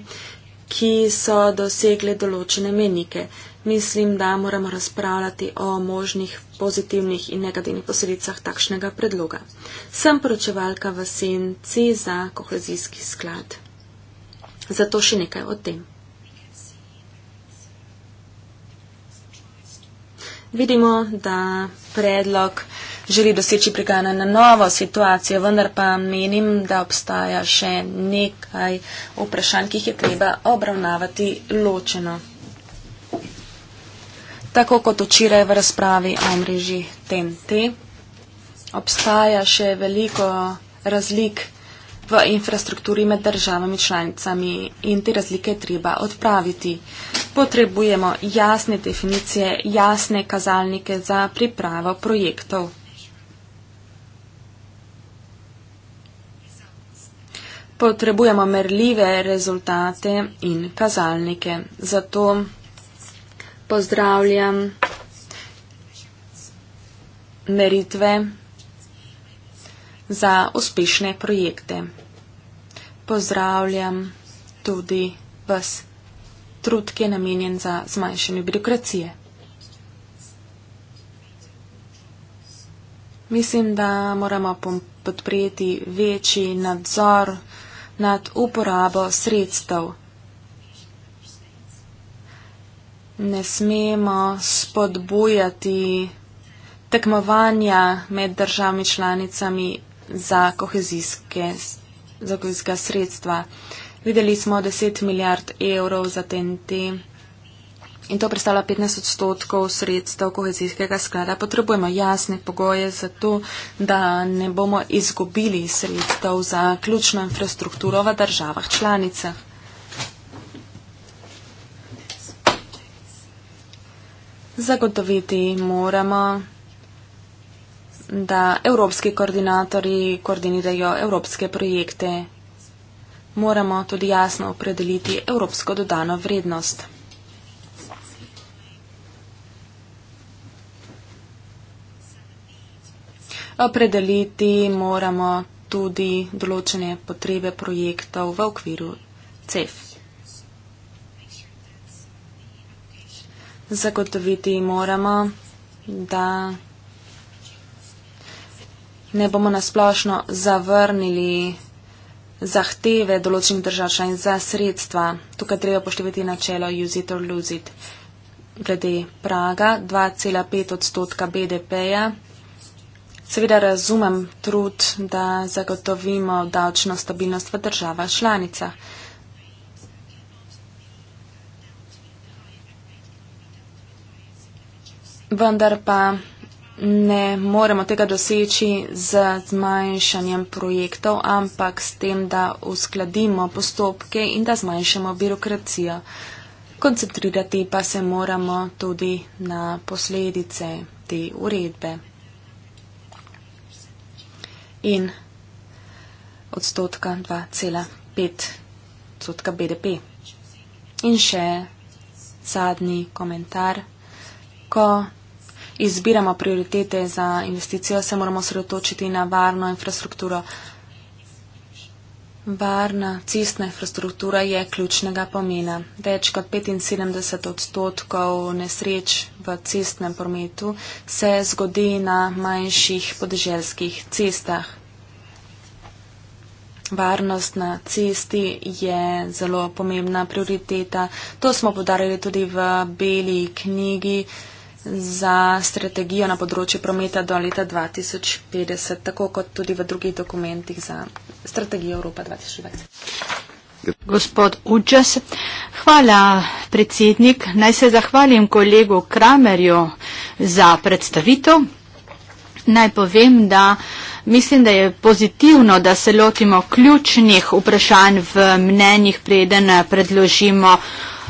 ki so dosegle določene menike. Mislim, da moramo razpravljati o možnih pozitivnih in negativnih posledicah takšnega predloga. Sem poročevalka v Senci za kohezijski sklad. Zato še nekaj o tem. Vidimo, da predlog želi doseči prikajanje na novo situacijo, vendar pa menim, da obstaja še nekaj vprašanj, ki jih je treba obravnavati ločeno. Tako kot včeraj v razpravi o mreži TNT, obstaja še veliko razlik v infrastrukturi med državami članicami in te razlike treba odpraviti. Potrebujemo jasne definicije, jasne kazalnike za pripravo projektov. Potrebujemo merljive rezultate in kazalnike. Zato pozdravljam meritve za uspešne projekte. Pozdravljam tudi vas trud, ki je namenjen za zmanjšanje birokracije. Mislim, da moramo podpreti večji nadzor nad uporabo sredstev. Ne smemo spodbujati tekmovanja med državami članicami za, za kohezijska sredstva. Videli smo 10 milijard evrov za TNT in to predstavlja 15 odstotkov sredstev kohezijskega sklada. Potrebujemo jasne pogoje za to, da ne bomo izgubili sredstev za ključno infrastrukturo v državah članicah. Zagotoviti moramo da evropski koordinatori koordinirajo evropske projekte. Moramo tudi jasno opredeliti evropsko dodano vrednost. Opredeliti moramo tudi določene potrebe projektov v okviru CEF. Zagotoviti moramo, da ne bomo nasplošno zavrnili zahteve določenih držav članic za sredstva. Tukaj treba poštevati načelo use it or lose it. Glede Praga, 2,5 odstotka BDP-ja. Seveda razumem trud, da zagotovimo davčno stabilnost v državah članicah. Vendar pa ne moremo tega doseči z zmanjšanjem projektov, ampak s tem, da uskladimo postopke in da zmanjšamo birokracijo. Koncentrirati pa se moramo tudi na posledice te uredbe. In odstotka 2,5 odstotka BDP. In še zadnji komentar. Ko izbiramo prioritete za investicijo, se moramo sredotočiti na varno infrastrukturo. Varna cestna infrastruktura je ključnega pomena. Več kot 75 odstotkov nesreč v cestnem prometu se zgodi na manjših podeželskih cestah. Varnost na cesti je zelo pomembna prioriteta. To smo podarili tudi v beli knjigi za strategijo na področju prometa do leta 2050, tako kot tudi v drugih dokumentih za strategijo Evropa 2020. Gospod Učas, hvala predsednik. Naj se zahvalim kolegu Kramerju za predstavitev. Naj povem, da mislim, da je pozitivno, da se lotimo ključnih vprašanj v mnenjih, preden predložimo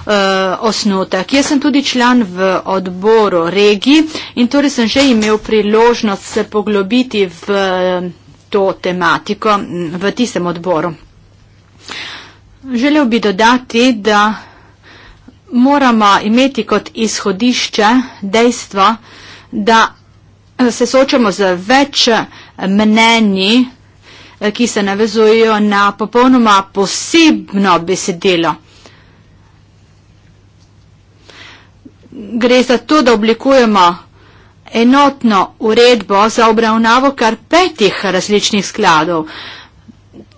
Eh, osnutek. Jaz sem tudi član v odboru regiji in torej sem že imel priložnost se poglobiti v eh, to tematiko v tistem odboru. Želel bi dodati, da moramo imeti kot izhodišče dejstva, da eh, se soočamo z več mnenji, ki se navezujejo na popolnoma posebno besedilo. gre za to, da oblikujemo enotno uredbo za obravnavo kar petih različnih skladov.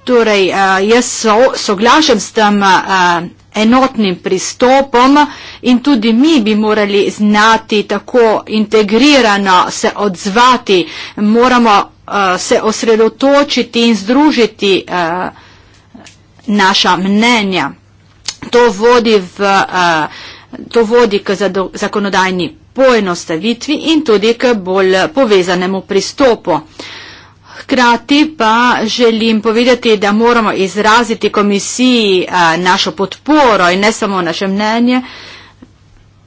Torej, eh, jaz so, soglašam s tem eh, enotnim pristopom in tudi mi bi morali znati tako integrirano se odzvati, moramo eh, se osredotočiti in združiti naša mnenja. To vodi v uh, To vodi k zakonodajni poenostavitvi in tudi k bolj povezanemu pristopu. Hkrati pa želim povedati, da moramo izraziti komisiji našo podporo in ne samo naše mnenje,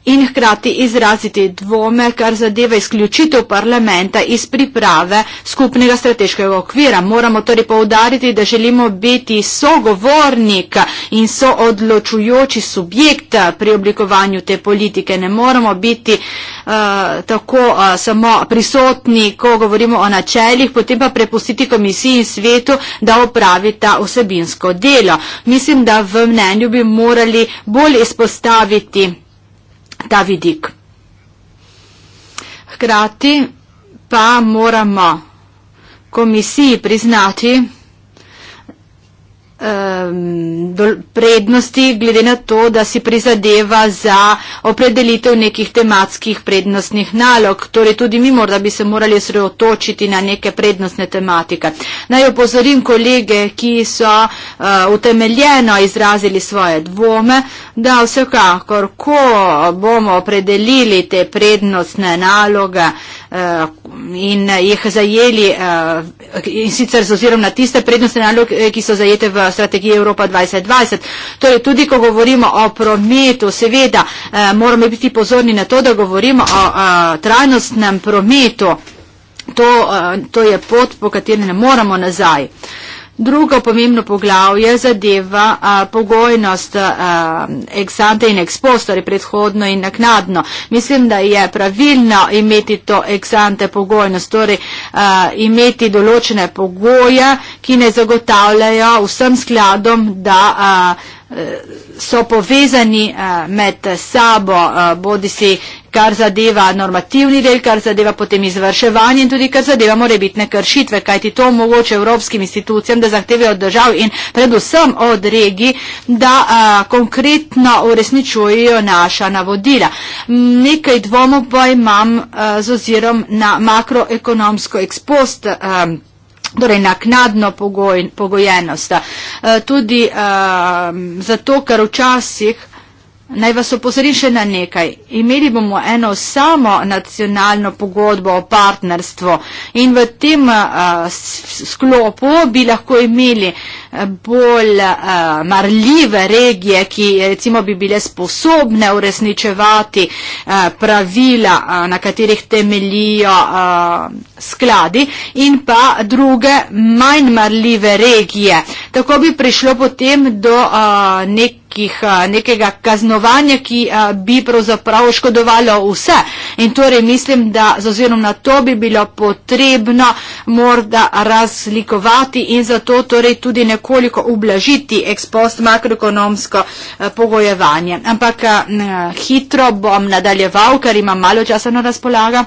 in hkrati izraziti dvome, kar zadeva izključitev parlamenta iz priprave skupnega strateškega okvira. Moramo torej povdariti, da želimo biti sogovornik in soodločujoči subjekt pri oblikovanju te politike. Ne moramo biti uh, tako uh, samo prisotni, ko govorimo o načeljih, potem pa prepustiti komisiji in svetu, da opravi ta vsebinsko delo. Mislim, da v mnenju bi morali bolj izpostaviti ta vidik. Hkrati pa moramo komisiji priznati, Ehm, prednosti, glede na to, da si prizadeva za opredelitev nekih tematskih prednostnih nalog. Torej tudi mi morda bi se morali sreotočiti na neke prednostne tematike. Naj opozorim kolege, ki so uh, utemeljeno izrazili svoje dvome, da vsekakor, ko bomo opredelili te prednostne naloge, uh, Eh, in jih zajeli eh, in sicer z ozirom na tiste prednostne naloge, eh, ki so zajete v strategiji Evropa 2020. Torej, tudi ko govorimo o prometu, seveda moramo biti pozorni na to, da govorimo o trajnostnem prometu. To, to je pot, po kateri ne moramo nazaj. Drugo pomembno poglavje zadeva a, pogojnost eksante in ekspost, torej predhodno in naknadno. Mislim, da je pravilno imeti to eksante pogojnost, torej a, imeti določene pogoje, ki ne zagotavljajo vsem skladom, da. A, e, so povezani med sabo, bodi si kar zadeva normativni del, kar zadeva potem izvrševanje in tudi kar zadeva morebitne kršitve, kajti to omogoče evropskim institucijam, da zahtevajo od držav in predvsem od regij, da a, konkretno uresničujejo naša navodila. Nekaj dvomo pa imam a, z ozirom na makroekonomsko ekspost. A, torej naknadno pogoj, pogojenost. Tudi um, zato, ker včasih Naj vas opozorim še na nekaj. Imeli bomo eno samo nacionalno pogodbo o partnerstvu in v tem eh, sklopu bi lahko imeli eh, bolj eh, marljive regije, ki recimo bi bile sposobne uresničevati pravila, na katerih temelijo skladi in pa druge manj marljive regije. Tako bi prišlo potem do nek nekih, nekega kaznovanja, ki bi pravzaprav škodovalo vse. In torej mislim, da z ozirom na to bi bilo potrebno morda razlikovati in zato torej tudi nekoliko ublažiti ekspost makroekonomsko pogojevanje. Ampak hitro bom nadaljeval, ker imam malo časa na razpolaga.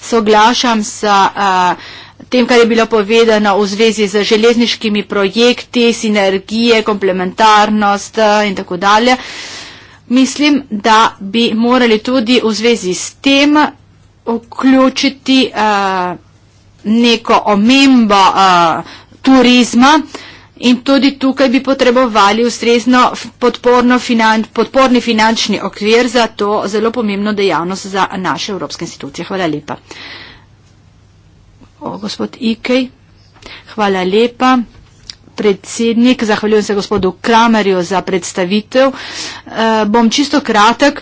Soglašam s. Uh, tem, kar je bilo povedano v zvezi z železniškimi projekti, sinergije, komplementarnost eh, in tako dalje. Mislim, da bi morali tudi v zvezi s tem vključiti uh, neko omembo uh, turizma in tudi tukaj bi potrebovali ustrezno finan podporni finančni okvir za to zelo pomembno dejavnost za naše evropske institucije. Hvala lepa. Uh, O, gospod Ikej, hvala lepa. Predsednik, zahvaljujem se gospodu Kramerju za predstavitev. E, bom čisto kratek.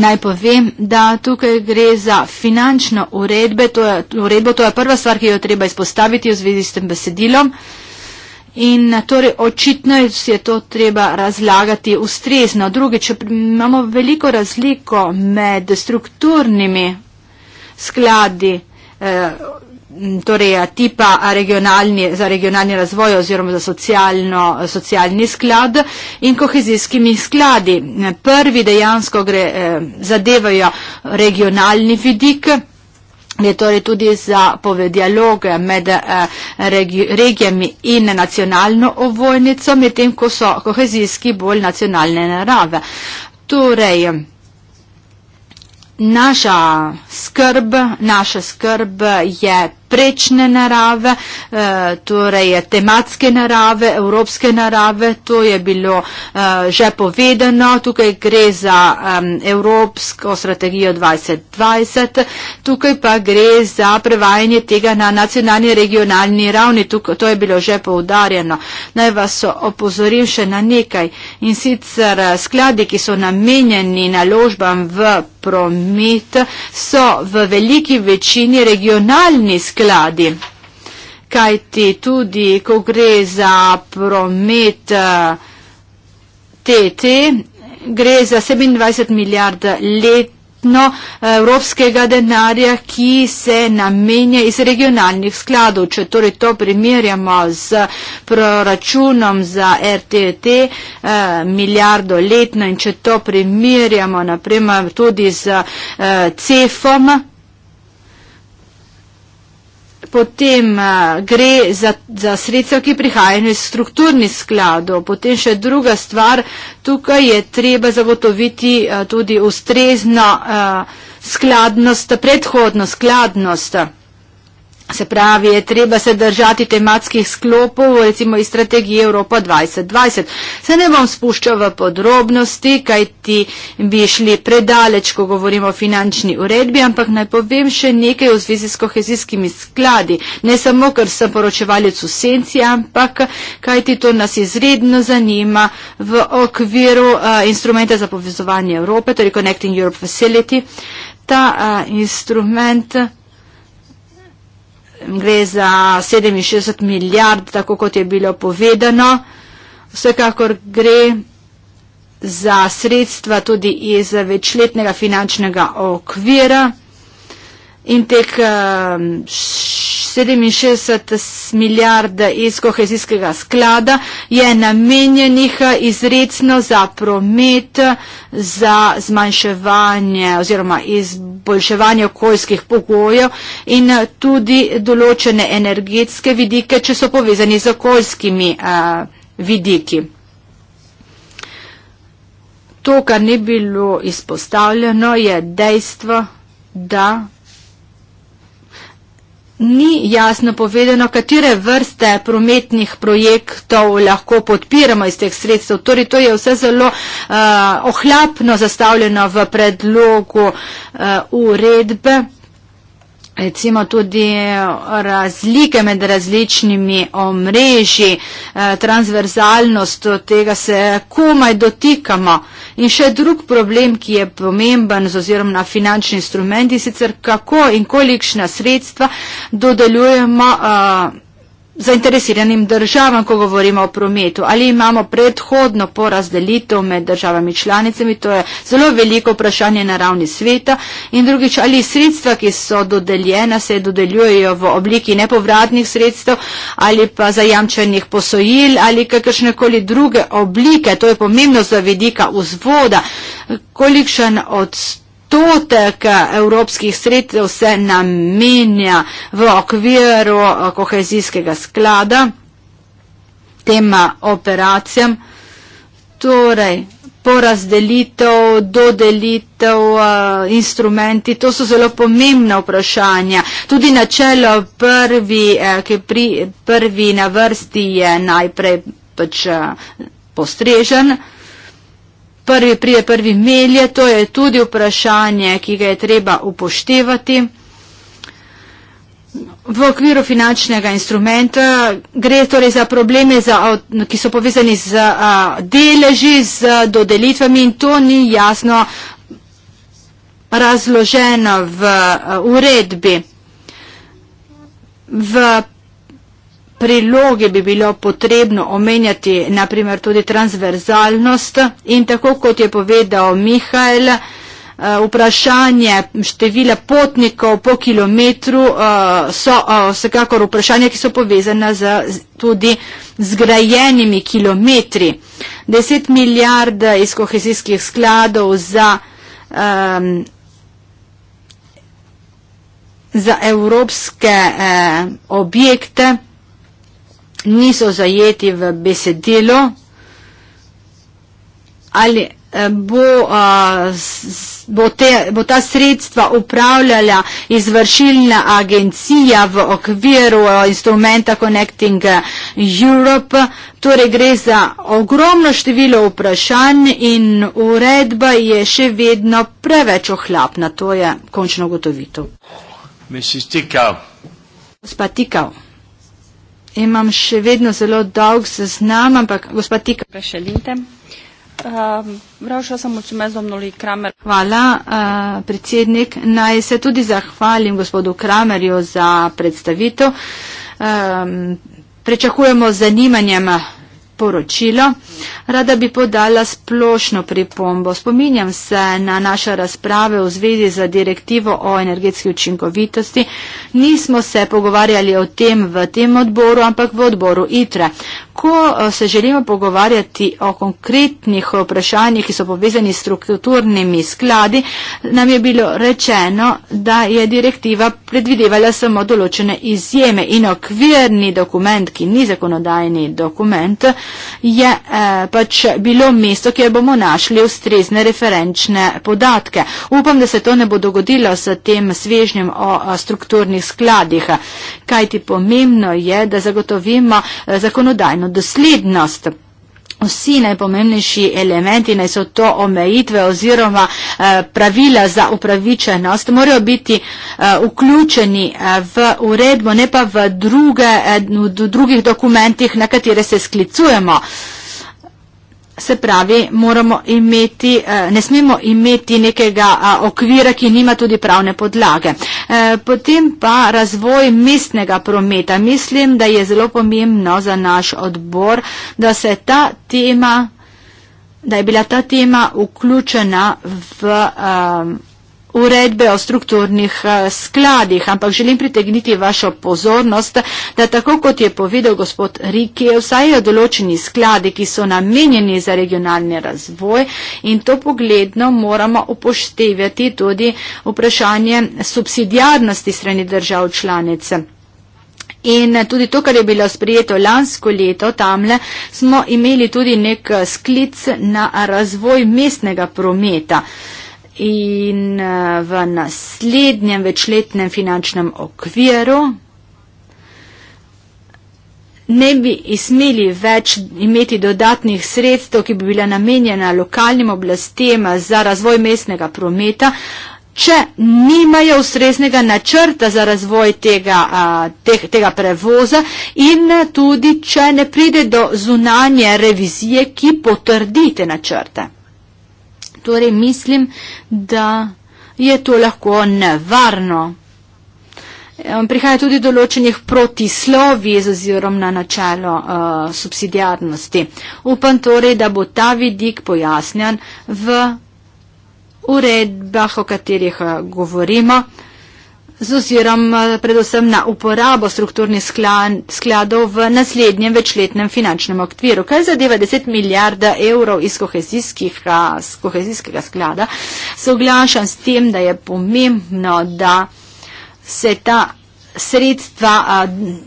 Naj povem, da tukaj gre za finančno uredbe, to je, uredbo, to je prva stvar, ki jo treba izpostaviti v zvezi s tem besedilom. In torej očitno je to treba razlagati ustrezno. Drugič, imamo veliko razliko med strukturnimi skladi. Eh, torej tipa regionalni, za regionalni razvoj oziroma za socialno, socialni sklad in kohezijskimi skladi. Prvi dejansko gre, e, zadevajo regionalni vidik. Je torej tudi za poved dialog med e, regi, regijami in nacionalno ovojnico, medtem ko so kohezijski bolj nacionalne narave. Torej, naša skrb, naša skrb je prečne narave, eh, torej tematske narave, evropske narave, to je bilo eh, že povedano, tukaj gre za evropsko strategijo 2020, tukaj pa gre za prevajanje tega na nacionalni regionalni ravni, tukaj, to je bilo že poudarjeno. Naj vas opozorim še na nekaj in sicer eh, skladi, ki so namenjeni naložbam v promet, so v veliki večini regionalni skladi, skladi. Kaj ti tudi, ko gre za promet TT, eh, gre za 27 milijard let eh, evropskega denarja, ki se namenja iz regionalnih skladov. Če torej to primerjamo z proračunom za RTT eh, milijardo letno in če to primerjamo naprema, tudi z eh, CEF-om, potem eh, gre za, za sredstva, ki prihajajo iz strukturnih skladov. Potem še druga stvar, tukaj je treba zagotoviti eh, tudi ustrezno eh, skladnost, predhodno skladnost. Se pravi, je treba se držati tematskih sklopov, recimo iz strategije Evropa 2020. Se ne bom spuščal v podrobnosti, kaj ti bi šli predaleč, ko govorimo o finančni uredbi, ampak naj povem še nekaj v zvezi s kohezijskimi skladi. Ne samo, ker sem poročevalec v senci, ampak kaj ti to nas izredno zanima v okviru uh, instrumenta za povezovanje Evrope, torej Connecting Europe Facility. Ta uh, instrument. Uh, gre za 67 milijard, tako kot je bilo povedano. Vsekakor gre za sredstva tudi iz večletnega finančnega okvira in tek 67 um, milijard iz kohezijskega sklada je namenjenih uh, izredno za promet, za zmanjševanje oziroma izboljševanje okoljskih pogojev in uh, tudi določene energetske vidike, če so povezani z okoljskimi uh, vidiki. To, kar ni bilo izpostavljeno, je dejstvo, da ni jasno povedano, katere vrste prometnih projektov lahko podpiramo iz teh sredstev. Torej, to je vse zelo uh, ohlapno zastavljeno v predlogu uh, uredbe recimo tudi razlike med različnimi omrežji, eh, transverzalnost, tega se komaj dotikamo. In še drug problem, ki je pomemben z ozirom na finančni instrument, je sicer kako in kolikšna sredstva dodeljujemo. Uh, zainteresiranim državam, ko govorimo o prometu. Ali imamo predhodno porazdelitev med državami članicami, to je zelo veliko vprašanje na ravni sveta. In drugič, ali sredstva, ki so dodeljena, se dodeljujejo v obliki nepovratnih sredstev ali pa zajamčenih posojil ali kakršnekoli druge oblike, to je pomembno za vidika vzvoda, kolikšen odstotek odstotek eh, evropskih sredstev se namenja v okviru eh, kohezijskega sklada tem eh, operacijam. Torej, porazdelitev, dodelitev, instrumenti, to so zelo pomembna vprašanja. Tudi načelo prvi, ki pri prvi na vrsti je najprej pač postrežen prvi prije prvi melje, to je tudi vprašanje, ki ga je treba upoštevati. V okviru finančnega instrumenta gre torej za probleme, za, ki so povezani z deleži, z dodelitvami in to ni jasno razloženo v uredbi. V priloge bi bilo potrebno omenjati, naprimer tudi transverzalnost in tako kot je povedal Mihajl, eh, vprašanje števila potnikov po kilometru eh, so eh, vsekakor vprašanja, ki so povezane z, tudi zgrajenimi kilometri. 10 milijard iz kohezijskih skladov za um, za evropske eh, objekte niso zajeti v besedilo ali eh, bo, a, eh, s, bo, te, bo ta sredstva upravljala izvršilna agencija v okviru eh, instrumenta Connecting Europe. Torej gre za ogromno število vprašanj in uredba je še vedno preveč ohlapna. To je končno gotovito. Gospa Tikal imam še vedno zelo dolg seznam, ampak gospod Tika. Prešelite. Vrašal ehm, sem od Čumezo Mnoli Kramer. Hvala, eh, predsednik. Naj se tudi zahvalim gospodu Kramerju za predstavitev. Ehm, Prečakujemo z zanimanjem poročilo. Rada bi podala splošno pripombo. Spominjam se na naše razprave v zvezi z direktivo o energetski učinkovitosti. Nismo se pogovarjali o tem v tem odboru, ampak v odboru ITRE. Ko eh, se želimo pogovarjati o konkretnih vprašanjih, ki so povezani s strukturnimi skladi, nam je bilo rečeno, da je direktiva predvidevala samo določene izjeme in okvirni dokument, ki ni zakonodajni dokument, je eh, pač bilo mesto, kjer bomo našli ustrezne referenčne podatke. Upam, da se to ne bo dogodilo s tem svežnjem o eh, strukturnih skladih, kajti pomembno je, da zagotovimo eh, zakonodajno doslednost vsi najpomembnejši elementi, naj so to omejitve oziroma eh, pravila za upravičenost, morajo biti eh, vključeni eh, v uredbo, ne pa v, druge, v drugih dokumentih, na katere se sklicujemo. Se pravi, moramo imeti, eh, ne smemo imeti nekega eh, okvira, ki nima tudi pravne podlage. Eh, potem pa razvoj mestnega prometa. Mislim, da je zelo pomembno za naš odbor, da se ta tema, da je bila ta tema vključena v. Um, uredbe o strukturnih eh, skladih, ampak želim pritegniti vašo pozornost, da tako kot je povedal gospod Riki, vsajajo določeni skladi, ki so namenjeni za regionalni razvoj in to pogledno moramo upoštevati tudi vprašanje subsidijarnosti strani držav članic. In tudi to, kar je bilo sprijeto lansko leto tamle, smo imeli tudi nek sklic na razvoj mestnega prometa in eh, v naslednjem večletnem finančnem okviru ne bi smeli več imeti dodatnih sredstev, ki bi bila namenjena lokalnim oblastem za razvoj mestnega prometa, če nimajo ustreznega načrta za razvoj tega, eh, tega prevoza in eh, tudi, če ne pride do zunanje revizije, ki potrdite načrte. Torej mislim, da je to lahko nevarno. Ehm, prihaja tudi določenih protislovi z ozirom na načelo uh, eh, subsidijarnosti. Upam torej, da bo ta vidik pojasnjen v uredbah, o katerih eh, govorimo. Uh, z ozirom eh, predvsem na uporabo strukturnih skladov v naslednjem večletnem finančnem okviru. Kaj zadeva 10 milijarda evrov iz kohezijskega sklada, soglašam s tem, da je pomembno, da se ta sredstva eh,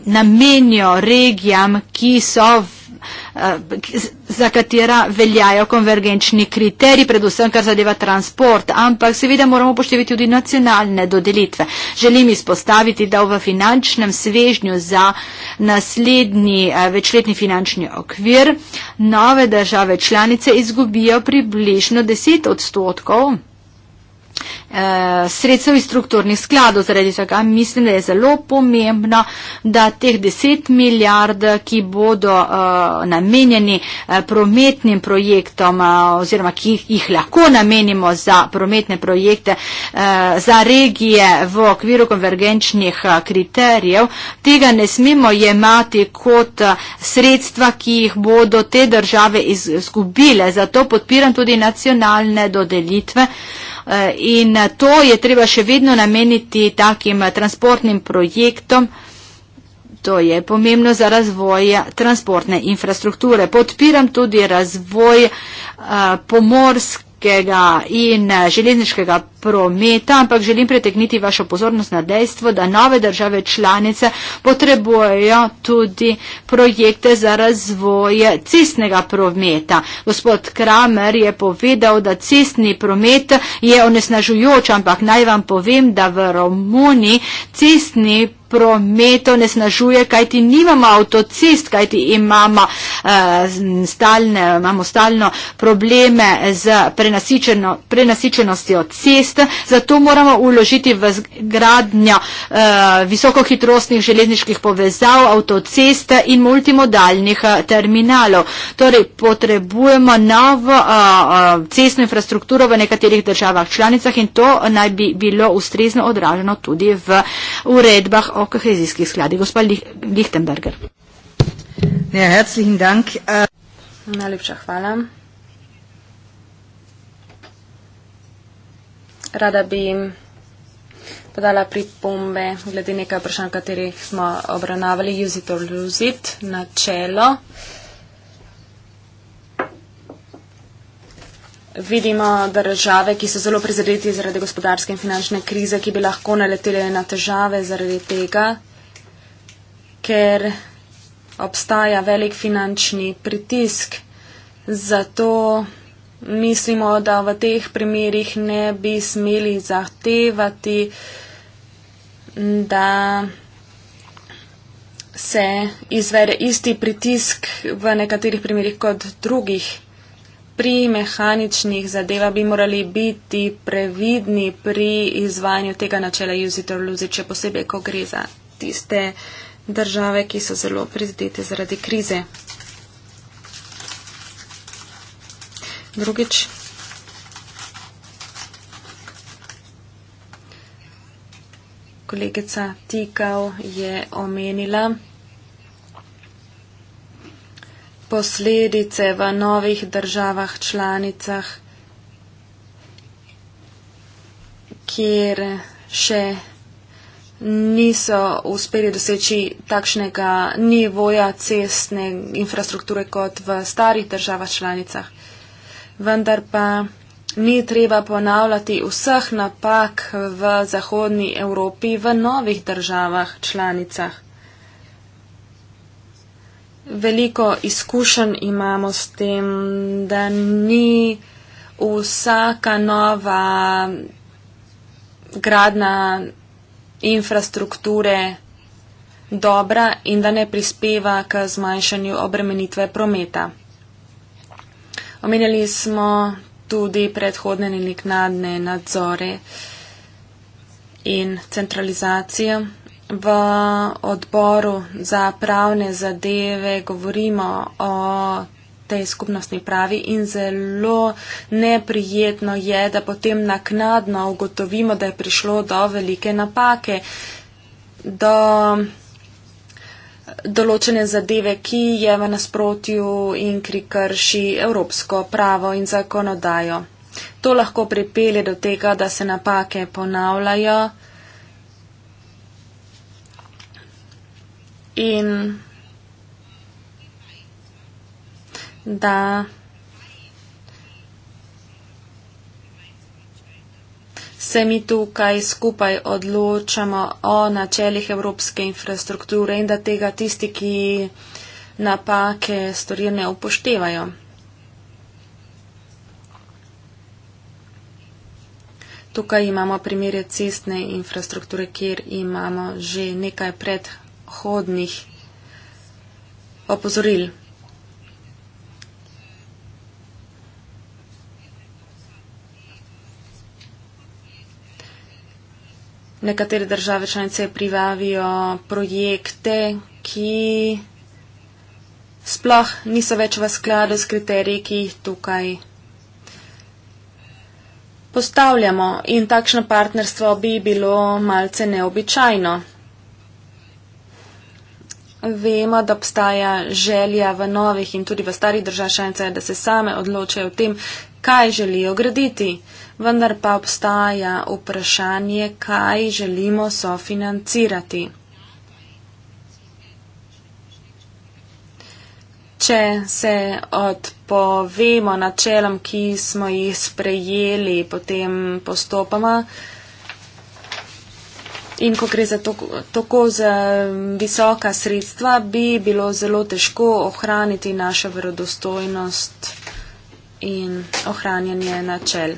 namenijo regijam, ki so v Eh, za katera veljajo konvergenčni kriteri, predvsem kar zadeva transport, ampak seveda moramo poštevati tudi nacionalne dodelitve. Želim izpostaviti, da v finančnem svežnju za naslednji eh, večletni finančni okvir nove države članice izgubijo približno 10 odstotkov Eh, sredstev iz strukturnih skladov, zaradi tega mislim, da je zelo pomembno, da teh 10 milijard, ki bodo eh, namenjeni eh, prometnim projektom oziroma ki jih lahko namenimo za prometne projekte, za regije v okviru konvergenčnih kriterijev, tega ne smemo jemati kot sredstva, ki jih bodo te države izgubile. Zato podpiram tudi nacionalne dodelitve. Eh, in to je treba še vedno nameniti takim eh, transportnim projektom. To je pomembno za razvoj eh, transportne infrastrukture. Podpiram tudi razvoj pomorske potniškega in eh, železniškega prometa, ampak želim pretekniti vašo pozornost na dejstvo, da nove države članice potrebujejo tudi projekte za razvoj cestnega prometa. Gospod Kramer je povedal, da cestni promet je onesnažujoč, ampak naj vam povem, da v Romuniji cestni promet prometo nesnažuje, kajti nimamo avtocist, kajti imamo, uh, stalne, imamo stalno probleme z prenasičeno, prenasičenostjo cest, zato moramo uložiti v gradnjo uh, eh, visokohitrostnih železniških povezav, avtocest in multimodalnih eh, terminalov. Torej, potrebujemo novo uh, cestno infrastrukturo v nekaterih državah članicah in to naj bi bilo ustrezno odraženo tudi v uredbah o kohezijskih skladih. Gospod Lichtenberger. Ja, herzlichen Dank. Äh, Najlepša hvala. Rada bi podala pripombe glede nekaj vprašanj, katerih smo obravnavali. Use it or lose it, načelo. Uh, vidimo države, ki so zelo prizadeti zaradi gospodarske in finančne krize, ki bi lahko naletele na težave zaradi tega, ker obstaja velik finančni pritisk. Zato mislimo, da v teh primerjih ne bi smeli zahtevati, da se izvede isti pritisk v nekaterih primerjih kot drugih pri mehaničnih zadevah bi morali biti previdni pri izvajanju tega načela use it or lose it, še posebej, ko gre za tiste države, ki so zelo prizadete zaradi krize. Drugič. Kolegica Tikal je omenila, posledice v novih državah članicah, kjer še niso uspeli doseči takšnega nivoja cestne infrastrukture kot v starih državah članicah. Vendar pa ni treba ponavljati vseh napak v Zahodni Evropi v novih državah članicah veliko izkušenj imamo s tem, da ni vsaka nova gradna infrastrukture dobra in da ne prispeva k zmanjšanju obremenitve prometa. Omenjali smo tudi predhodne neliknadne nadzore in centralizacijo v odboru za pravne zadeve govorimo o tej skupnostni pravi in zelo neprijetno je, da potem naknadno ugotovimo, da je prišlo do velike napake, do določene zadeve, ki je v nasprotju in ki krši evropsko pravo in zakonodajo. To lahko pripelje do tega, da se napake ponavljajo. in da se mi tukaj skupaj odločamo o načelih evropske infrastrukture in da tega tisti, ki napake storijo, ne upoštevajo. Tukaj imamo primere cestne infrastrukture, kjer imamo že nekaj pred hodnih opozoril. Nekatere države članice privavijo projekte, ki sploh niso več v skladu s kriteriji, ki jih tukaj postavljamo. In takšno partnerstvo bi bilo malce neobičajno. Vemo, da obstaja želja v novih in tudi v starih državah članica, da se same odločajo o tem, kaj želijo graditi. Vendar pa obstaja vprašanje, kaj želimo sofinancirati. Če se odpovemo načelom, ki smo jih sprejeli, potem postopoma. Uh, In ko gre za tako visoka sredstva, bi bilo zelo težko ohraniti našo verodostojnost in ohranjanje načel.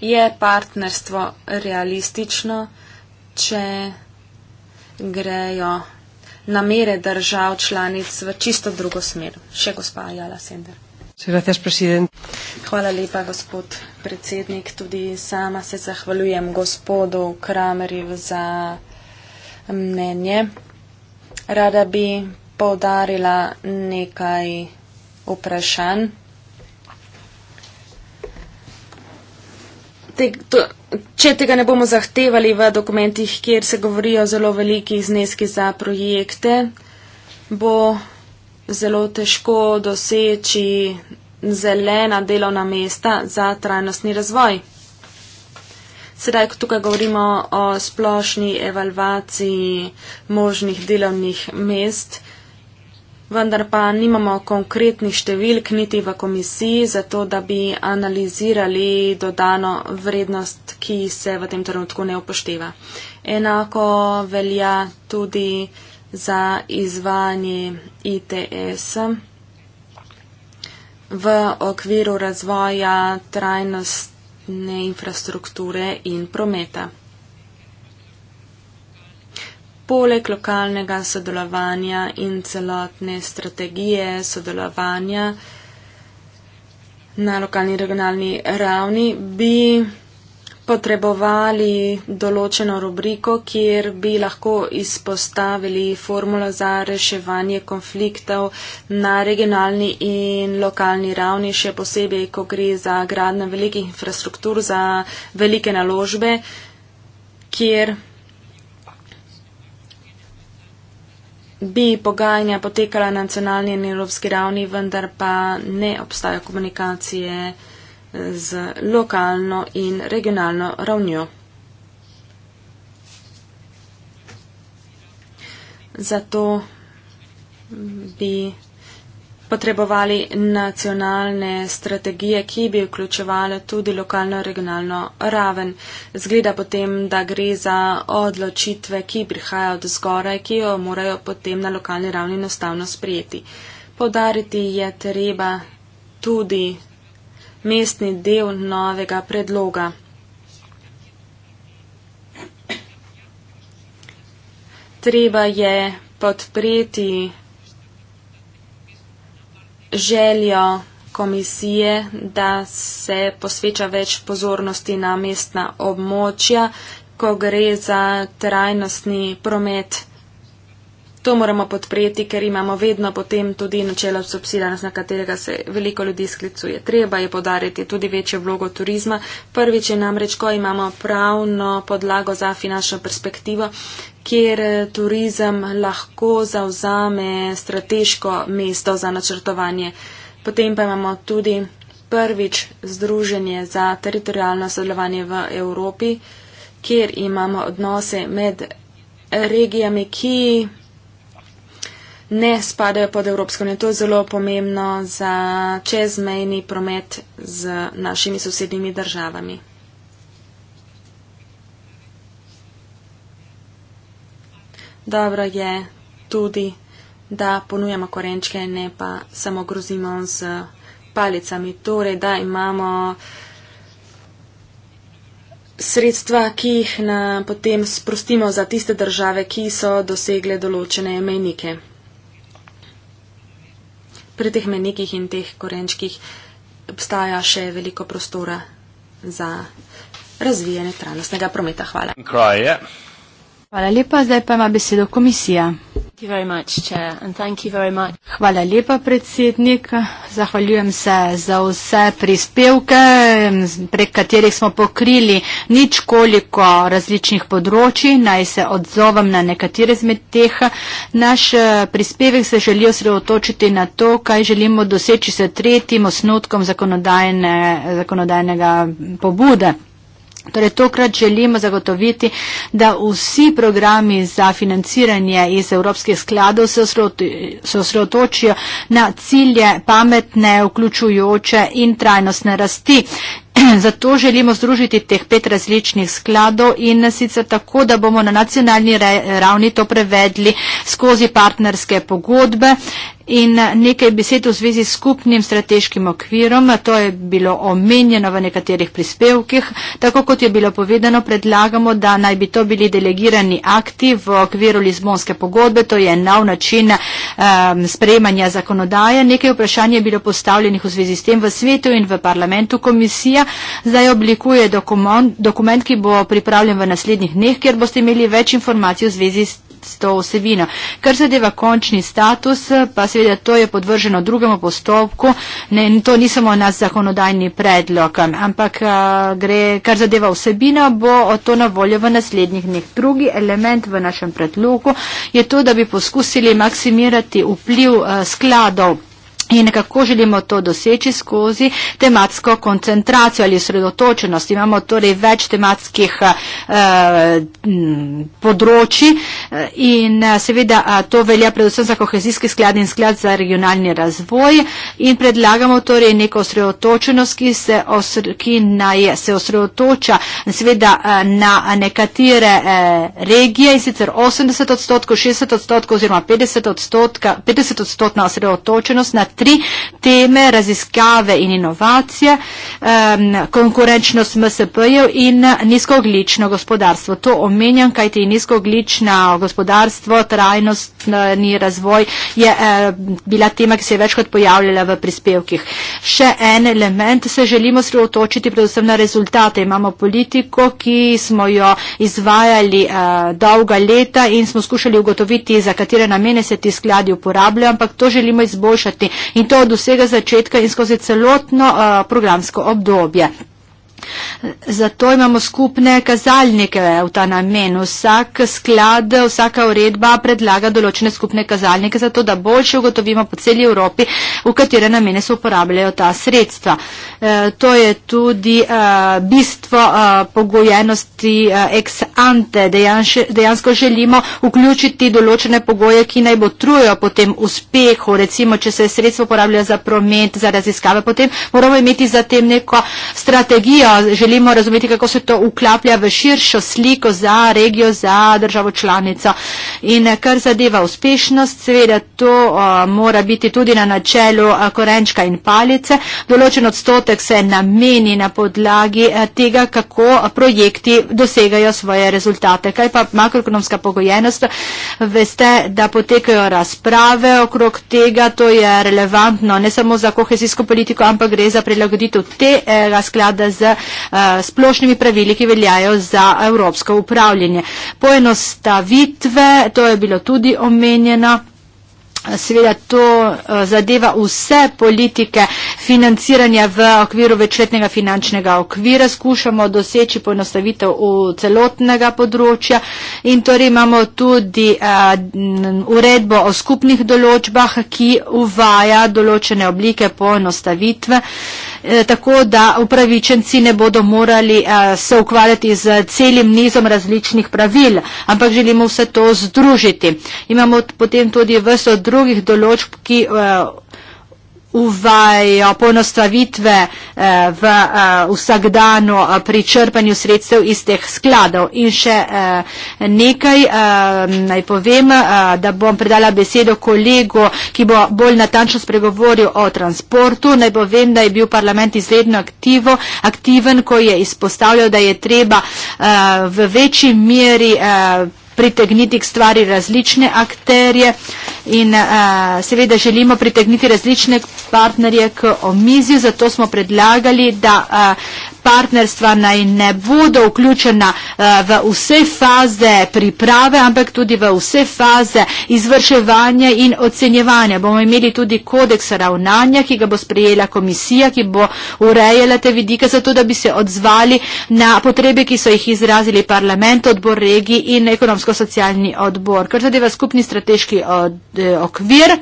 Je partnerstvo realistično, če grejo namere držav članic v čisto drugo smer. Še gospa Jala Sender. Hvala lepa, gospod predsednik. Tudi sama se zahvaljujem gospodu Kramerju za mnenje. Rada bi povdarila nekaj vprašanj. te, to, če tega ne bomo zahtevali v dokumentih, kjer se govorijo zelo veliki zneski za projekte, bo zelo težko doseči zelena delovna mesta za trajnostni razvoj. Sedaj, ko tukaj govorimo o splošni evalvaciji možnih delovnih mest, vendar pa nimamo konkretnih številk niti v komisiji, zato da bi analizirali dodano vrednost, ki se v tem trenutku ne upošteva. Enako velja tudi za izvajanje ITS v okviru razvoja trajnostne infrastrukture in prometa. Poleg lokalnega sodelovanja in celotne strategije sodelovanja na lokalni in regionalni ravni bi potrebovali določeno rubriko, kjer bi lahko izpostavili formulo za reševanje konfliktov na regionalni in lokalni ravni, še posebej, ko gre za gradno velikih infrastruktur, za velike naložbe, kjer. bi pogajanja potekala na nacionalni in evropski ravni, vendar pa ne obstajajo komunikacije eh, z lokalno in regionalno ravnjo. Zato bi potrebovali nacionalne strategije, ki bi vključevale tudi lokalno in regionalno raven. Zgleda potem, da gre za odločitve, ki prihajajo od zgoraj, ki jo morajo potem na lokalni ravni enostavno sprijeti. Podariti je treba tudi mestni del novega predloga. Treba je podpreti željo komisije, da se posveča več pozornosti na mestna območja, ko gre za trajnostni promet. To moramo podpreti, ker imamo vedno potem tudi načelo subsidarnost, na katerega se veliko ljudi sklicuje. Treba je podariti tudi večjo vlogo turizma. Prvič je namreč, ko imamo pravno podlago za finančno perspektivo, kjer eh, turizem lahko zauzame strateško mesto za načrtovanje. Potem pa imamo tudi prvič Združenje za teritorijalno sodelovanje v Evropi, kjer imamo odnose med regijami, ki ne spadajo pod Evropsko unijo. To je zelo pomembno za čezmejni promet z našimi sosednjimi državami. dobro je tudi, da ponujamo korenčke, ne pa samo grozimo z palicami. Torej, da imamo sredstva, ki jih potem sprostimo za tiste države, ki so dosegle določene mejnike. Pri teh mejnikih in teh korenčkih obstaja še veliko prostora za razvijanje trajnostnega prometa. Hvala. Kraj je. Hvala lepa, zdaj pa ima besedo komisija. Hvala lepa, predsednik. Zahvaljujem se za vse prispevke, prek katerih smo pokrili nič koliko različnih področji. Naj se odzovem na nekatere zmed teh. Naš eh, prispevek se želi osredotočiti na to, kaj želimo doseči s tretjim osnotkom zakonodajne, zakonodajnega pobude. Torej, tokrat želimo zagotoviti, da vsi programi za financiranje iz evropskih skladov se osredotočijo na cilje pametne, vključujoče in trajnostne rasti. Zato želimo združiti teh pet različnih skladov in sicer tako, da bomo na nacionalni ravni to prevedli skozi partnerske pogodbe in nekaj besed v zvezi s skupnim strateškim okvirom. To je bilo omenjeno v nekaterih prispevkih. Tako kot je bilo povedano, predlagamo, da naj bi to bili delegirani akti v okviru Lizbonske pogodbe. To je nov način um, sprejemanja zakonodaje. Nekaj vprašanj je bilo postavljenih v zvezi s tem v svetu in v parlamentu komisija Slovenija. Zdaj oblikuje dokument, dokument, ki bo pripravljen v naslednjih dneh, kjer boste imeli več informacij v zvezi s s to vsebino. Kar zadeva končni status, pa seveda to je podvrženo drugemu postopku, ne, to ni samo naš zakonodajni predlog, ampak gre, kar zadeva vsebino, bo o to na voljo v naslednjih dneh. Drugi element v našem predlogu je to, da bi poskusili maksimirati vpliv skladov In kako želimo to doseči skozi tematsko koncentracijo ali sredotočenost. Imamo torej več tematskih eh, mm, področji eh, in eh, seveda to velja predvsem za kohezijski sklad in sklad za regionalni razvoj. In predlagamo torej neko sredotočenost, ki, se, osr, ki naj, se osredotoča seveda eh, na nekatere eh, regije in sicer 80 odstotkov, 60 odstotkov oziroma 50 odstotkov, 50 odstotna osredotočenost na tri teme, raziskave in inovacije, um, konkurenčnost MSP-jev in nizkoglično gospodarstvo. To omenjam, kaj ti nizkoglično gospodarstvo, trajnostni razvoj je uh, bila tema, ki se je večkrat pojavljala v prispevkih. Še en element se želimo sreotočiti predvsem na rezultate. Imamo politiko, ki smo jo izvajali uh, dolga leta in smo skušali ugotoviti, za katere namene se ti skladi uporabljajo, ampak to želimo izboljšati in to od vsega začetka in skozi celotno eh, programsko obdobje. Zato imamo skupne kazalnike v ta namen. Vsak sklad, vsaka uredba predlaga določene skupne kazalnike, zato da boljše ugotovimo po celi Evropi, v katere namene se uporabljajo ta sredstva. E, to je tudi e, bistvo e, pogojenosti e, ex ante. Dejanš, dejansko želimo vključiti določene pogoje, ki naj botrujo potem uspehu. Recimo, če se sredstvo uporablja za promet, za raziskave, potem moramo imeti za tem neko strategijo želimo razumeti, kako se to uklaplja v širšo sliko za regijo, za državo članico. In eh, kar zadeva uspešnost, seveda to a, eh, mora biti tudi na načelu a, eh, korenčka in palice. Določen odstotek se nameni na podlagi a, tega, kako a, projekti dosegajo svoje rezultate. Kaj pa makroekonomska pogojenost? Veste, da potekajo razprave okrog tega, to je relevantno ne samo za kohezijsko politiko, ampak gre za prilagoditev tega sklada z Eh, splošnimi pravili, ki veljajo za evropsko upravljanje. Poenostavitve, to je bilo tudi omenjeno. Seveda to eh, zadeva vse politike financiranja v okviru večletnega finančnega okvira. Skušamo doseči poenostavitev celotnega področja in torej imamo tudi eh, uredbo o skupnih določbah, ki uvaja določene oblike poenostavitve, eh, tako da upravičenci ne bodo morali se ukvarjati z celim nizom različnih pravil, ampak želimo vse to združiti. Imamo potem tudi vse odrugo drugih določb, ki eh, uvajajo ponostavitve eh, v eh, vsakdano pri črpanju sredstev iz teh skladov. In še nekaj naj povem, da bom predala besedo kolegu, ki bo bolj natančno spregovoril o transportu. Naj povem, da je bil parlament izredno aktivo, aktiven, ko je izpostavljal, da je treba v večji meri pritegniti k stvari različne akterje in a, eh, seveda želimo pritegniti različne partnerje k omizju, zato smo predlagali, da a, eh, partnerstva naj ne bodo vključena eh, v vse faze priprave, ampak tudi v vse faze izvrševanja in ocenjevanja. Bomo imeli tudi kodeks ravnanja, ki ga bo sprejela komisija, ki bo urejala te vidike, zato da bi se odzvali na potrebe, ki so jih izrazili parlament, odbor regij in ekonomsko-socialni odbor, kar zadeva skupni strateški eh, okvir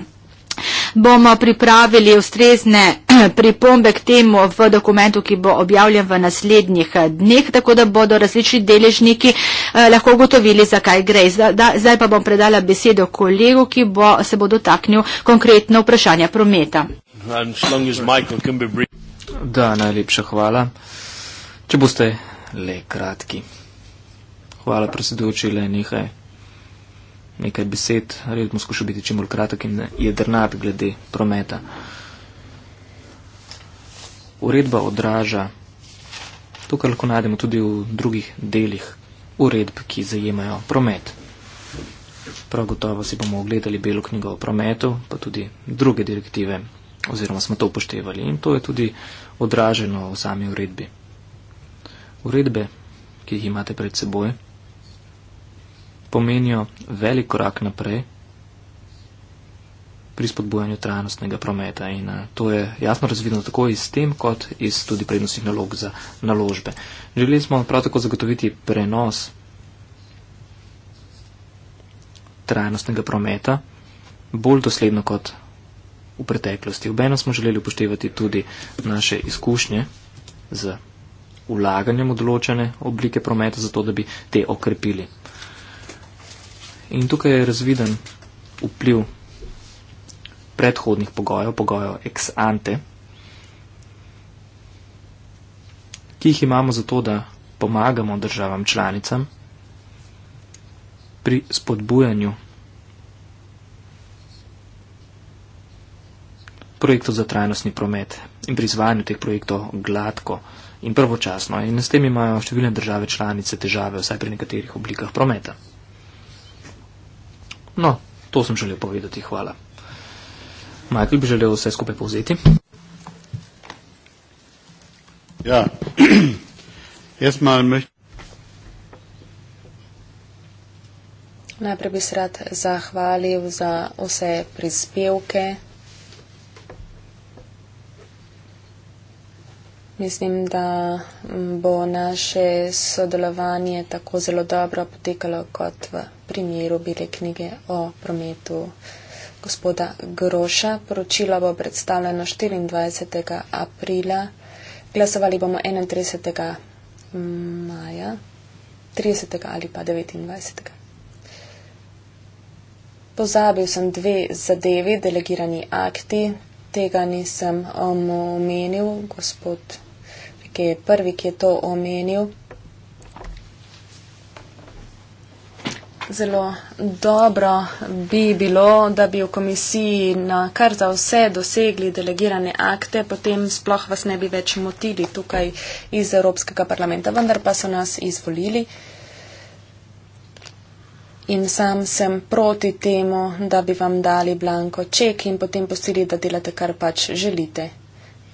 bomo pripravili ustrezne pripombe k temu v dokumentu, ki bo objavljen v naslednjih eh, dneh, tako da bodo različni deležniki eh, lahko ugotovili, zakaj gre. Zdaj pa bom predala besedo kolegu, ki bo se bo dotaknil konkretno vprašanja prometa. Da, najlepša hvala. Če boste le kratki. Hvala, predsedujoči, le nekaj nekaj besed, res bom skušal biti čim bolj kratek in jedrnat glede prometa. Uredba odraža, to kar lahko najdemo tudi v drugih delih uredb, ki zajemajo promet. Prav gotovo si bomo ogledali belo knjigo o prometu, pa tudi druge direktive, oziroma smo to upoštevali in to je tudi odraženo v sami uredbi. Uredbe, ki jih imate pred seboj, pomenijo velik korak naprej pri spodbujanju trajnostnega prometa in eh, to je jasno razvidno tako iz tem, kot iz tudi prednostnih nalog za naložbe. Želeli smo prav tako zagotoviti prenos trajnostnega prometa bolj dosledno kot v preteklosti. Obeno smo želeli upoštevati tudi naše izkušnje z vlaganjem v določene oblike prometa, zato da bi te okrepili. In tukaj je razviden vpliv predhodnih pogojev, pogojev ex ante, ki jih imamo zato, da pomagamo državam članicam pri spodbujanju projektov za trajnostni promet in pri izvajanju teh projektov gladko in pravočasno. In s tem imajo številne države članice težave vsaj pri nekaterih oblikah prometa. No, to sem želel povedati. Hvala. Majkl bi želel vse skupaj povzeti. Ja, jaz malo mreč. Najprej bi se rad zahvalil za vse prispevke. Mislim, da bo naše sodelovanje tako zelo dobro potekalo kot v primeru bile knjige o prometu gospoda Groša. Poročilo bo predstavljeno 24. aprila. Glasovali bomo 31. maja, 30. ali pa 29. Pozabil sem dve zadevi, delegirani akti. Tega nisem omenil, gospod ki je prvi, ki je to omenil. Zelo dobro bi bilo, da bi v komisiji na kar za vse dosegli delegirane akte, potem sploh vas ne bi več motili tukaj iz Evropskega parlamenta, vendar pa so nas izvolili. In sam sem proti temu, da bi vam dali blanko ček in potem postili, da delate, kar pač želite.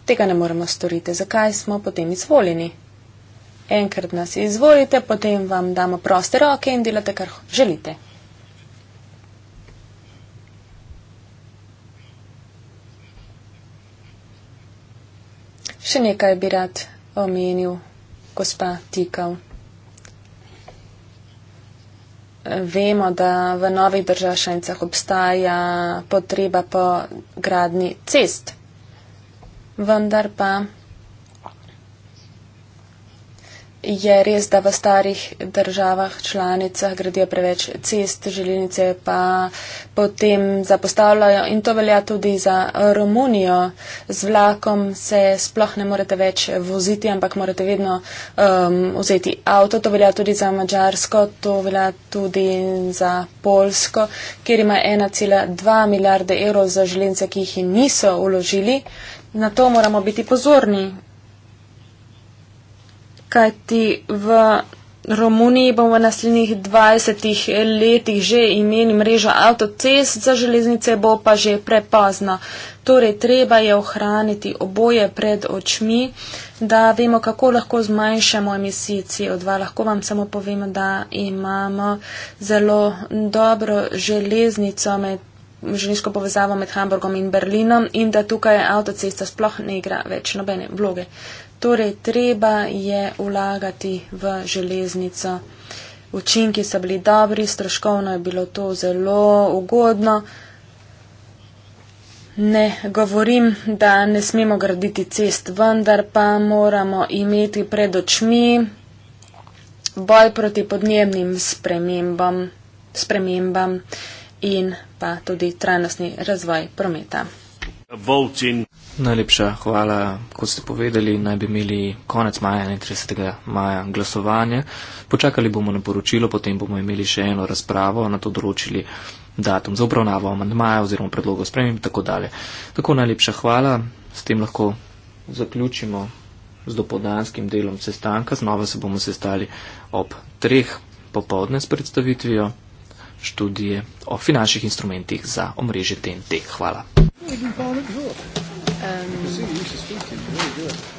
Tega ne moremo storiti, zakaj smo potem izvoljeni? Enkrat nas izvolite, potem vam damo proste roke in delate, kar želite. Še nekaj bi rad omenil, gospa Tikal. Vemo, da v novih državah šencah obstaja potreba po gradni cest vendar pa je res, da v starih državah članicah gradijo preveč cest, želenice pa potem zapostavljajo in to velja tudi za Romunijo. Z vlakom se sploh ne morete več voziti, ampak morate vedno um, vzeti avto. To velja tudi za Mačarsko, to velja tudi za Polsko, kjer ima 1,2 milijarde evrov za želenice, ki jih niso uložili. Uh, Na to moramo biti pozorni. Kaj ti v Romuniji bomo v naslednjih 20 letih že imeli mrežo avtocest za železnice, bo pa že prepozno. Torej, treba je ohraniti oboje pred očmi, da vemo, kako lahko zmanjšamo emisije CO2. Lahko vam samo povem, da imamo zelo dobro železnico med železniško povezavo med Hamburgom in Berlinom in da tukaj avtocesta sploh ne igra več nobene vloge. Torej, treba je vlagati v železnico. Učinki so bili dobri, stroškovno je bilo to zelo ugodno. Ne govorim, da ne smemo graditi cest, vendar pa moramo imeti pred očmi boj proti podnebnim spremembam. spremembam in pa tudi trajnostni razvoj prometa. Najlepša hvala, kot ste povedali, naj bi imeli konec maja, 31. maja glasovanje. Počakali bomo na poročilo, potem bomo imeli še eno razpravo, na to določili datum za obravnavo amandmaja oziroma predlogo sprem in tako dalje. Tako najlepša hvala, s tem lahko zaključimo z dopodanskim delom sestanka, znova se bomo sestali ob treh popovdne s predstavitvijo študije o finančnih instrumentih za omrežje TNT. Hvala. Um.